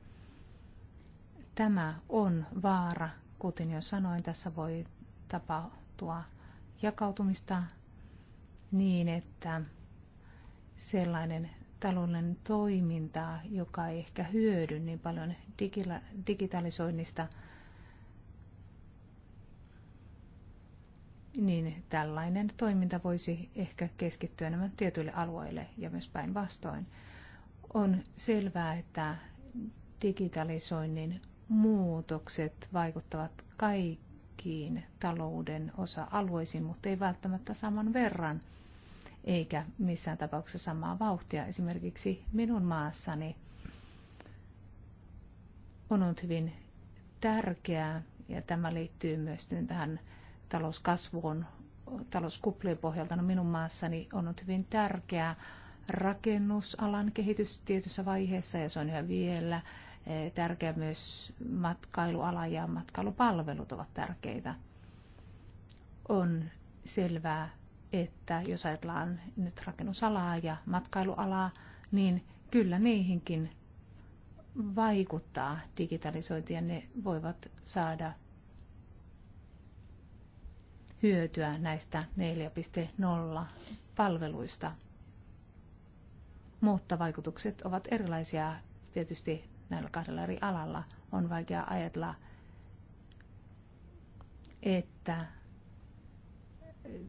Tämä on vaara Kuten jo sanoin, tässä voi tapahtua jakautumista niin, että sellainen taloudellinen toiminta, joka ei ehkä hyödy niin paljon digitalisoinnista, niin tällainen toiminta voisi ehkä keskittyä enemmän tietyille alueille ja myös päinvastoin. On selvää, että digitalisoinnin muutokset vaikuttavat kaikkiin talouden osa-alueisiin, mutta ei välttämättä saman verran eikä missään tapauksessa samaa vauhtia. Esimerkiksi minun maassani on ollut hyvin tärkeää, ja tämä liittyy myös tähän talouskasvuun, talouskuplien pohjalta, no minun maassani on ollut hyvin tärkeää rakennusalan kehitys tietyssä vaiheessa, ja se on yhä vielä tärkeä myös matkailuala ja matkailupalvelut ovat tärkeitä. On selvää, että jos ajatellaan nyt rakennusalaa ja matkailualaa, niin kyllä niihinkin vaikuttaa digitalisointi ja ne voivat saada hyötyä näistä 4.0 palveluista. Mutta vaikutukset ovat erilaisia tietysti näillä kahdella eri alalla. On vaikea ajatella, että eh,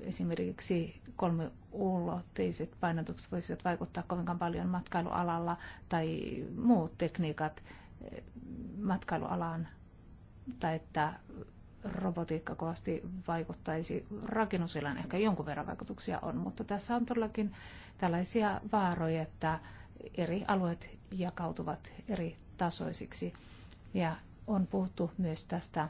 esimerkiksi kolmiulotteiset painotukset voisivat vaikuttaa kovinkaan paljon matkailualalla tai muut tekniikat eh, matkailualaan tai että robotiikka kovasti vaikuttaisi rakennusilan, Ehkä jonkun verran vaikutuksia on, mutta tässä on todellakin tällaisia vaaroja, että eri alueet jakautuvat eri tasoisiksi. Ja on puhuttu myös tästä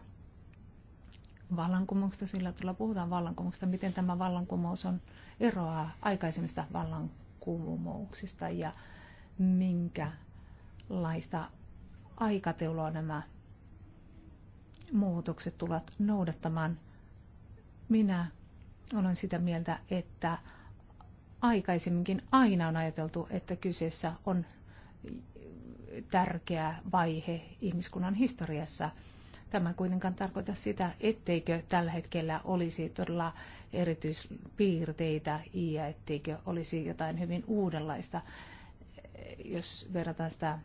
vallankumouksesta, sillä tavalla puhutaan vallankumouksesta, miten tämä vallankumous on eroaa aikaisemmista vallankumouksista ja minkälaista aikateuloa nämä muutokset tulevat noudattamaan. Minä olen sitä mieltä, että aikaisemminkin aina on ajateltu, että kyseessä on tärkeä vaihe ihmiskunnan historiassa. Tämä kuitenkaan tarkoita sitä, etteikö tällä hetkellä olisi todella erityispiirteitä ja etteikö olisi jotain hyvin uudenlaista, jos verrataan sitä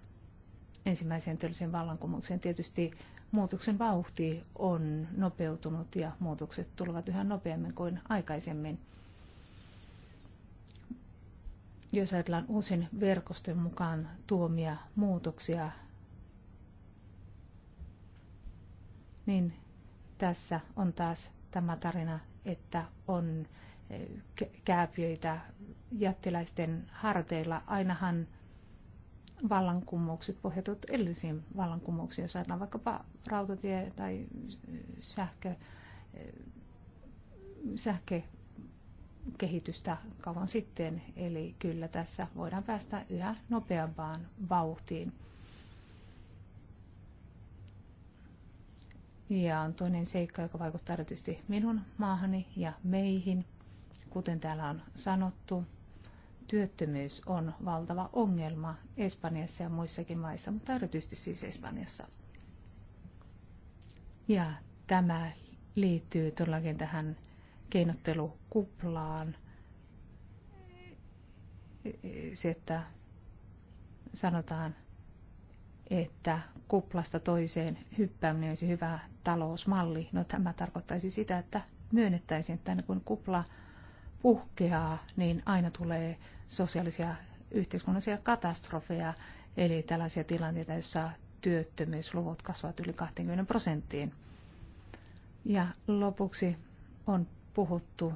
ensimmäiseen teolliseen vallankumoukseen. Tietysti muutoksen vauhti on nopeutunut ja muutokset tulevat yhä nopeammin kuin aikaisemmin jos ajatellaan uusin verkoston mukaan tuomia muutoksia, niin tässä on taas tämä tarina, että on eh, kääpiöitä jättiläisten harteilla. Ainahan vallankumoukset pohjautuvat edellisiin vallankumouksiin, jos ajatellaan vaikkapa rautatie tai sähkö, eh, sähkö kehitystä kauan sitten, eli kyllä tässä voidaan päästä yhä nopeampaan vauhtiin. Ja on toinen seikka, joka vaikuttaa erityisesti minun maahani ja meihin. Kuten täällä on sanottu, työttömyys on valtava ongelma Espanjassa ja muissakin maissa, mutta erityisesti siis Espanjassa. Ja tämä liittyy todellakin tähän keinottelukuplaan. Se, että sanotaan, että kuplasta toiseen hyppääminen olisi hyvä talousmalli. No tämä tarkoittaisi sitä, että myönnettäisiin, että aina kun kupla puhkeaa, niin aina tulee sosiaalisia yhteiskunnallisia katastrofeja, eli tällaisia tilanteita, joissa työttömyysluvut kasvavat yli 20 prosenttiin. Ja lopuksi on puhuttu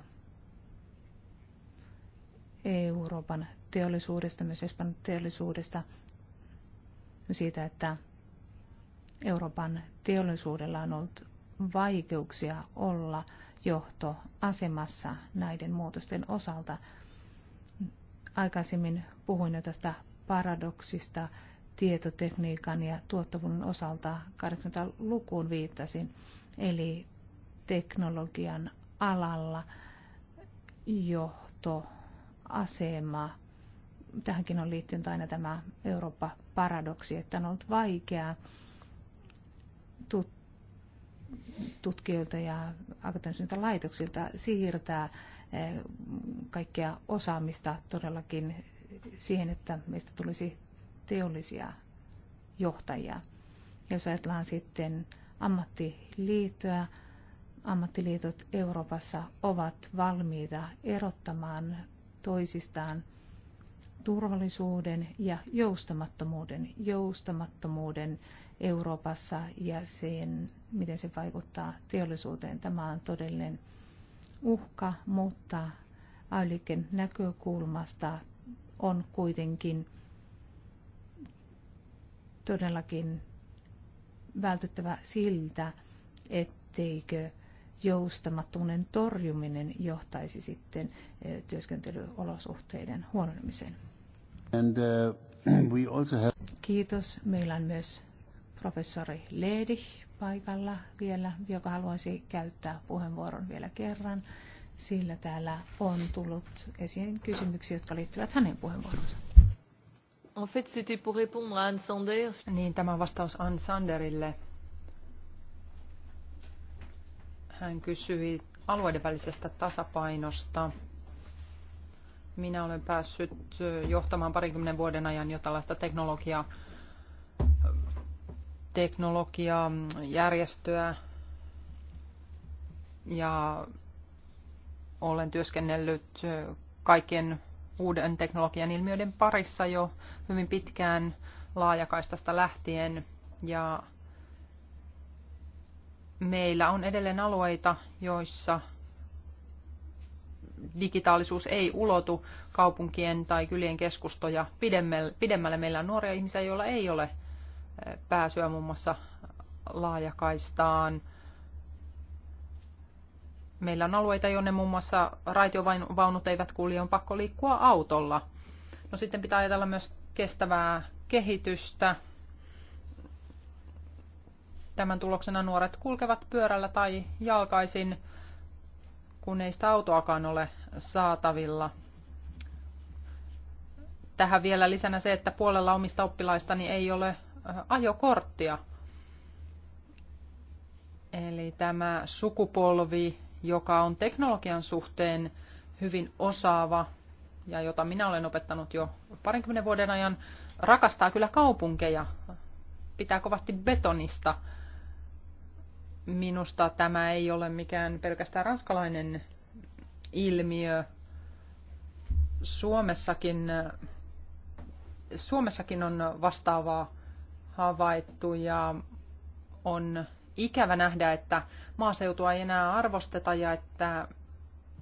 Euroopan teollisuudesta, myös Espanjan teollisuudesta, siitä, että Euroopan teollisuudella on ollut vaikeuksia olla johtoasemassa näiden muutosten osalta. Aikaisemmin puhuin jo tästä paradoksista tietotekniikan ja tuottavuuden osalta 80-lukuun viittasin, eli teknologian alalla johtoasema. Tähänkin on liittynyt aina tämä Eurooppa-paradoksi, että on ollut vaikeaa tutkijoilta ja akateemisilta laitoksilta siirtää eh, kaikkea osaamista todellakin siihen, että meistä tulisi teollisia johtajia. Jos ajatellaan sitten ammattiliittoja, ammattiliitot Euroopassa ovat valmiita erottamaan toisistaan turvallisuuden ja joustamattomuuden, joustamattomuuden Euroopassa ja sen, miten se vaikuttaa teollisuuteen. Tämä on todellinen uhka, mutta ay näkökulmasta on kuitenkin todellakin vältyttävä siltä, etteikö joustamattomuuden torjuminen johtaisi sitten työskentelyolosuhteiden huononemiseen. And, uh, *clears throat* we also have... Kiitos. Meillä on myös professori Leedich paikalla vielä, joka haluaisi käyttää puheenvuoron vielä kerran, sillä täällä on tullut esiin kysymyksiä, jotka liittyvät hänen puheenvuoronsa. En fait, pour répondre à Anne Sanders. Niin, tämä vastaus Anne Sanderille Hän kysyi alueiden välisestä tasapainosta. Minä olen päässyt johtamaan parikymmenen vuoden ajan jo tällaista teknologiaa, teknologiaa järjestöä ja olen työskennellyt kaiken uuden teknologian ilmiöiden parissa jo hyvin pitkään laajakaistasta lähtien ja meillä on edelleen alueita, joissa digitaalisuus ei ulotu kaupunkien tai kylien keskustoja pidemmälle. Meillä on nuoria ihmisiä, joilla ei ole eh, pääsyä muun muassa laajakaistaan. Meillä on alueita, jonne muun muassa raitiovaunut eivät kulje, on pakko liikkua autolla. No sitten pitää ajatella myös kestävää kehitystä, Tämän tuloksena nuoret kulkevat pyörällä tai jalkaisin, kun ei sitä autoakaan ole saatavilla. Tähän vielä lisänä se, että puolella omista oppilaistani ei ole ajokorttia. Eli tämä sukupolvi, joka on teknologian suhteen hyvin osaava ja jota minä olen opettanut jo parinkymmenen vuoden ajan, rakastaa kyllä kaupunkeja, pitää kovasti betonista – Minusta tämä ei ole mikään pelkästään ranskalainen ilmiö. Suomessakin, Suomessakin on vastaavaa havaittu ja on ikävä nähdä, että maaseutua ei enää arvosteta ja että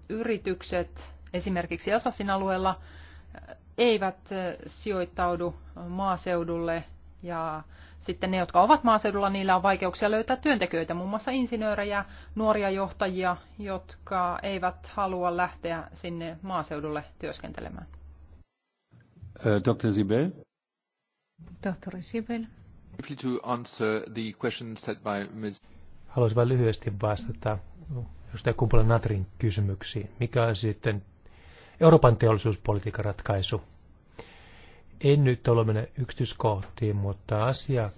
yritykset esimerkiksi Asasin alueella eivät sijoittaudu maaseudulle ja sitten ne, jotka ovat maaseudulla, niillä on vaikeuksia löytää työntekijöitä, muun muassa insinöörejä, nuoria johtajia, jotka eivät halua lähteä sinne maaseudulle työskentelemään. Dr. Sibel. Dr. Sibel. Haluaisin vain lyhyesti vastata edustaja Kumpula Natrin kysymyksiin. Mikä on sitten Euroopan teollisuuspolitiikan ratkaisu en nyt ole mennä yksityiskohtiin, mutta asia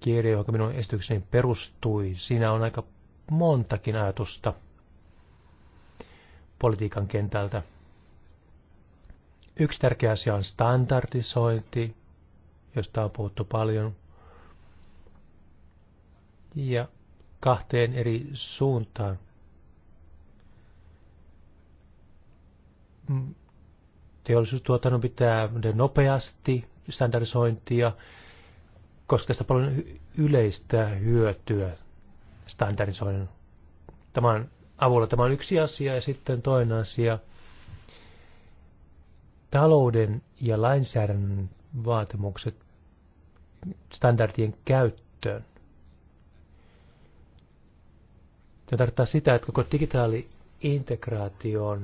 kirja, joka minun esitykseni perustui, siinä on aika montakin ajatusta politiikan kentältä. Yksi tärkeä asia on standardisointi, josta on puhuttu paljon. Ja kahteen eri suuntaan mm, teollisuustuotannon pitää nopeasti standardisointia, koska tästä paljon yleistä hyötyä standardisoinnin tämän avulla. Tämä on yksi asia ja sitten toinen asia. Talouden ja lainsäädännön vaatimukset standardien käyttöön. Tämä tarkoittaa sitä, että koko digitaali integraatio on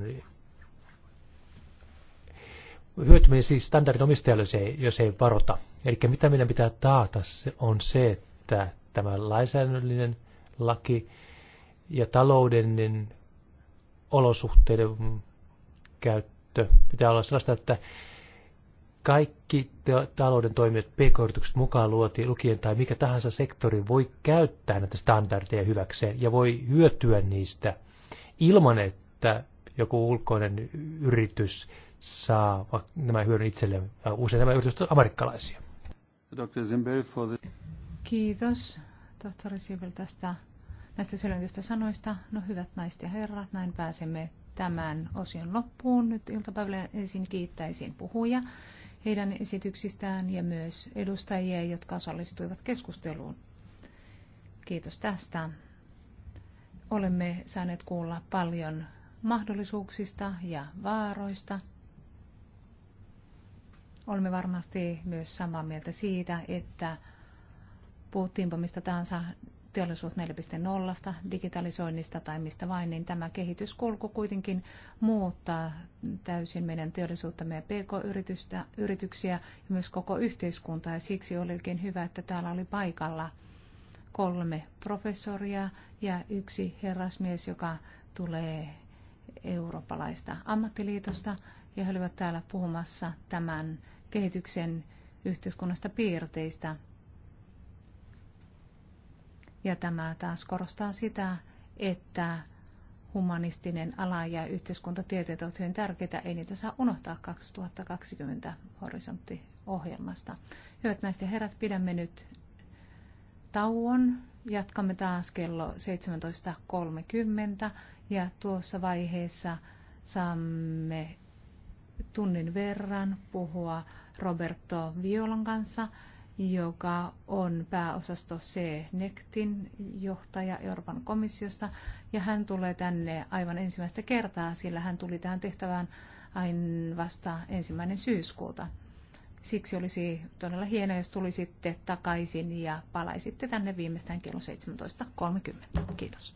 Hyötyminen siis standardinomistajalle, jos ei, jos ei varota. Eli mitä meidän pitää taata on se, että tämä lainsäädännöllinen laki ja taloudellinen olosuhteiden käyttö pitää olla sellaista, että kaikki talouden toimijat, pk-yritykset mukaan luoti, lukien tai mikä tahansa sektori voi käyttää näitä standardeja hyväkseen ja voi hyötyä niistä ilman, että joku ulkoinen yritys saa nämä hyödyn itselleen. Usein nämä yritykset ovat amerikkalaisia. Kiitos, tohtori Sibel, tästä näistä selventystä sanoista. No hyvät naiset ja herrat, näin pääsemme tämän osion loppuun. Nyt iltapäivällä ensin kiittäisin puhuja heidän esityksistään ja myös edustajia, jotka osallistuivat keskusteluun. Kiitos tästä. Olemme saaneet kuulla paljon mahdollisuuksista ja vaaroista – Olemme varmasti myös samaa mieltä siitä, että puhuttiinpa mistä tahansa teollisuus 4.0, digitalisoinnista tai mistä vain, niin tämä kehityskulku kuitenkin muuttaa täysin meidän teollisuutta, meidän pk-yrityksiä ja myös koko yhteiskuntaa. Ja siksi oli oikein hyvä, että täällä oli paikalla kolme professoria ja yksi herrasmies, joka tulee eurooppalaista ammattiliitosta ja he olivat täällä puhumassa tämän kehityksen yhteiskunnasta piirteistä. Ja tämä taas korostaa sitä, että humanistinen ala ja yhteiskuntatieteet ovat hyvin tärkeitä, ei niitä saa unohtaa 2020 horisonttiohjelmasta. Hyvät naiset ja herrat, pidämme nyt tauon. Jatkamme taas kello 17.30 ja tuossa vaiheessa saamme tunnin verran puhua Roberto Violan kanssa, joka on pääosasto C Nektin johtaja Euroopan komissiosta. Ja hän tulee tänne aivan ensimmäistä kertaa, sillä hän tuli tähän tehtävään aina vasta ensimmäinen syyskuuta. Siksi olisi todella hienoa, jos tulisitte takaisin ja palaisitte tänne viimeistään kello 17.30. Kiitos.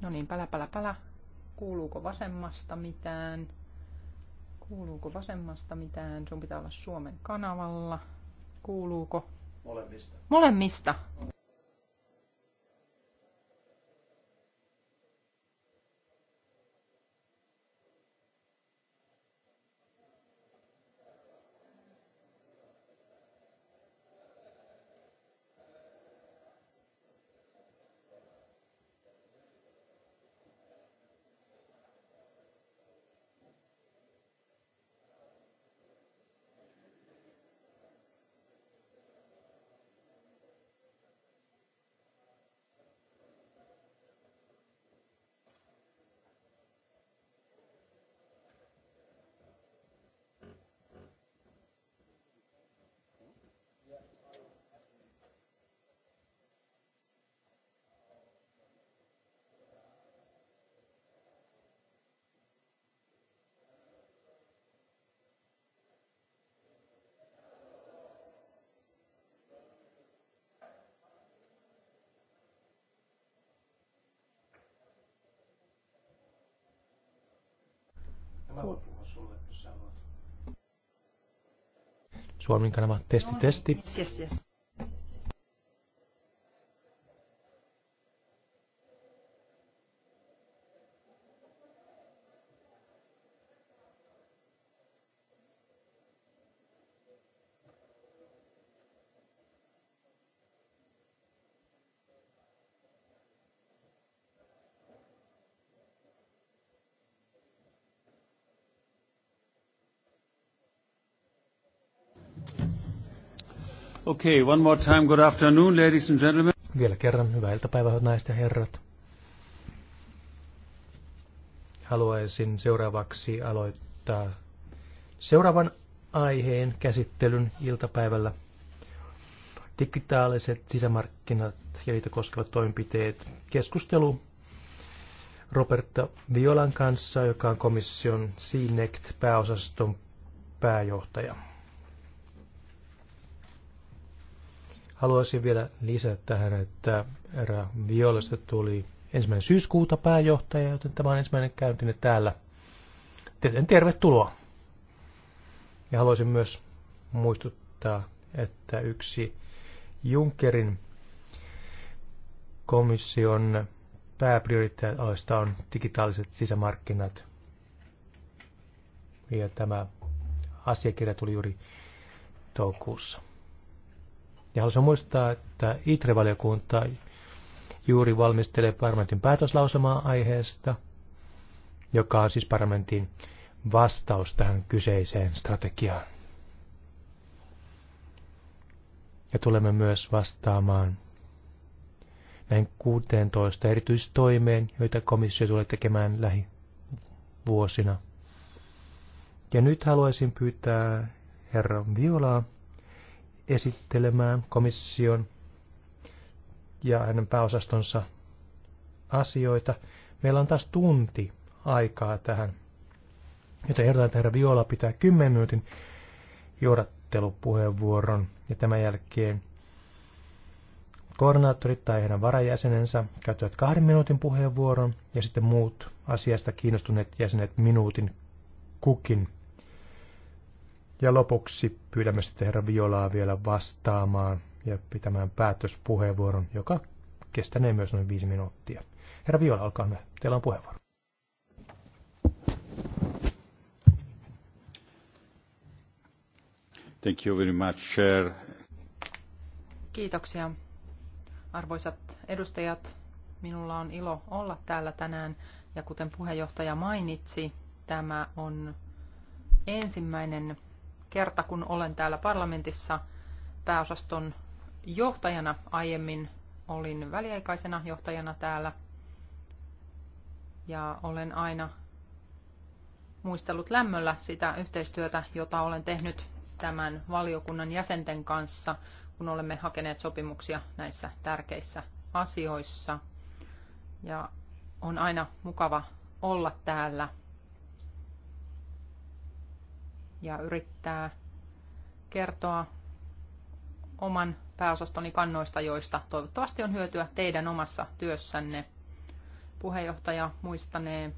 No niin, pala pala pala. Kuuluuko vasemmasta mitään? Kuuluuko vasemmasta mitään? Sun pitää olla Suomen kanavalla. Kuuluuko? Molemmista. Molemmista. Suomen kanava, testi, testi. Yes, yes. Okay, one more time. Good afternoon, ladies and gentlemen. Vielä kerran hyvää iltapäivää, hyvät naiset ja herrat. Haluaisin seuraavaksi aloittaa seuraavan aiheen käsittelyn iltapäivällä. Digitaaliset sisämarkkinat ja niitä koskevat toimenpiteet. Keskustelu Roberta Violan kanssa, joka on komission CNECT-pääosaston pääjohtaja. Haluaisin vielä lisätä tähän, että erä Violasta tuli ensimmäinen syyskuuta pääjohtaja, joten tämä on ensimmäinen käyntinne täällä. Tietenkin tervetuloa. Ja haluaisin myös muistuttaa, että yksi Junckerin komission pääprioriteetista on digitaaliset sisämarkkinat. Ja tämä asiakirja tuli juuri toukokuussa. Ja haluaisin muistaa, että ITRE-valiokunta juuri valmistelee parlamentin päätöslausumaa aiheesta, joka on siis parlamentin vastaus tähän kyseiseen strategiaan. Ja tulemme myös vastaamaan näin 16 erityistoimeen, joita komissio tulee tekemään lähivuosina. Ja nyt haluaisin pyytää herran Violaa esittelemään komission ja hänen pääosastonsa asioita. Meillä on taas tunti aikaa tähän, joten ehdotan, että herra Viola pitää 10 minuutin johdattelupuheenvuoron ja tämän jälkeen koordinaattorit tai heidän varajäsenensä käyttävät kahden minuutin puheenvuoron ja sitten muut asiasta kiinnostuneet jäsenet minuutin kukin. Ja lopuksi pyydämme sitten herra Violaa vielä vastaamaan ja pitämään päätöspuheenvuoron, joka kestänee myös noin viisi minuuttia. Herra Viola, olkaa hyvä. Teillä on puheenvuoro. Thank you very much, Chair. Kiitoksia. Arvoisat edustajat, minulla on ilo olla täällä tänään ja kuten puheenjohtaja mainitsi, tämä on ensimmäinen kerta, kun olen täällä parlamentissa pääosaston johtajana. Aiemmin olin väliaikaisena johtajana täällä ja olen aina muistellut lämmöllä sitä yhteistyötä, jota olen tehnyt tämän valiokunnan jäsenten kanssa, kun olemme hakeneet sopimuksia näissä tärkeissä asioissa. Ja on aina mukava olla täällä ja yrittää kertoa oman pääosastoni kannoista, joista toivottavasti on hyötyä teidän omassa työssänne. Puheenjohtaja muistanee,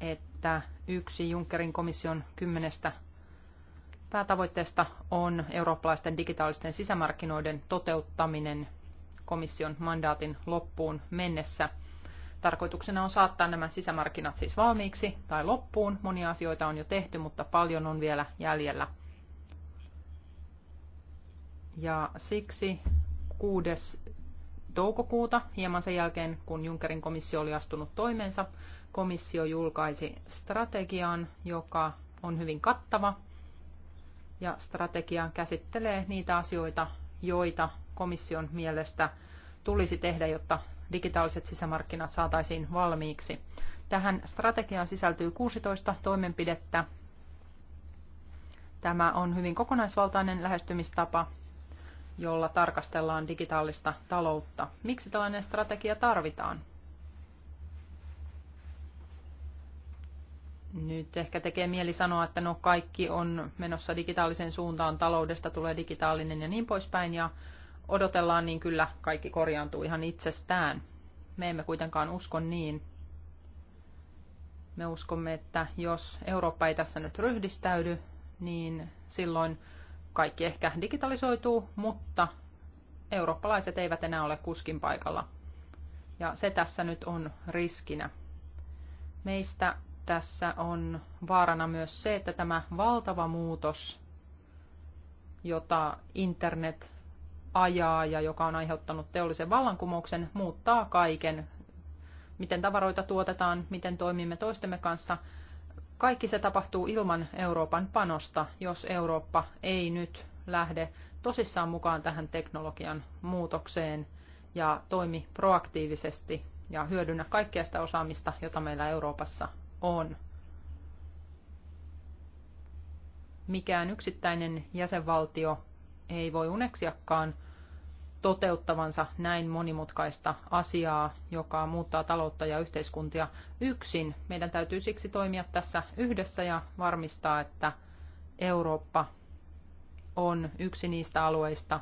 että yksi Junckerin komission kymmenestä päätavoitteesta on eurooppalaisten digitaalisten sisämarkkinoiden toteuttaminen komission mandaatin loppuun mennessä. Tarkoituksena on saattaa nämä sisämarkkinat siis valmiiksi tai loppuun. Monia asioita on jo tehty, mutta paljon on vielä jäljellä. Ja siksi 6. toukokuuta, hieman sen jälkeen kun Junckerin komissio oli astunut toimensa, komissio julkaisi strategian, joka on hyvin kattava. Ja strategia käsittelee niitä asioita, joita komission mielestä tulisi tehdä, jotta digitaaliset sisämarkkinat saataisiin valmiiksi. Tähän strategiaan sisältyy 16 toimenpidettä. Tämä on hyvin kokonaisvaltainen lähestymistapa, jolla tarkastellaan digitaalista taloutta. Miksi tällainen strategia tarvitaan? Nyt ehkä tekee mieli sanoa, että no kaikki on menossa digitaaliseen suuntaan, taloudesta tulee digitaalinen ja niin poispäin, ja odotellaan, niin kyllä kaikki korjaantuu ihan itsestään. Me emme kuitenkaan usko niin. Me uskomme, että jos Eurooppa ei tässä nyt ryhdistäydy, niin silloin kaikki ehkä digitalisoituu, mutta eurooppalaiset eivät enää ole kuskin paikalla. Ja se tässä nyt on riskinä. Meistä tässä on vaarana myös se, että tämä valtava muutos, jota internet ajaa ja joka on aiheuttanut teollisen vallankumouksen, muuttaa kaiken, miten tavaroita tuotetaan, miten toimimme toistemme kanssa. Kaikki se tapahtuu ilman Euroopan panosta, jos Eurooppa ei nyt lähde tosissaan mukaan tähän teknologian muutokseen ja toimi proaktiivisesti ja hyödynnä kaikkea sitä osaamista, jota meillä Euroopassa on. Mikään yksittäinen jäsenvaltio ei voi uneksiakaan toteuttavansa näin monimutkaista asiaa, joka muuttaa taloutta ja yhteiskuntia yksin. Meidän täytyy siksi toimia tässä yhdessä ja varmistaa, että Eurooppa on yksi niistä alueista,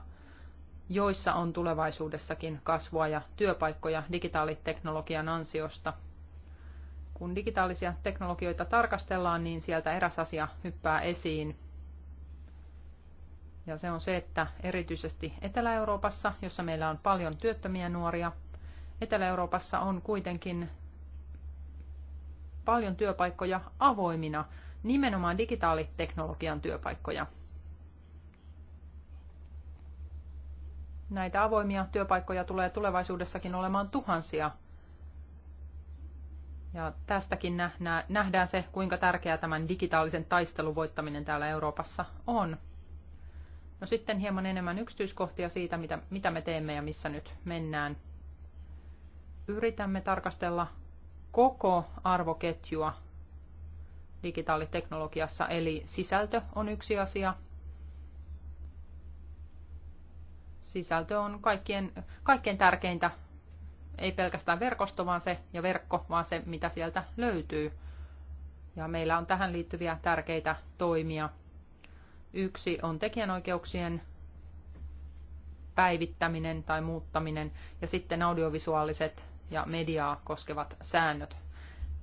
joissa on tulevaisuudessakin kasvua ja työpaikkoja digitaaliteknologian ansiosta. Kun digitaalisia teknologioita tarkastellaan, niin sieltä eräs asia hyppää esiin – ja se on se, että erityisesti Etelä-Euroopassa, jossa meillä on paljon työttömiä nuoria, Etelä-Euroopassa on kuitenkin paljon työpaikkoja avoimina, nimenomaan digitaaliteknologian työpaikkoja. Näitä avoimia työpaikkoja tulee tulevaisuudessakin olemaan tuhansia. Ja tästäkin nähdään se, kuinka tärkeää tämän digitaalisen taistelun voittaminen täällä Euroopassa on. No sitten hieman enemmän yksityiskohtia siitä, mitä, mitä me teemme ja missä nyt mennään. Yritämme tarkastella koko arvoketjua digitaaliteknologiassa, eli sisältö on yksi asia. Sisältö on kaikkien, kaikkein tärkeintä, ei pelkästään verkosto, vaan se ja verkko, vaan se, mitä sieltä löytyy. Ja meillä on tähän liittyviä tärkeitä toimia Yksi on tekijänoikeuksien päivittäminen tai muuttaminen ja sitten audiovisuaaliset ja mediaa koskevat säännöt.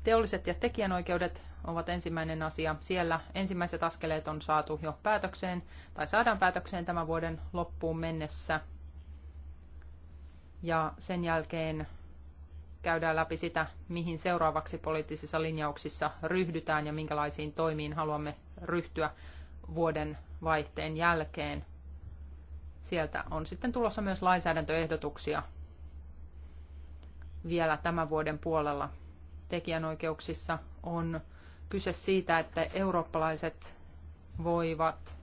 Teolliset ja tekijänoikeudet ovat ensimmäinen asia. Siellä ensimmäiset askeleet on saatu jo päätökseen tai saadaan päätökseen tämän vuoden loppuun mennessä. Ja sen jälkeen käydään läpi sitä, mihin seuraavaksi poliittisissa linjauksissa ryhdytään ja minkälaisiin toimiin haluamme ryhtyä vuoden vaihteen jälkeen. Sieltä on sitten tulossa myös lainsäädäntöehdotuksia vielä tämän vuoden puolella. Tekijänoikeuksissa on kyse siitä, että eurooppalaiset voivat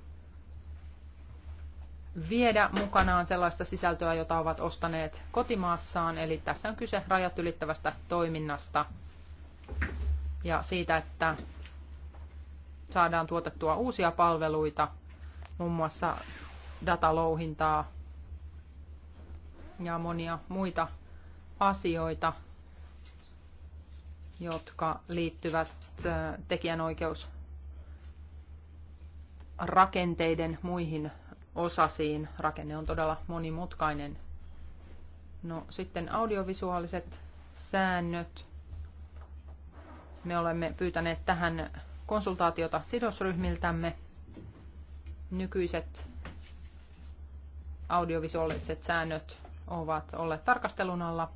viedä mukanaan sellaista sisältöä, jota ovat ostaneet kotimaassaan. Eli tässä on kyse rajat ylittävästä toiminnasta ja siitä, että saadaan tuotettua uusia palveluita, muun muassa datalouhintaa ja monia muita asioita, jotka liittyvät äh, tekijänoikeusrakenteiden muihin osasiin. Rakenne on todella monimutkainen. No sitten audiovisuaaliset säännöt. Me olemme pyytäneet tähän konsultaatiota sidosryhmiltämme. Nykyiset audiovisuaaliset säännöt ovat olleet tarkastelun alla.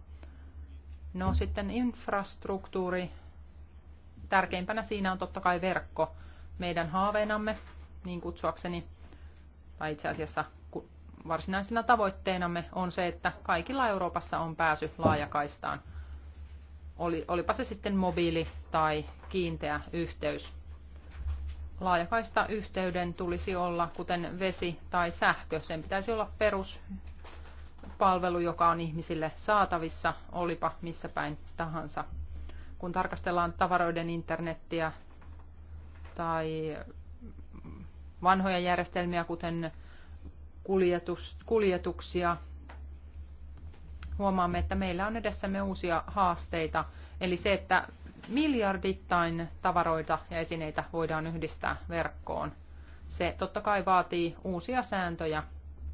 No sitten infrastruktuuri. Tärkeimpänä siinä on totta kai verkko. Meidän haaveenamme, niin kutsuakseni, tai itse asiassa varsinaisena tavoitteenamme on se, että kaikilla Euroopassa on pääsy laajakaistaan. Oli, olipa se sitten mobiili tai kiinteä yhteys laajakaista yhteyden tulisi olla, kuten vesi tai sähkö. Sen pitäisi olla peruspalvelu, joka on ihmisille saatavissa, olipa missä päin tahansa. Kun tarkastellaan tavaroiden internettiä tai vanhoja järjestelmiä, kuten kuljetus, kuljetuksia, huomaamme, että meillä on edessämme uusia haasteita – Eli se, että miljardittain tavaroita ja esineitä voidaan yhdistää verkkoon. Se totta kai vaatii uusia sääntöjä,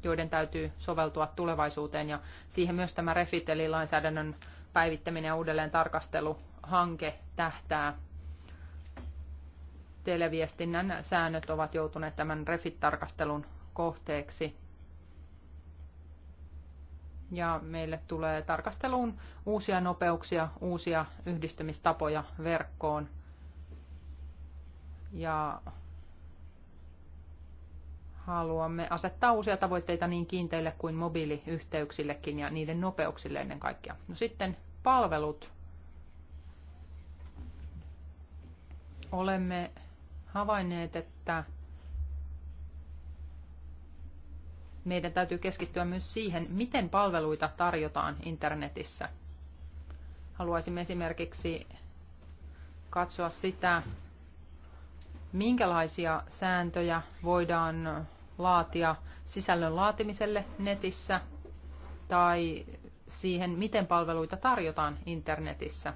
joiden täytyy soveltua tulevaisuuteen ja siihen myös tämä REFIT eli lainsäädännön päivittäminen ja uudelleen tarkasteluhanke tähtää. Televiestinnän säännöt ovat joutuneet tämän REFIT-tarkastelun kohteeksi ja meille tulee tarkasteluun uusia nopeuksia, uusia yhdistymistapoja verkkoon. Ja haluamme asettaa uusia tavoitteita niin kiinteille kuin mobiiliyhteyksillekin ja niiden nopeuksille ennen kaikkea. No sitten palvelut. Olemme havainneet, että meidän täytyy keskittyä myös siihen, miten palveluita tarjotaan internetissä. Haluaisimme esimerkiksi katsoa sitä, minkälaisia sääntöjä voidaan laatia sisällön laatimiselle netissä tai siihen, miten palveluita tarjotaan internetissä.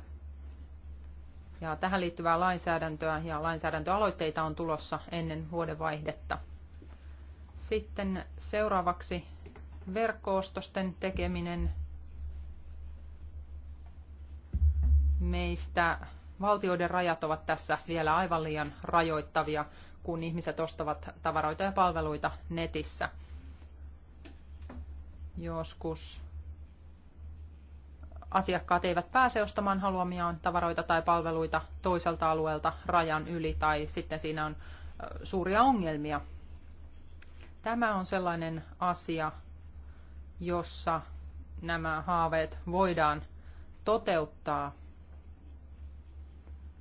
Ja tähän liittyvää lainsäädäntöä ja lainsäädäntöaloitteita on tulossa ennen vuodenvaihdetta. Sitten seuraavaksi verkkoostosten tekeminen meistä. Valtioiden rajat ovat tässä vielä aivan liian rajoittavia, kun ihmiset ostavat tavaroita ja palveluita netissä. Joskus asiakkaat eivät pääse ostamaan haluamiaan tavaroita tai palveluita toiselta alueelta rajan yli tai sitten siinä on suuria ongelmia Tämä on sellainen asia, jossa nämä haaveet voidaan toteuttaa.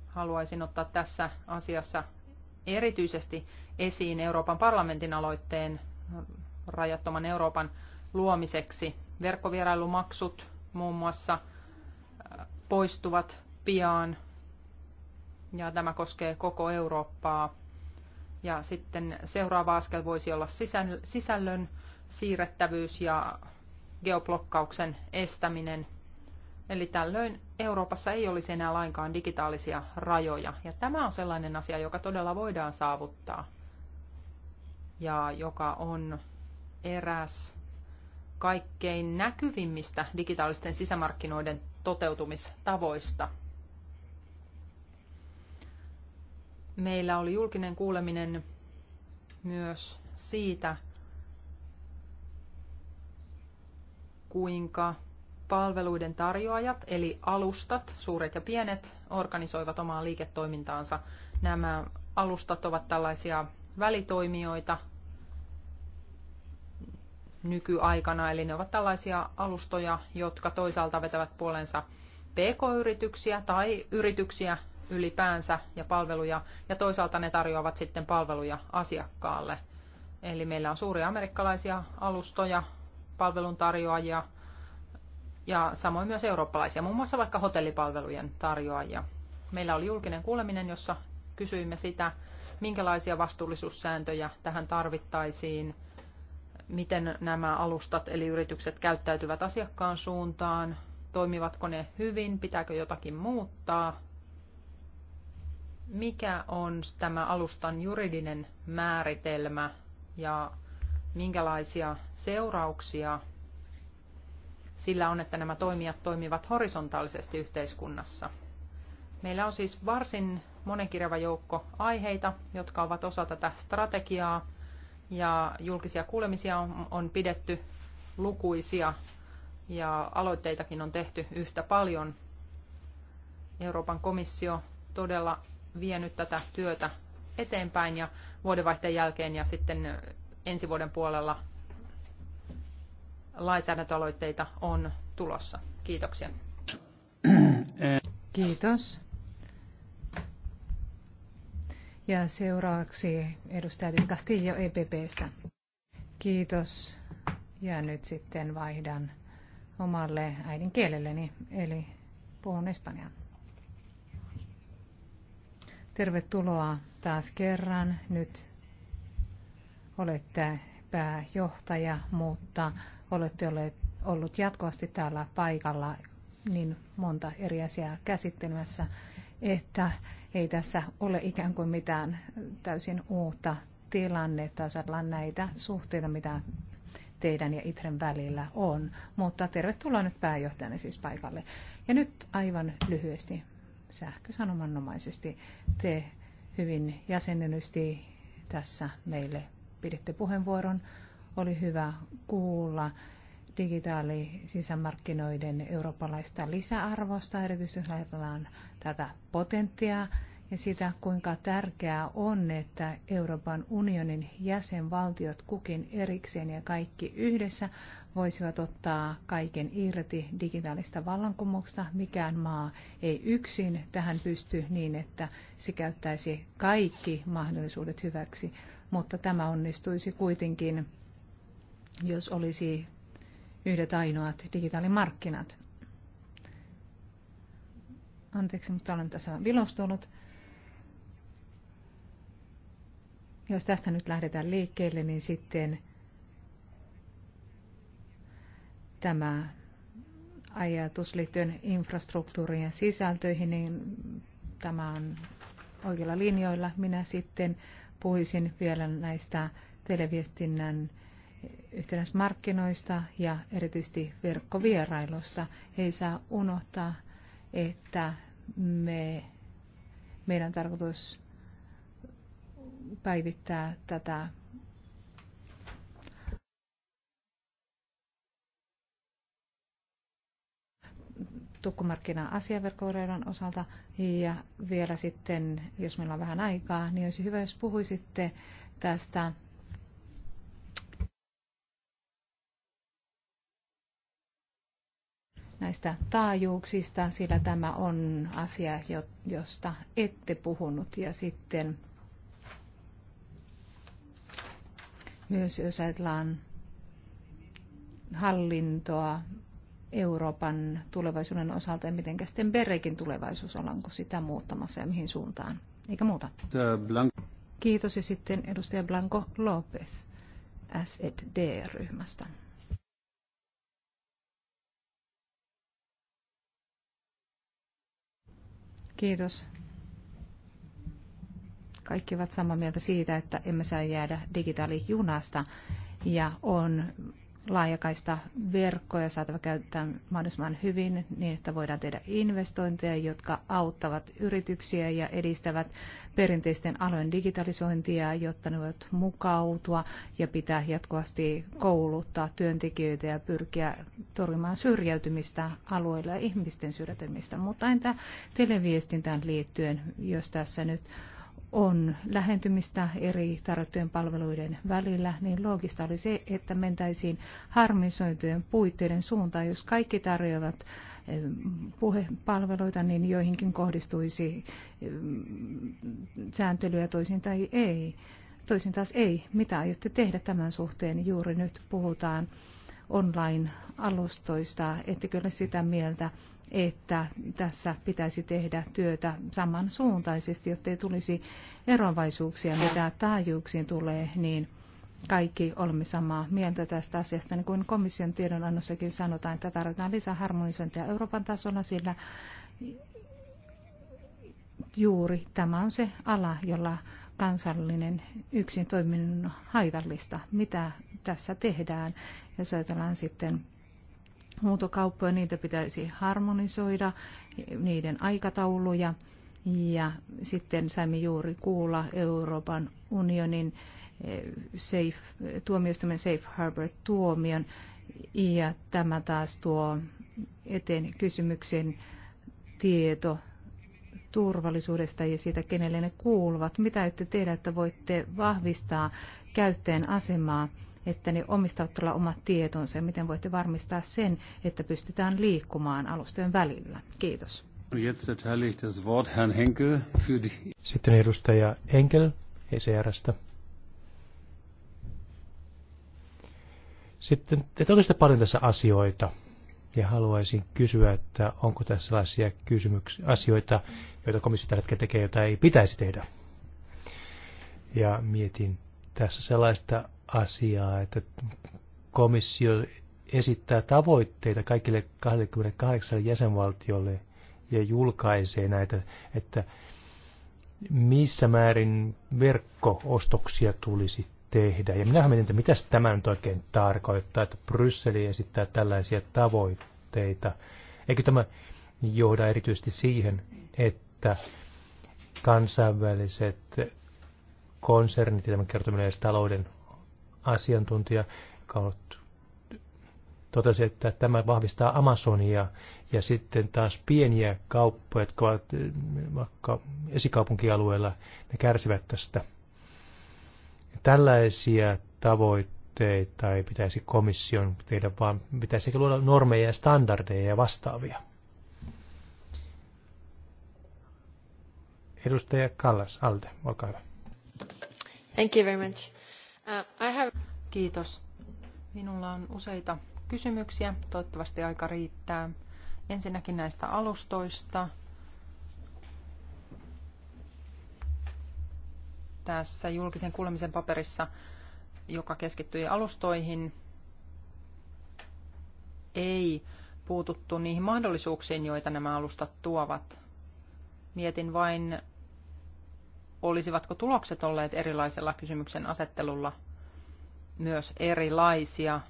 Haluaisin ottaa tässä asiassa erityisesti esiin Euroopan parlamentin aloitteen rajattoman Euroopan luomiseksi. Verkkovierailumaksut muun muassa äh, poistuvat pian ja tämä koskee koko Eurooppaa. Ja sitten seuraava askel voisi olla sisällön siirrettävyys ja geoblokkauksen estäminen. Eli tällöin Euroopassa ei olisi enää lainkaan digitaalisia rajoja. Ja tämä on sellainen asia, joka todella voidaan saavuttaa ja joka on eräs kaikkein näkyvimmistä digitaalisten sisämarkkinoiden toteutumistavoista – Meillä oli julkinen kuuleminen myös siitä, kuinka palveluiden tarjoajat, eli alustat, suuret ja pienet, organisoivat omaa liiketoimintaansa. Nämä alustat ovat tällaisia välitoimijoita nykyaikana, eli ne ovat tällaisia alustoja, jotka toisaalta vetävät puolensa pk-yrityksiä tai yrityksiä ylipäänsä ja palveluja, ja toisaalta ne tarjoavat sitten palveluja asiakkaalle. Eli meillä on suuria amerikkalaisia alustoja, palveluntarjoajia ja samoin myös eurooppalaisia, muun muassa vaikka hotellipalvelujen tarjoajia. Meillä oli julkinen kuuleminen, jossa kysyimme sitä, minkälaisia vastuullisuussääntöjä tähän tarvittaisiin, miten nämä alustat eli yritykset käyttäytyvät asiakkaan suuntaan, toimivatko ne hyvin, pitääkö jotakin muuttaa, mikä on tämä alustan juridinen määritelmä ja minkälaisia seurauksia sillä on, että nämä toimijat toimivat horisontaalisesti yhteiskunnassa. Meillä on siis varsin monenkirjava joukko aiheita, jotka ovat osa tätä strategiaa, ja julkisia kuulemisia on, on pidetty lukuisia, ja aloitteitakin on tehty yhtä paljon. Euroopan komissio todella vienyt tätä työtä eteenpäin ja vuodenvaihteen jälkeen ja sitten ensi vuoden puolella lainsäädäntöaloitteita on tulossa. Kiitoksia. Kiitos. Ja seuraavaksi edustaja Del Castillo EPPstä. Kiitos. Ja nyt sitten vaihdan omalle äidinkielelleni, eli puhun espanjaa. Tervetuloa taas kerran. Nyt olette pääjohtaja, mutta olette olleet, ollut jatkuvasti täällä paikalla niin monta eri asiaa käsittelemässä, että ei tässä ole ikään kuin mitään täysin uutta tilannetta, jos näitä suhteita, mitä teidän ja Itren välillä on. Mutta tervetuloa nyt pääjohtajana siis paikalle. Ja nyt aivan lyhyesti sähkösanomanomaisesti. Te hyvin jäsennellysti tässä meille piditte puheenvuoron. Oli hyvä kuulla digitaali sisämarkkinoiden eurooppalaista lisäarvosta, erityisesti ajatellaan tätä potentiaa ja sitä, kuinka tärkeää on, että Euroopan unionin jäsenvaltiot kukin erikseen ja kaikki yhdessä voisivat ottaa kaiken irti digitaalista vallankumouksesta. Mikään maa ei yksin tähän pysty niin, että se käyttäisi kaikki mahdollisuudet hyväksi, mutta tämä onnistuisi kuitenkin, jos olisi yhdet ainoat digitaalimarkkinat. Anteeksi, mutta olen tässä vilostunut Jos tästä nyt lähdetään liikkeelle, niin sitten tämä ajatus liittyen infrastruktuuriin ja sisältöihin, niin tämä on oikeilla linjoilla. Minä sitten puhuisin vielä näistä televiestinnän yhtenäismarkkinoista ja erityisesti verkkovierailusta. Ei saa unohtaa, että me, meidän tarkoitus päivittää tätä tukkumarkkinan asiaverkkoureudan osalta. Ja vielä sitten, jos meillä on vähän aikaa, niin olisi hyvä, jos puhuisitte tästä näistä taajuuksista, sillä tämä on asia, josta ette puhunut. Ja sitten Myös jos ajatellaan hallintoa Euroopan tulevaisuuden osalta ja miten sitten Berekin tulevaisuus, ollaanko sitä muuttamassa ja mihin suuntaan, eikä muuta. Kiitos ja sitten edustaja Blanco Lopez SED-ryhmästä. Kiitos kaikki ovat samaa mieltä siitä, että emme saa jäädä digitaalijunasta ja on laajakaista verkkoja saatava käyttää mahdollisimman hyvin niin, että voidaan tehdä investointeja, jotka auttavat yrityksiä ja edistävät perinteisten alojen digitalisointia, jotta ne voivat mukautua ja pitää jatkuvasti kouluttaa työntekijöitä ja pyrkiä torjumaan syrjäytymistä alueilla ja ihmisten syrjäytymistä. Mutta entä televiestintään liittyen, jos tässä nyt on lähentymistä eri tarjottujen palveluiden välillä, niin loogista oli se, että mentäisiin harmisointujen puitteiden suuntaan. Jos kaikki tarjoavat puhepalveluita, niin joihinkin kohdistuisi sääntelyä toisin tai ei. Toisin taas ei. Mitä aiotte tehdä tämän suhteen? Juuri nyt puhutaan online-alustoista. Ettekö ole sitä mieltä, että tässä pitäisi tehdä työtä samansuuntaisesti, jottei tulisi eroavaisuuksia, mitä taajuuksiin tulee, niin kaikki olemme samaa mieltä tästä asiasta. Niin kuin komission tiedonannossakin sanotaan, että tarvitaan lisää harmonisointia Euroopan tasolla, sillä juuri tämä on se ala, jolla kansallinen yksin toiminnan on haitallista. Mitä tässä tehdään? ja soitellaan sitten huutokauppoja, niitä pitäisi harmonisoida, niiden aikatauluja. Ja sitten saimme juuri kuulla Euroopan unionin eh, safe, tuomioistuimen Safe Harbor-tuomion. Ja tämä taas tuo eteen kysymyksen tieto turvallisuudesta ja siitä, kenelle ne kuuluvat. Mitä ette tehdä, että voitte vahvistaa käyttäjän asemaa että ne omistavat tuolla omat tietonsa ja miten voitte varmistaa sen, että pystytään liikkumaan alustojen välillä. Kiitos. Sitten edustaja Henkel ECRstä. Sitten te totesitte paljon tässä asioita ja haluaisin kysyä, että onko tässä sellaisia kysymyksiä, asioita, joita komissio tällä hetkellä tekee, joita ei pitäisi tehdä. Ja mietin tässä sellaista asiaa, että komissio esittää tavoitteita kaikille 28 jäsenvaltiolle ja julkaisee näitä, että missä määrin verkkoostoksia tulisi tehdä. Ja minähän mietin, että mitä tämä nyt oikein tarkoittaa, että Brysseli esittää tällaisia tavoitteita. Eikö tämä johda erityisesti siihen, että kansainväliset Konserni tämä tämän talouden asiantuntija, joka totesi, että tämä vahvistaa Amazonia ja sitten taas pieniä kauppoja, jotka ovat eh, vaikka esikaupunkialueella, ne kärsivät tästä. Tällaisia tavoitteita ei pitäisi komission tehdä, vaan pitäisi luoda normeja ja standardeja ja vastaavia. Edustaja Kallas, Alde, olkaa hyvä. Uh, Kiitos. Minulla on useita kysymyksiä. Toivottavasti aika riittää. Ensinnäkin näistä alustoista. Tässä julkisen kuulemisen paperissa, joka keskittyi alustoihin, ei puututtu niihin mahdollisuuksiin, joita nämä alustat tuovat. Mietin vain, olisivatko tulokset olleet erilaisella kysymyksen asettelulla myös erilaisia.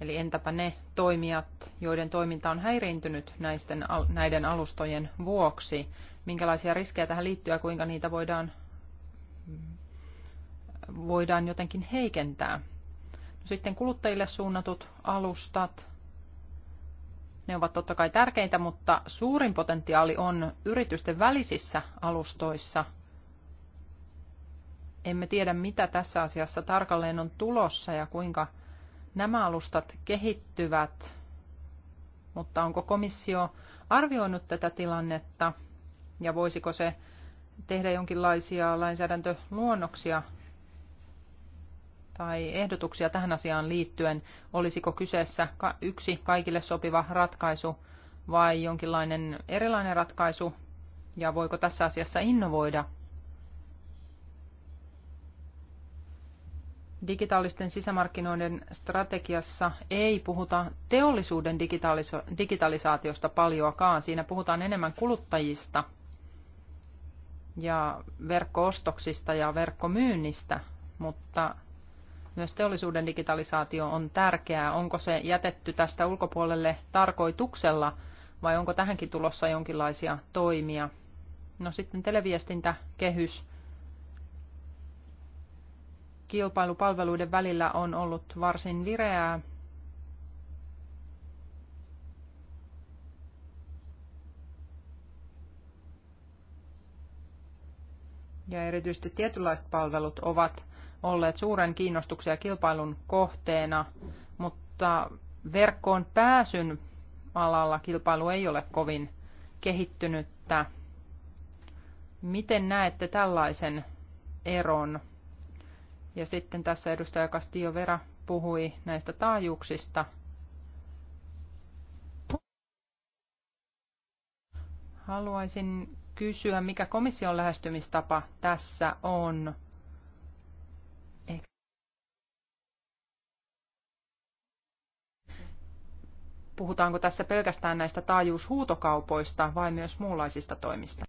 Eli entäpä ne toimijat, joiden toiminta on häiriintynyt näisten, näiden alustojen vuoksi? Minkälaisia riskejä tähän liittyy ja kuinka niitä voidaan, voidaan jotenkin heikentää? No sitten kuluttajille suunnatut alustat. Ne ovat totta kai tärkeitä, mutta suurin potentiaali on yritysten välisissä alustoissa. Emme tiedä, mitä tässä asiassa tarkalleen on tulossa ja kuinka nämä alustat kehittyvät, mutta onko komissio arvioinut tätä tilannetta ja voisiko se tehdä jonkinlaisia lainsäädäntöluonnoksia tai ehdotuksia tähän asiaan liittyen? Olisiko kyseessä yksi kaikille sopiva ratkaisu vai jonkinlainen erilainen ratkaisu? Ja voiko tässä asiassa innovoida? Digitaalisten sisämarkkinoiden strategiassa ei puhuta teollisuuden digitaliso- digitalisaatiosta paljoakaan. Siinä puhutaan enemmän kuluttajista ja verkkoostoksista ja verkkomyynnistä, mutta myös teollisuuden digitalisaatio on tärkeää. Onko se jätetty tästä ulkopuolelle tarkoituksella vai onko tähänkin tulossa jonkinlaisia toimia? No sitten televiestintäkehys. Kilpailupalveluiden välillä on ollut varsin vireää. Ja erityisesti tietynlaiset palvelut ovat olleet suuren kiinnostuksen ja kilpailun kohteena, mutta verkkoon pääsyn alalla kilpailu ei ole kovin kehittynyttä. Miten näette tällaisen eron? Ja sitten tässä edustaja Castillo Vera puhui näistä taajuuksista. Haluaisin kysyä, mikä komission lähestymistapa tässä on. puhutaanko tässä pelkästään näistä taajuushuutokaupoista vai myös muunlaisista toimista?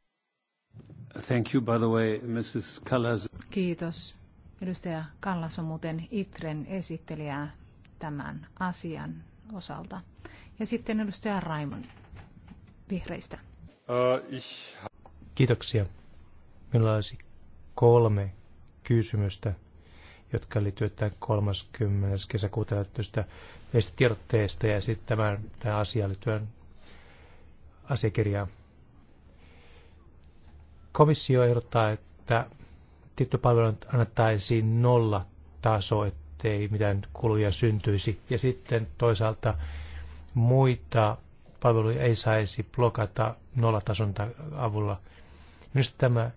Thank you, by the way, Mrs. Kallas. Kiitos. Edustaja Kallas on muuten ITREN esittelijä tämän asian osalta. Ja sitten edustaja Raimon vihreistä. Kiitoksia. Meillä olisi kolme kysymystä jotka liittyvät tämän 30. kesäkuuta lähtöistä tiedotteesta ja sitten tämän, tämän asiaan liittyen asiakirjaan. Komissio ehdottaa, että tietopalvelu annettaisiin nolla taso, ettei mitään kuluja syntyisi. Ja sitten toisaalta muita palveluja ei saisi blokata nollatason avulla. Minusta tämä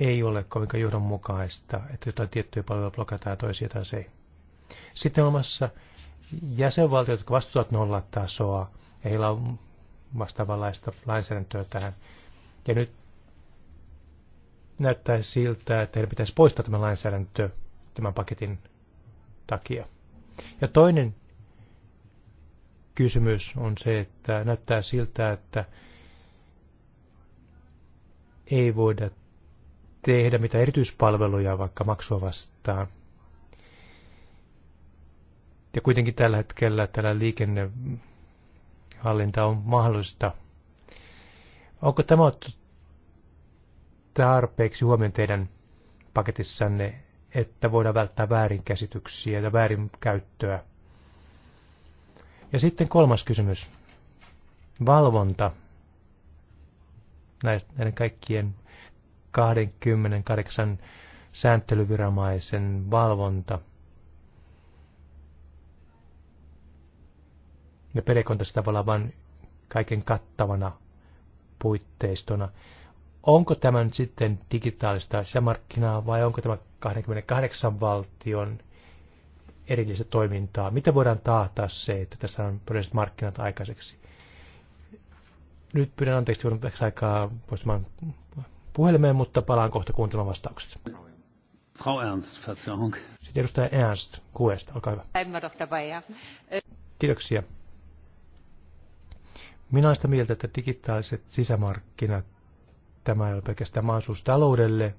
ei ole kovinkaan johdonmukaista, että jotain tiettyjä palveluja blokataan toisia taas ei. Sitten on olemassa jäsenvaltiot, jotka vastustavat nollatasoa, ja heillä on vastaavanlaista lainsäädäntöä tähän. Ja nyt näyttää siltä, että heidän pitäisi poistaa tämä lainsäädäntö tämän paketin takia. Ja toinen kysymys on se, että näyttää siltä, että ei voida tehdä mitä erityispalveluja vaikka maksua vastaan. Ja kuitenkin tällä hetkellä tällä liikennehallinta on mahdollista. Onko tämä tarpeeksi huomioon teidän paketissanne, että voidaan välttää väärinkäsityksiä ja väärinkäyttöä? Ja sitten kolmas kysymys. Valvonta näiden kaikkien 28 sääntelyviranomaisen valvonta. Ja pelekon tässä tavallaan vain kaiken kattavana puitteistona. Onko tämä nyt sitten digitaalista sisämarkkinaa vai onko tämä 28 valtion erillistä toimintaa? Mitä voidaan taata se, että tässä on todelliset markkinat aikaiseksi? Nyt pyydän anteeksi, kun tässä aikaa voisi puhelimeen, mutta palaan kohta kuuntelemaan vastaukset. Frau Ernst, Verzeihung. Sitten edustaja Ernst, QEsta, olkaa hyvä. Kiitoksia. Minä olen sitä mieltä, että digitaaliset sisämarkkinat, tämä ei ole pelkästään mahdollisuus taloudelle,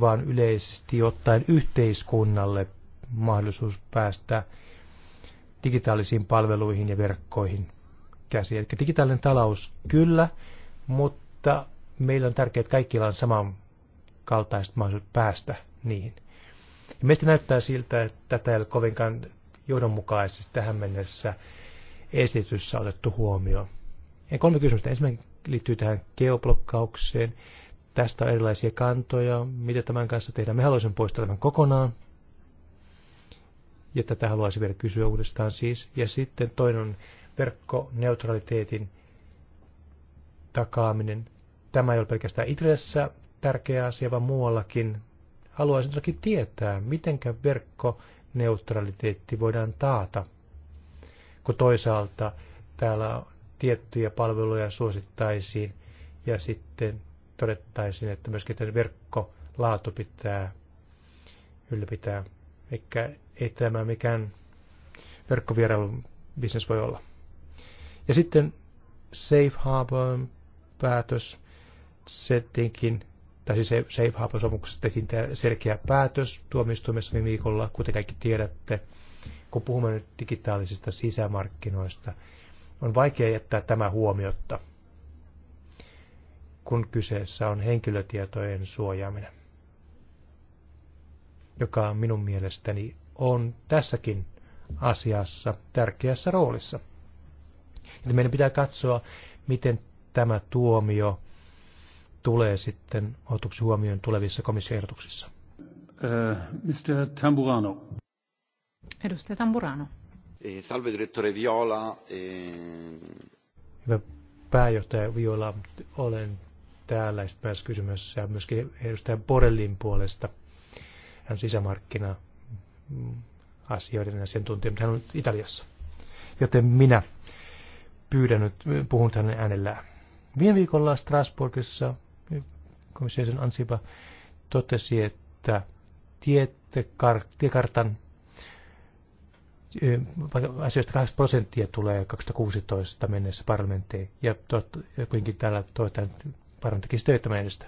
vaan yleisesti ottaen yhteiskunnalle mahdollisuus päästä digitaalisiin palveluihin ja verkkoihin käsi. Eli digitaalinen talous kyllä, mutta meillä on tärkeää, että kaikilla on samankaltaiset mahdollisuudet päästä niihin. Ja meistä näyttää siltä, että tätä ei ole kovinkaan johdonmukaisesti tähän mennessä esityssä otettu huomioon. Ja kolme kysymystä. Ensimmäinen liittyy tähän geoblokkaukseen. Tästä on erilaisia kantoja, mitä tämän kanssa tehdään. Me haluaisimme poistaa tämän kokonaan. Ja tätä haluaisin vielä kysyä uudestaan siis. Ja sitten toinen on verkkoneutraliteetin takaaminen Tämä ei ole pelkästään Itressä tärkeä asia, vaan muuallakin. Haluaisin toki tietää, miten verkkoneutraliteetti voidaan taata, kun toisaalta täällä tiettyjä palveluja suosittaisiin ja sitten todettaisiin, että myöskin tämän verkkolaatu pitää ylläpitää. Eikä ei tämä mikään verkkovierailun bisnes voi olla. Ja sitten Safe Harbor päätös settinkin, tai siis Safe Harbor-sopimuksessa tehtiin tämä selkeä päätös tuomioistuimessa viime viikolla, kuten kaikki tiedätte. Kun puhumme nyt digitaalisista sisämarkkinoista, on vaikea jättää tämä huomiotta, kun kyseessä on henkilötietojen suojaaminen, joka minun mielestäni on tässäkin asiassa tärkeässä roolissa. meidän pitää katsoa, miten tämä tuomio tulee sitten otuksi huomioon tulevissa komissioehdotuksissa. Uh, äh, Mr. Tamburano. Edustaja Tamburano. Eh, salve direttore Viola. Eh. Hyvä pääjohtaja Viola, olen täällä päässä kysymys ja myöskin edustaja Borellin puolesta. Hän on sisämarkkina mm, asioiden asiantuntija, mutta hän on Italiassa. Joten minä pyydän nyt, puhun hänen äänellään. Viime viikolla Strasbourgissa komission Ansipa totesi, että tiekartan asioista 8 prosenttia tulee 2016 mennessä parlamenttiin, ja kuitenkin täällä toivotaan parlamentti töitä mennessä.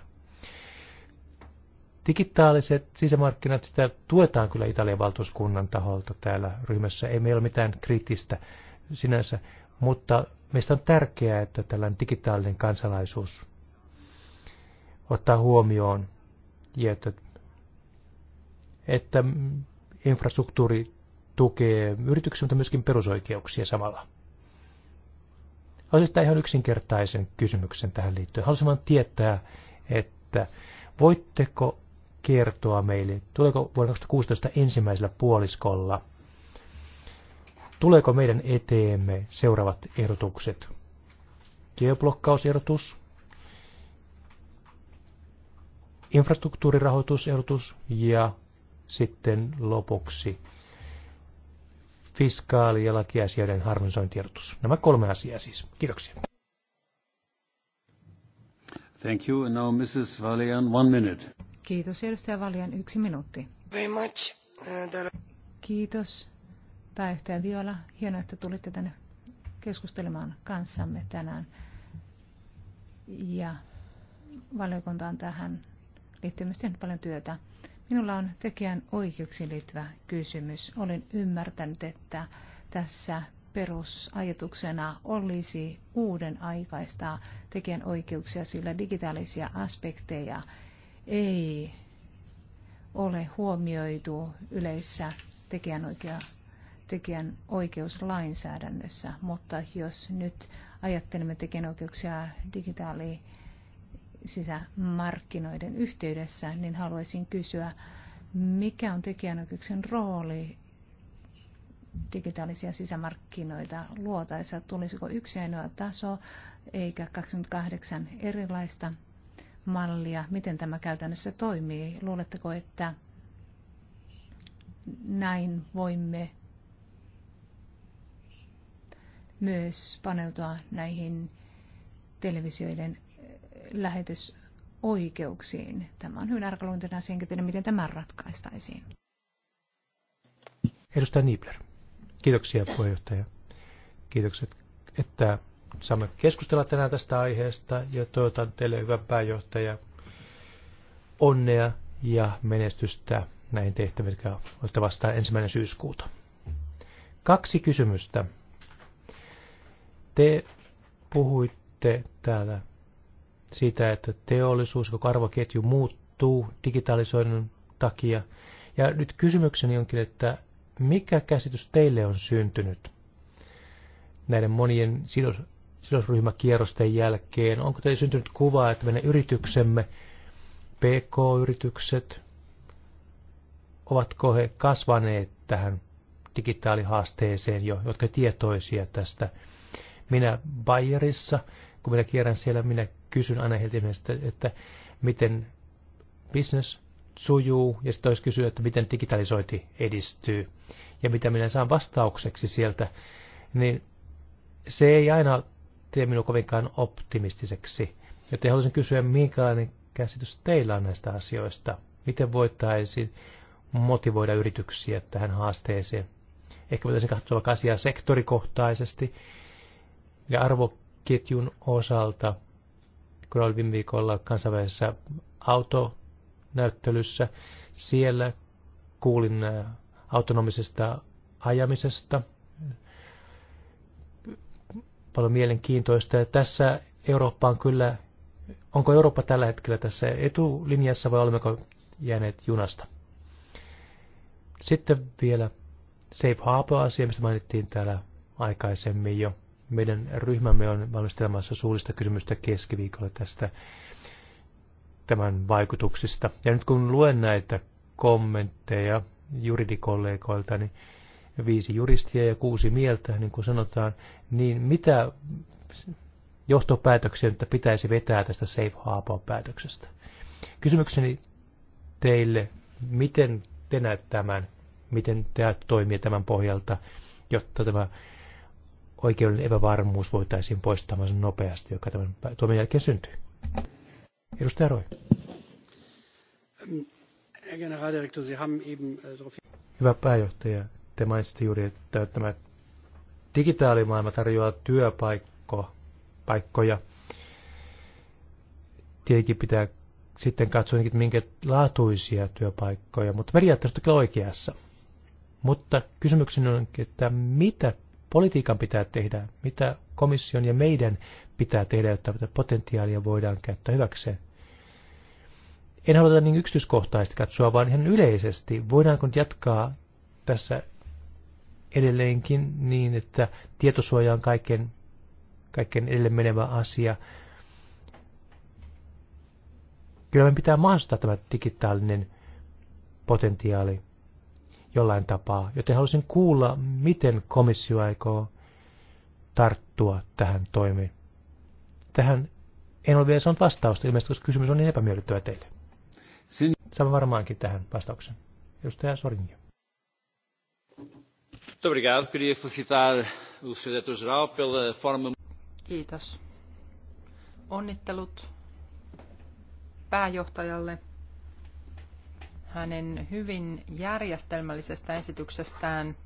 Digitaaliset sisämarkkinat, sitä tuetaan kyllä Italian valtuuskunnan taholta täällä ryhmässä. Ei meillä ole mitään kriittistä sinänsä, mutta meistä on tärkeää, että tällainen digitaalinen kansalaisuus ottaa huomioon ja että, että infrastruktuuri tukee yrityksiä, mutta myöskin perusoikeuksia samalla. Haluaisin ihan yksinkertaisen kysymyksen tähän liittyen. Haluaisin vain tietää, että voitteko kertoa meille, tuleeko vuonna 2016 ensimmäisellä puoliskolla, tuleeko meidän eteemme seuraavat ehdotukset? Geoblokkausehdotus, infrastruktuurirahoitusehdotus ja sitten lopuksi fiskaali- ja lakiasioiden harmonisointiehdotus. Nämä kolme asiaa siis. Kiitoksia. Thank you. And now Mrs. Valian, one minute. Kiitos edustaja Valian, yksi minuutti. Very much. Uh, Kiitos pääjohtaja Viola. Hienoa, että tulitte tänne keskustelemaan kanssamme tänään. Ja valiokunta on tähän liittyy myös tehnyt paljon työtä. Minulla on tekijän oikeuksiin liittyvä kysymys. Olen ymmärtänyt, että tässä perusajatuksena olisi uuden aikaista tekijän oikeuksia, sillä digitaalisia aspekteja ei ole huomioitu yleisessä tekijänoikea, tekijänoikeuslainsäädännössä, mutta jos nyt ajattelemme tekijänoikeuksia digitaali sisämarkkinoiden yhteydessä, niin haluaisin kysyä, mikä on tekijänoikeuksien rooli digitaalisia sisämarkkinoita luotaessa? Tulisiko yksi ainoa taso eikä 28 erilaista mallia? Miten tämä käytännössä toimii? Luuletteko, että näin voimme myös paneutua näihin televisioiden lähetysoikeuksiin. Tämä on hyvin arkaluontoinen asia, enkä miten tämä ratkaistaisiin. Edustaja Niebler. Kiitoksia puheenjohtaja. Kiitokset, että saamme keskustella tänään tästä aiheesta ja toivotan teille hyvä pääjohtaja onnea ja menestystä näihin tehtäviin, jotka olette vastaan ensimmäinen syyskuuta. Kaksi kysymystä. Te puhuitte täällä siitä, että teollisuus, koko arvoketju muuttuu digitalisoinnin takia. Ja nyt kysymykseni onkin, että mikä käsitys teille on syntynyt näiden monien sidos, sidosryhmäkierrosten jälkeen? Onko teille syntynyt kuva, että meidän yrityksemme, PK-yritykset, ovatko he kasvaneet tähän digitaalihaasteeseen jo, jotka tietoisia tästä? Minä Bayerissa kun minä kierrän siellä, minä kysyn aina heiltä, että, että miten business sujuu, ja sitten olisi kysyä, että miten digitalisointi edistyy, ja mitä minä saan vastaukseksi sieltä, niin se ei aina tee minua kovinkaan optimistiseksi. Joten haluaisin kysyä, minkälainen käsitys teillä on näistä asioista? Miten voitaisiin motivoida yrityksiä tähän haasteeseen? Ehkä voitaisiin katsoa asiaa sektorikohtaisesti ja arvo ketjun osalta, kun oli viime viikolla kansainvälisessä autonäyttelyssä. Siellä kuulin äh, autonomisesta ajamisesta. Paljon mielenkiintoista. Ja tässä Eurooppa on kyllä, onko Eurooppa tällä hetkellä tässä etulinjassa vai olemmeko jääneet junasta? Sitten vielä Safe Harbor-asia, mistä mainittiin täällä aikaisemmin jo. Meidän ryhmämme on valmistelemassa suullista kysymystä keskiviikolla tästä tämän vaikutuksista. Ja nyt kun luen näitä kommentteja juridikollegoilta, niin viisi juristia ja kuusi mieltä, niin kuin sanotaan, niin mitä johtopäätöksiä että pitäisi vetää tästä Safe Harbor-päätöksestä? Kysymykseni teille, miten te näet tämän, miten te toimii tämän pohjalta, jotta tämä oikeuden epävarmuus voitaisiin poistaa nopeasti, joka tämän tuomion jälkeen syntyy. Edustaja Roy. Äh, Hyvä pääjohtaja, te mainitsitte juuri, että tämä digitaalimaailma tarjoaa työpaikkoja. Tietenkin pitää sitten katsoa, minkä laatuisia työpaikkoja, mutta periaatteessa kyllä oikeassa. Mutta kysymykseni on, että mitä politiikan pitää tehdä, mitä komission ja meidän pitää tehdä, jotta tätä potentiaalia voidaan käyttää hyväkseen. En haluta niin yksityiskohtaisesti katsoa, vaan ihan yleisesti. Voidaanko nyt jatkaa tässä edelleenkin niin, että tietosuoja on kaiken, kaiken edelle menevä asia. Kyllä meidän pitää mahdollistaa tämä digitaalinen potentiaali jollain tapaa, joten halusin kuulla, miten komissio aikoo tarttua tähän toimiin. Tähän en ole vielä saanut vastausta, ilmeisesti koska kysymys on niin epämiellyttävä teille. Sin- Saamme varmaankin tähän vastauksen. Edustaja Sorinjo. Kiitos. Onnittelut pääjohtajalle hänen hyvin järjestelmällisestä esityksestään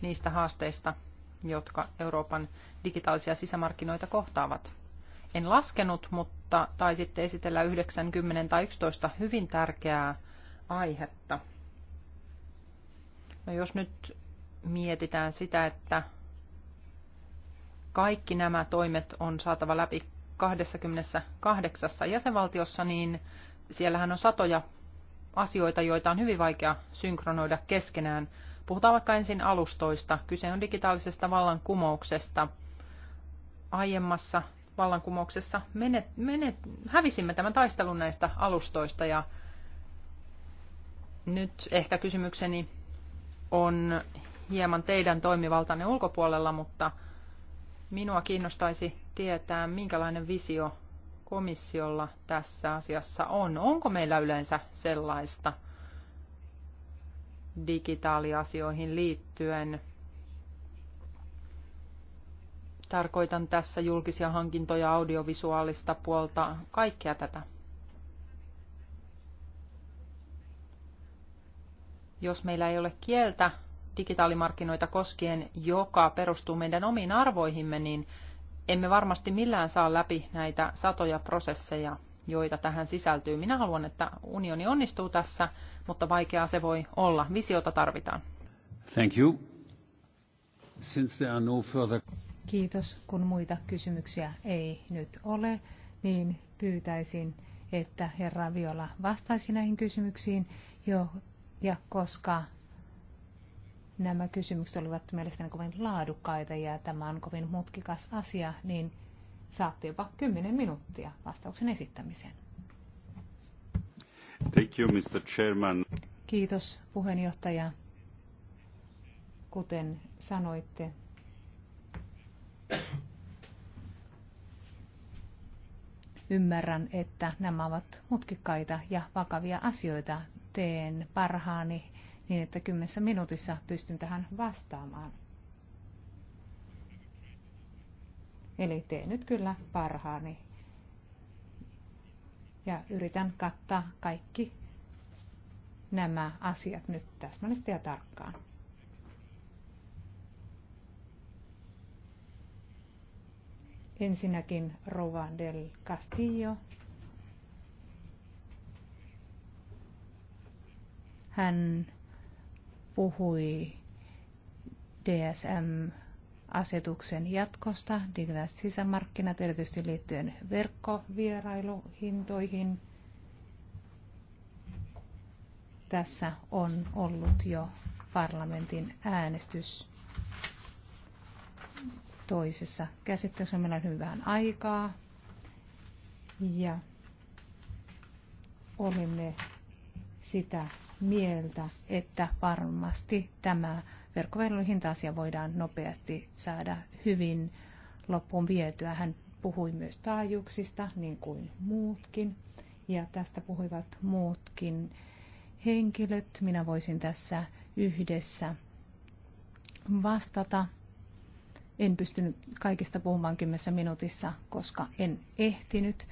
niistä haasteista, jotka Euroopan digitaalisia sisämarkkinoita kohtaavat. En laskenut, mutta taisitte esitellä 90 tai 11 hyvin tärkeää aihetta. No jos nyt mietitään sitä, että kaikki nämä toimet on saatava läpi 28 jäsenvaltiossa, niin siellähän on satoja asioita, joita on hyvin vaikea synkronoida keskenään. Puhutaan vaikka ensin alustoista. Kyse on digitaalisesta vallankumouksesta. Aiemmassa vallankumouksessa menet, menet, hävisimme tämän taistelun näistä alustoista ja nyt ehkä kysymykseni on hieman teidän toimivaltanne ulkopuolella, mutta minua kiinnostaisi tietää, minkälainen visio komissiolla tässä asiassa on? Onko meillä yleensä sellaista digitaaliasioihin liittyen? Tarkoitan tässä julkisia hankintoja, audiovisuaalista puolta, kaikkea tätä. Jos meillä ei ole kieltä digitaalimarkkinoita koskien, joka perustuu meidän omiin arvoihimme, niin emme varmasti millään saa läpi näitä satoja prosesseja, joita tähän sisältyy. Minä haluan, että unioni onnistuu tässä, mutta vaikeaa se voi olla. Visiota tarvitaan. Thank you. Since there are no further... Kiitos. Kun muita kysymyksiä ei nyt ole, niin pyytäisin, että herra Viola vastaisi näihin kysymyksiin jo, ja koska nämä kysymykset olivat mielestäni kovin laadukkaita ja tämä on kovin mutkikas asia, niin saatte jopa 10 minuuttia vastauksen esittämiseen. Thank you, Mr. Chairman. Kiitos puheenjohtaja. Kuten sanoitte, ymmärrän, että nämä ovat mutkikkaita ja vakavia asioita. Teen parhaani niin että kymmenessä minuutissa pystyn tähän vastaamaan. Eli teen nyt kyllä parhaani ja yritän kattaa kaikki nämä asiat nyt täsmällisesti ja tarkkaan. Ensinnäkin Rova del Castillo. Hän puhui DSM-asetuksen jatkosta, digitaaliset sisämarkkinat, erityisesti liittyen verkkovierailuhintoihin. Tässä on ollut jo parlamentin äänestys toisessa käsittelyssä. Meillä on hyvään aikaa ja olimme sitä mieltä, että varmasti tämä verkkoveilun hinta-asia voidaan nopeasti saada hyvin loppuun vietyä. Hän puhui myös taajuuksista, niin kuin muutkin, ja tästä puhuivat muutkin henkilöt. Minä voisin tässä yhdessä vastata. En pystynyt kaikista puhumaan kymmenessä minuutissa, koska en ehtinyt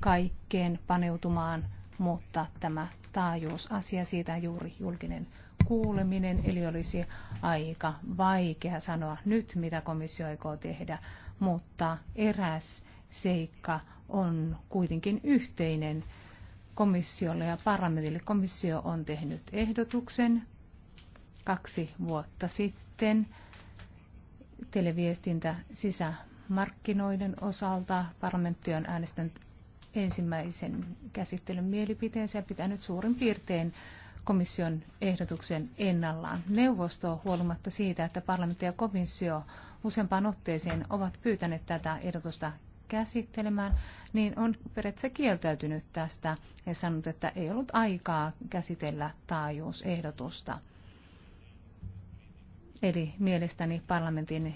kaikkeen paneutumaan, mutta tämä taajuusasia, siitä juuri julkinen kuuleminen, eli olisi aika vaikea sanoa nyt, mitä komissio aikoo tehdä, mutta eräs seikka on kuitenkin yhteinen komissiolle ja parlamentille. Komissio on tehnyt ehdotuksen kaksi vuotta sitten televiestintä sisämarkkinoiden osalta. Parlamentti on äänestänyt ensimmäisen käsittelyn mielipiteensä ja pitänyt suurin piirtein komission ehdotuksen ennallaan. Neuvosto huolimatta siitä, että parlamentti ja komissio useampaan otteeseen ovat pyytäneet tätä ehdotusta käsittelemään, niin on periaatteessa kieltäytynyt tästä ja sanonut, että ei ollut aikaa käsitellä taajuusehdotusta. Eli mielestäni parlamentin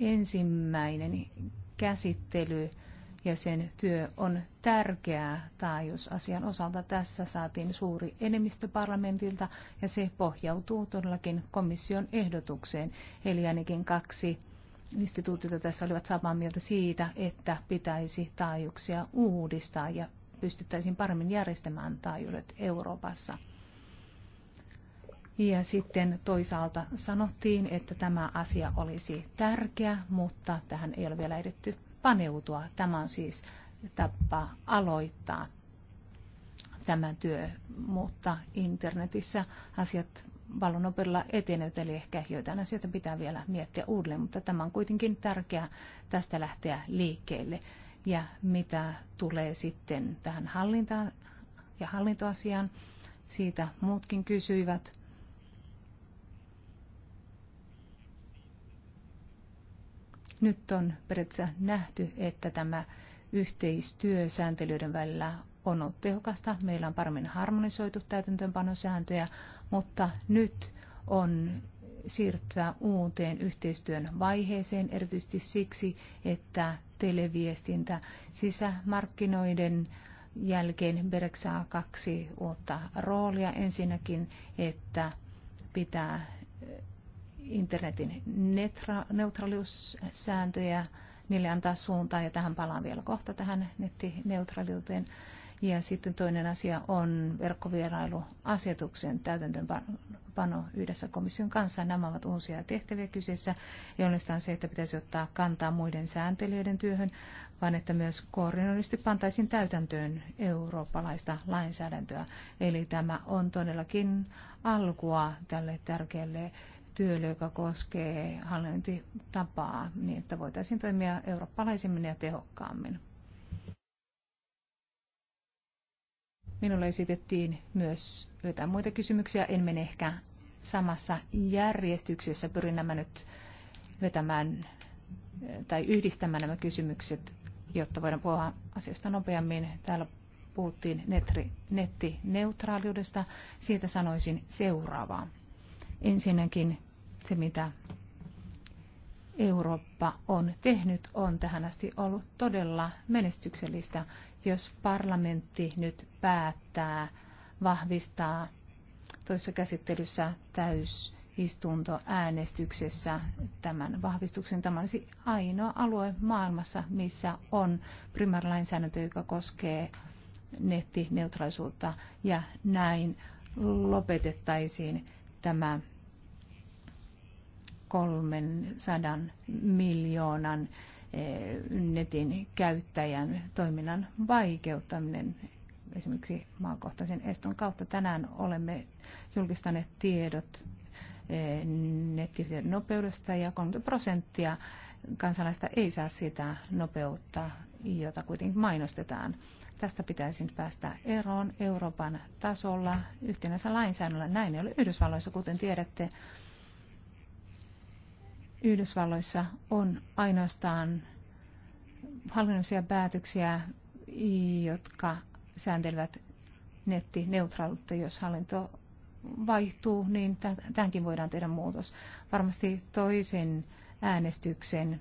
ensimmäinen käsittely ja sen työ on tärkeää taajuusasian osalta. Tässä saatiin suuri enemmistö parlamentilta ja se pohjautuu todellakin komission ehdotukseen. Eli ainakin kaksi instituutiota tässä olivat samaa mieltä siitä, että pitäisi taajuuksia uudistaa ja pystyttäisiin paremmin järjestämään taajuudet Euroopassa. Ja sitten toisaalta sanottiin, että tämä asia olisi tärkeä, mutta tähän ei ole vielä edetty paneutua. Tämä on siis tapa aloittaa tämä työ, mutta internetissä asiat valonopeudella etenevät, eli ehkä joitain asioita pitää vielä miettiä uudelleen, mutta tämä on kuitenkin tärkeää tästä lähteä liikkeelle. Ja mitä tulee sitten tähän hallintaan ja hallintoasiaan, siitä muutkin kysyivät. Nyt on periaatteessa nähty, että tämä yhteistyö sääntelyiden välillä on ollut tehokasta. Meillä on paremmin harmonisoitu täytäntöönpanosääntöjä, mutta nyt on siirtyä uuteen yhteistyön vaiheeseen, erityisesti siksi, että televiestintä sisämarkkinoiden jälkeen Bereksaa kaksi uutta roolia. Ensinnäkin, että pitää internetin netra, neutraaliussääntöjä, niille antaa suuntaa ja tähän palaan vielä kohta tähän nettineutraaliuteen. Ja sitten toinen asia on verkkovierailuasetuksen täytäntöönpano yhdessä komission kanssa. Nämä ovat uusia tehtäviä kyseessä. Ja on se, että pitäisi ottaa kantaa muiden sääntelijöiden työhön, vaan että myös koordinoidusti pantaisiin täytäntöön eurooppalaista lainsäädäntöä. Eli tämä on todellakin alkua tälle tärkeälle työlle, joka koskee hallinnointitapaa, niin että voitaisiin toimia eurooppalaisemmin ja tehokkaammin. Minulle esitettiin myös joitain muita kysymyksiä. En mene ehkä samassa järjestyksessä. Pyrin nämä nyt vetämään tai yhdistämään nämä kysymykset, jotta voidaan puhua asiasta nopeammin. Täällä puhuttiin netri, nettineutraaliudesta. Siitä sanoisin seuraavaa. Ensinnäkin se, mitä Eurooppa on tehnyt, on tähän asti ollut todella menestyksellistä. Jos parlamentti nyt päättää vahvistaa toisessa käsittelyssä täysistuntoäänestyksessä tämän vahvistuksen, tämä olisi ainoa alue maailmassa, missä on primärlainsäädäntö, joka koskee nettineutraalisuutta ja näin lopetettaisiin tämä 300 miljoonan eh, netin käyttäjän toiminnan vaikeuttaminen esimerkiksi maakohtaisen eston kautta. Tänään olemme julkistaneet tiedot eh, nettiyhteyden nopeudesta ja 30 prosenttia kansalaista ei saa sitä nopeutta, jota kuitenkin mainostetaan. Tästä pitäisi nyt päästä eroon Euroopan tasolla yhtenäisellä lainsäädännöllä. Näin ei ole Yhdysvalloissa, kuten tiedätte. Yhdysvalloissa on ainoastaan hallinnollisia päätöksiä, jotka sääntelevät nettineutraalutta. Jos hallinto vaihtuu, niin tämänkin voidaan tehdä muutos. Varmasti toisen äänestyksen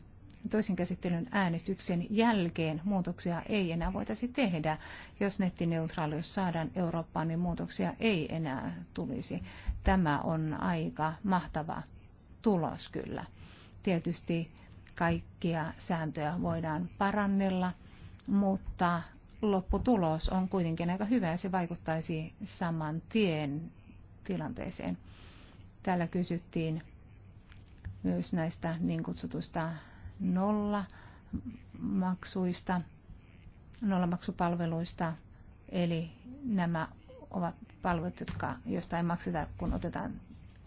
toisen käsittelyn äänestyksen jälkeen muutoksia ei enää voitaisi tehdä. Jos nettineutraalius saadaan Eurooppaan, niin muutoksia ei enää tulisi. Tämä on aika mahtava tulos kyllä. Tietysti kaikkia sääntöjä voidaan parannella, mutta lopputulos on kuitenkin aika hyvä ja se vaikuttaisi saman tien tilanteeseen. Täällä kysyttiin myös näistä niin kutsutuista nollamaksuista, nollamaksupalveluista, eli nämä ovat palvelut, jotka, joista ei makseta, kun otetaan,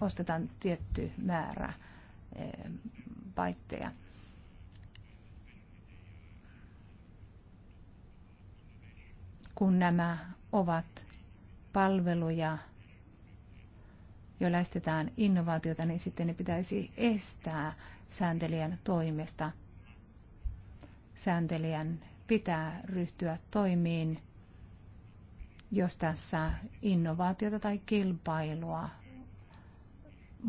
ostetaan tietty määrä eh, fighterja. Kun nämä ovat palveluja, joilla estetään innovaatiota, niin sitten ne pitäisi estää sääntelijän toimesta. Sääntelijän pitää ryhtyä toimiin, jos tässä innovaatiota tai kilpailua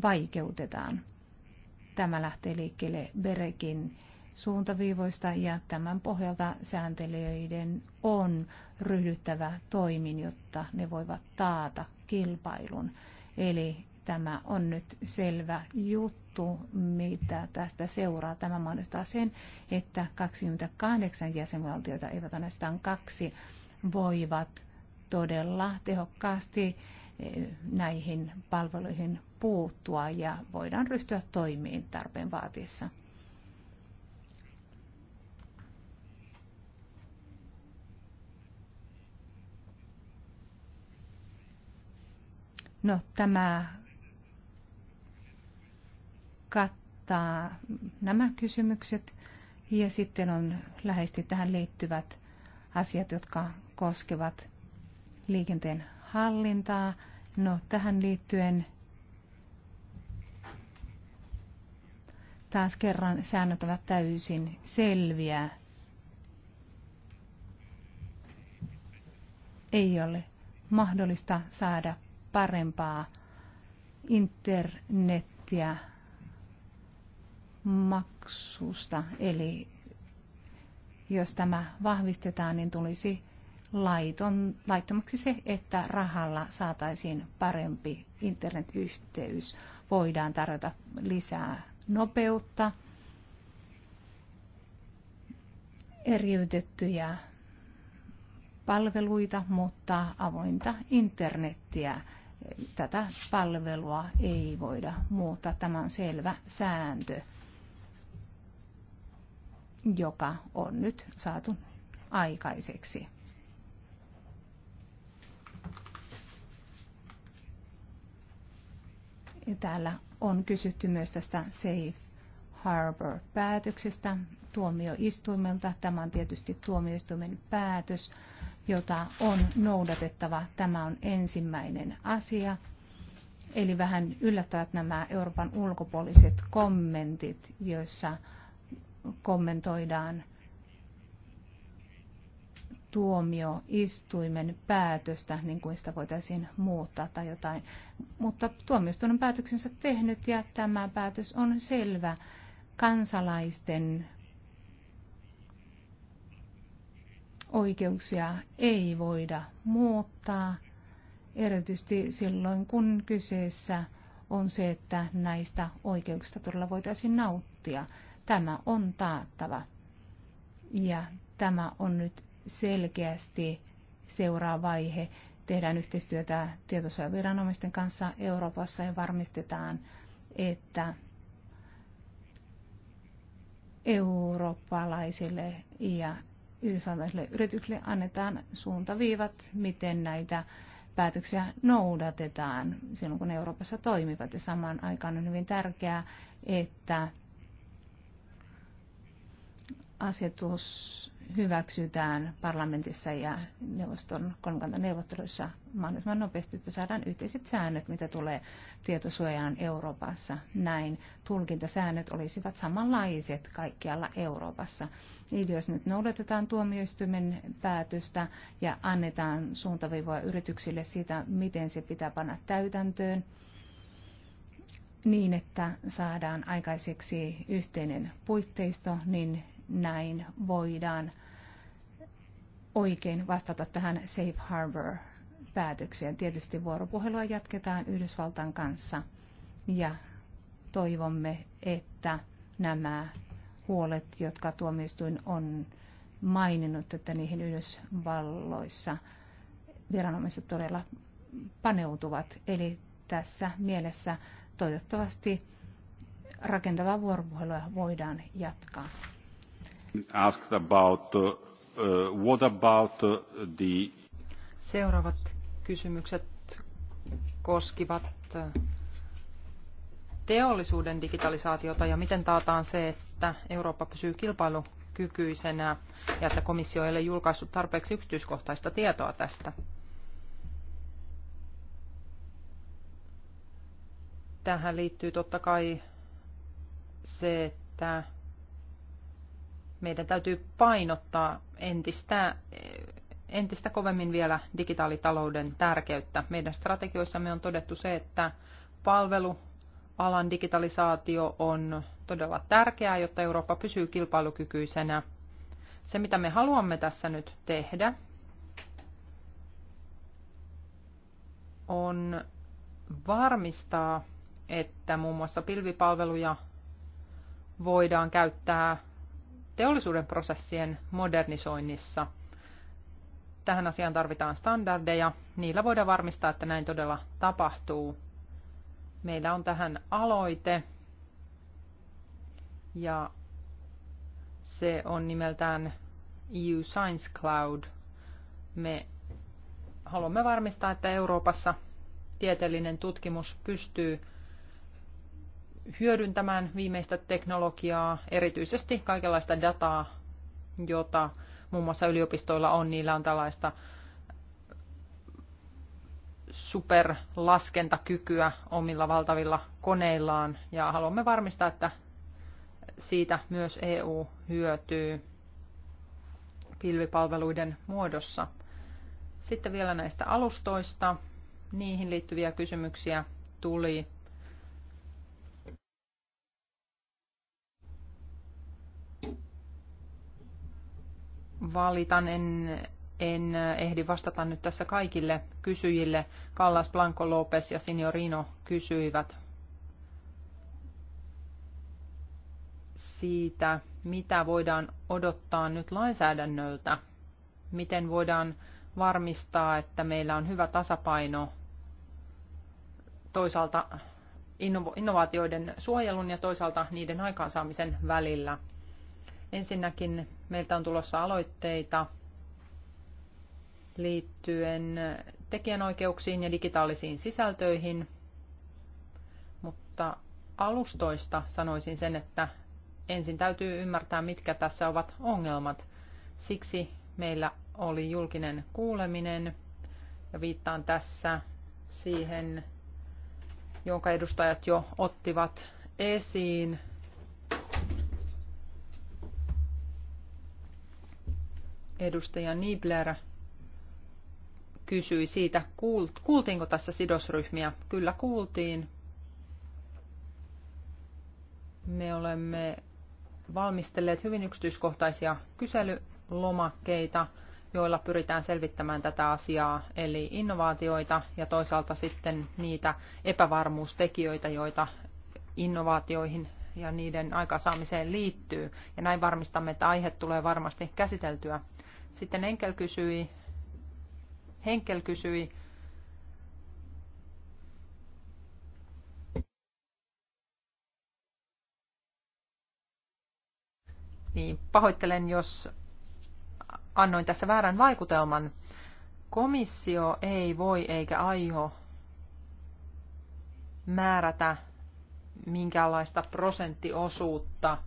vaikeutetaan. Tämä lähtee liikkeelle Berekin suuntaviivoista ja tämän pohjalta sääntelijöiden on ryhdyttävä toimin, jotta ne voivat taata kilpailun. Eli tämä on nyt selvä juttu, mitä tästä seuraa. Tämä mahdollistaa sen, että 28 jäsenvaltiota, eivät ainoastaan kaksi, voivat todella tehokkaasti eh, näihin palveluihin puuttua ja voidaan ryhtyä toimiin tarpeen vaatiessa. No, tämä kattaa nämä kysymykset ja sitten on läheisesti tähän liittyvät asiat, jotka koskevat liikenteen hallintaa. No, tähän liittyen Taas kerran säännöt ovat täysin selviä. Ei ole mahdollista saada parempaa internettiä maksusta. Eli jos tämä vahvistetaan, niin tulisi laiton, laittomaksi se, että rahalla saataisiin parempi internetyhteys. Voidaan tarjota lisää nopeutta, eriytettyjä palveluita, mutta avointa internettiä. Tätä palvelua ei voida muuttaa. Tämä on selvä sääntö, joka on nyt saatu aikaiseksi. Täällä on kysytty myös tästä Safe Harbor-päätöksestä tuomioistuimelta. Tämä on tietysti tuomioistuimen päätös, jota on noudatettava. Tämä on ensimmäinen asia. Eli vähän yllättävät nämä Euroopan ulkopuoliset kommentit, joissa kommentoidaan tuomioistuimen päätöstä, niin kuin sitä voitaisiin muuttaa tai jotain. Mutta tuomioistuin on päätöksensä tehnyt ja tämä päätös on selvä kansalaisten oikeuksia ei voida muuttaa, erityisesti silloin kun kyseessä on se, että näistä oikeuksista todella voitaisiin nauttia. Tämä on taattava. Ja tämä on nyt selkeästi seuraa vaihe. Tehdään yhteistyötä tietosuojaviranomaisten kanssa Euroopassa ja varmistetaan, että eurooppalaisille ja yhdysvaltaisille yrityksille annetaan suuntaviivat, miten näitä päätöksiä noudatetaan silloin, kun Euroopassa toimivat. Ja samaan aikaan on hyvin tärkeää, että asetus hyväksytään parlamentissa ja neuvoston kolmikantaneuvotteluissa mahdollisimman nopeasti, että saadaan yhteiset säännöt, mitä tulee tietosuojaan Euroopassa. Näin tulkintasäännöt olisivat samanlaiset kaikkialla Euroopassa. Eli jos nyt noudatetaan tuomioistuimen päätöstä ja annetaan suuntaviivoja yrityksille siitä, miten se pitää panna täytäntöön, niin, että saadaan aikaiseksi yhteinen puitteisto, niin näin voidaan oikein vastata tähän Safe Harbor-päätökseen. Tietysti vuoropuhelua jatketaan Yhdysvaltain kanssa ja toivomme, että nämä huolet, jotka tuomioistuin on maininnut, että niihin Yhdysvalloissa viranomaiset todella paneutuvat. Eli tässä mielessä toivottavasti rakentavaa vuoropuhelua voidaan jatkaa asked about, uh, uh what about uh, the... Seuraavat kysymykset koskivat uh, teollisuuden digitalisaatiota ja miten taataan se, että Eurooppa pysyy kilpailukykyisenä ja että komissio ei ole julkaissut tarpeeksi yksityiskohtaista tietoa tästä. Tähän liittyy totta kai se, että meidän täytyy painottaa entistä, entistä kovemmin vielä digitaalitalouden tärkeyttä. Meidän strategioissamme on todettu se, että palvelualan digitalisaatio on todella tärkeää, jotta Eurooppa pysyy kilpailukykyisenä. Se, mitä me haluamme tässä nyt tehdä, on varmistaa, että muun muassa pilvipalveluja voidaan käyttää teollisuuden prosessien modernisoinnissa. Tähän asiaan tarvitaan standardeja. Niillä voidaan varmistaa, että näin todella tapahtuu. Meillä on tähän aloite ja se on nimeltään EU Science Cloud. Me haluamme varmistaa, että Euroopassa tieteellinen tutkimus pystyy hyödyntämään viimeistä teknologiaa, erityisesti kaikenlaista dataa, jota muun muassa yliopistoilla on. Niillä on tällaista superlaskentakykyä omilla valtavilla koneillaan ja haluamme varmistaa, että siitä myös EU hyötyy pilvipalveluiden muodossa. Sitten vielä näistä alustoista. Niihin liittyviä kysymyksiä tuli valitan, en, en eh, ehdi vastata nyt tässä kaikille kysyjille. Kallas Blanco Lopez ja Signorino kysyivät siitä, mitä voidaan odottaa nyt lainsäädännöltä, miten voidaan varmistaa, että meillä on hyvä tasapaino toisaalta innovaatioiden suojelun ja toisaalta niiden aikaansaamisen välillä. Ensinnäkin meiltä on tulossa aloitteita liittyen tekijänoikeuksiin ja digitaalisiin sisältöihin, mutta alustoista sanoisin sen, että ensin täytyy ymmärtää, mitkä tässä ovat ongelmat. Siksi meillä oli julkinen kuuleminen ja viittaan tässä siihen, jonka edustajat jo ottivat esiin Edustaja Niebler kysyi siitä, kuultiinko tässä sidosryhmiä. Kyllä kuultiin. Me olemme valmistelleet hyvin yksityiskohtaisia kyselylomakkeita, joilla pyritään selvittämään tätä asiaa, eli innovaatioita ja toisaalta sitten niitä epävarmuustekijöitä, joita innovaatioihin ja niiden aikaansaamiseen liittyy. Ja näin varmistamme, että aihe tulee varmasti käsiteltyä sitten Henkel kysyi, Henkel kysyi Niin, pahoittelen, jos annoin tässä väärän vaikutelman. Komissio ei voi eikä aio määrätä minkäänlaista prosenttiosuutta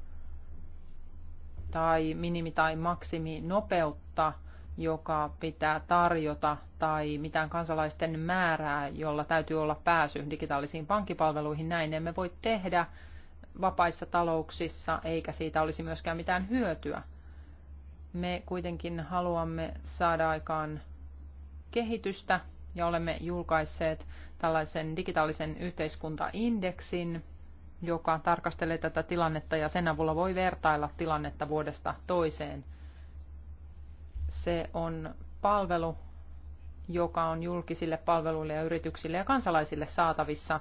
tai minimi- tai maksiminopeutta vapautta, joka pitää tarjota, tai mitään kansalaisten määrää, jolla täytyy olla pääsy digitaalisiin pankkipalveluihin. Näin emme voi tehdä vapaissa talouksissa, eikä siitä olisi myöskään mitään hyötyä. Me kuitenkin haluamme saada aikaan kehitystä ja olemme julkaisseet tällaisen digitaalisen yhteiskuntaindeksin, joka tarkastelee tätä tilannetta ja sen avulla voi vertailla tilannetta vuodesta toiseen – se on palvelu, joka on julkisille palveluille ja yrityksille ja kansalaisille saatavissa.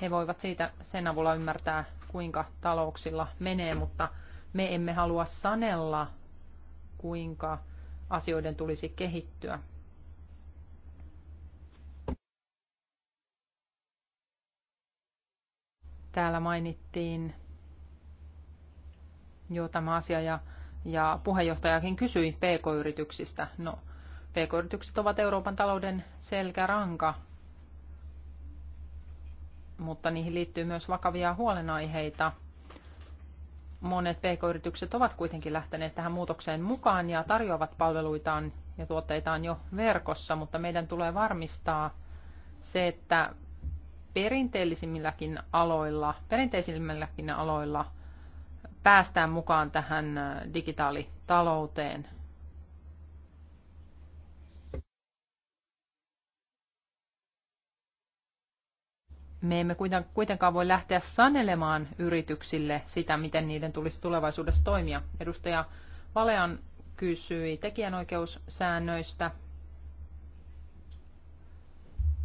He voivat siitä sen avulla ymmärtää, kuinka talouksilla menee, mutta me emme halua sanella, kuinka asioiden tulisi kehittyä. Täällä mainittiin jo tämä asia ja ja puheenjohtajakin kysyi PK-yrityksistä. No, PK-yritykset ovat Euroopan talouden selkäranka, mutta niihin liittyy myös vakavia huolenaiheita. Monet PK-yritykset ovat kuitenkin lähteneet tähän muutokseen mukaan ja tarjoavat palveluitaan ja tuotteitaan jo verkossa, mutta meidän tulee varmistaa se, että perinteisimmilläkin aloilla, perinteisimmilläkin aloilla – päästään mukaan tähän äh, digitaalitalouteen. Me emme kuitenkaan voi lähteä sanelemaan yrityksille sitä, miten niiden tulisi tulevaisuudessa toimia. Edustaja Valean kysyi tekijänoikeussäännöistä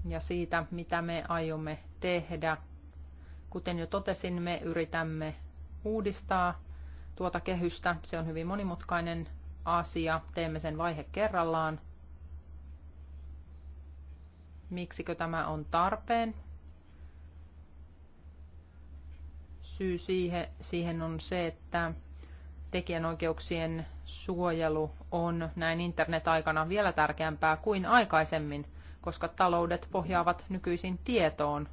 ja siitä, mitä me aiomme tehdä. Kuten jo totesin, me yritämme uudistaa tuota kehystä. Se on hyvin monimutkainen asia. Teemme sen vaihe kerrallaan. Miksikö tämä on tarpeen? Syy siihen, siihen on se, että tekijänoikeuksien suojelu on näin internet-aikana vielä tärkeämpää kuin aikaisemmin, koska taloudet pohjaavat nykyisin tietoon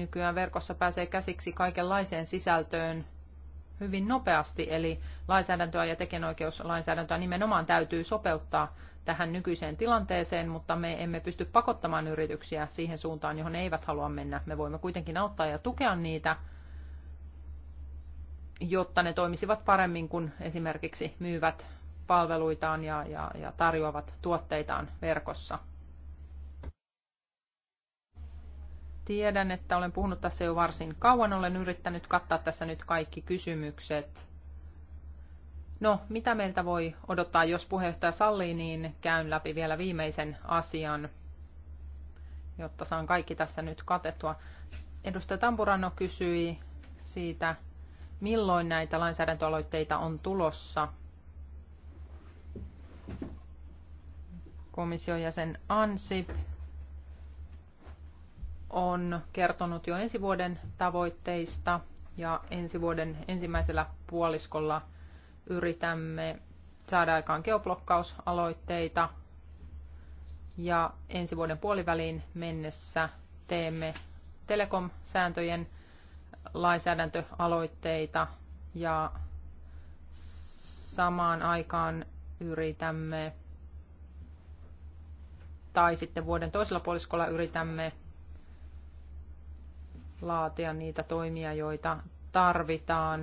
Nykyään verkossa pääsee käsiksi kaikenlaiseen sisältöön hyvin nopeasti, eli lainsäädäntöä ja tekijänoikeuslainsäädäntöä nimenomaan täytyy sopeuttaa tähän nykyiseen tilanteeseen, mutta me emme pysty pakottamaan yrityksiä siihen suuntaan, johon ne eivät halua mennä. Me voimme kuitenkin auttaa ja tukea niitä, jotta ne toimisivat paremmin, kun esimerkiksi myyvät palveluitaan ja, ja, ja tarjoavat tuotteitaan verkossa. Tiedän, että olen puhunut tässä jo varsin kauan. Olen yrittänyt kattaa tässä nyt kaikki kysymykset. No, mitä meiltä voi odottaa, jos puheenjohtaja sallii, niin käyn läpi vielä viimeisen asian, jotta saan kaikki tässä nyt katettua. Edustaja Tampurano kysyi siitä, milloin näitä lainsäädäntöaloitteita on tulossa. Komission jäsen Ansip on kertonut jo ensi vuoden tavoitteista ja ensi vuoden ensimmäisellä puoliskolla yritämme saada aikaan geoblokkausaloitteita ja ensi vuoden puoliväliin mennessä teemme telekom-sääntöjen lainsäädäntöaloitteita ja samaan aikaan yritämme tai sitten vuoden toisella puoliskolla yritämme laatia niitä toimia, joita tarvitaan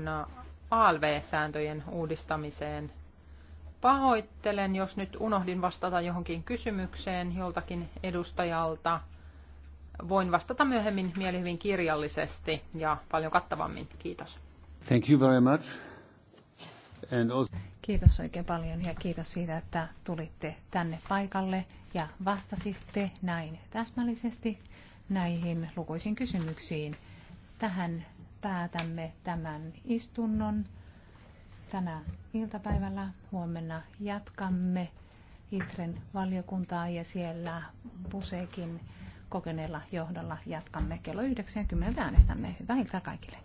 ALV-sääntöjen uudistamiseen. Pahoittelen, jos nyt unohdin vastata johonkin kysymykseen joltakin edustajalta. Voin vastata myöhemmin mielihyvin kirjallisesti ja paljon kattavammin. Kiitos. Thank you very much. And also... Kiitos oikein paljon ja kiitos siitä, että tulitte tänne paikalle ja vastasitte näin täsmällisesti näihin lukuisiin kysymyksiin. Tähän päätämme tämän istunnon tänä iltapäivällä. Huomenna jatkamme Itren valiokuntaa ja siellä Busekin kokeneella johdolla jatkamme kello 90 äänestämme. Hyvää iltaa kaikille.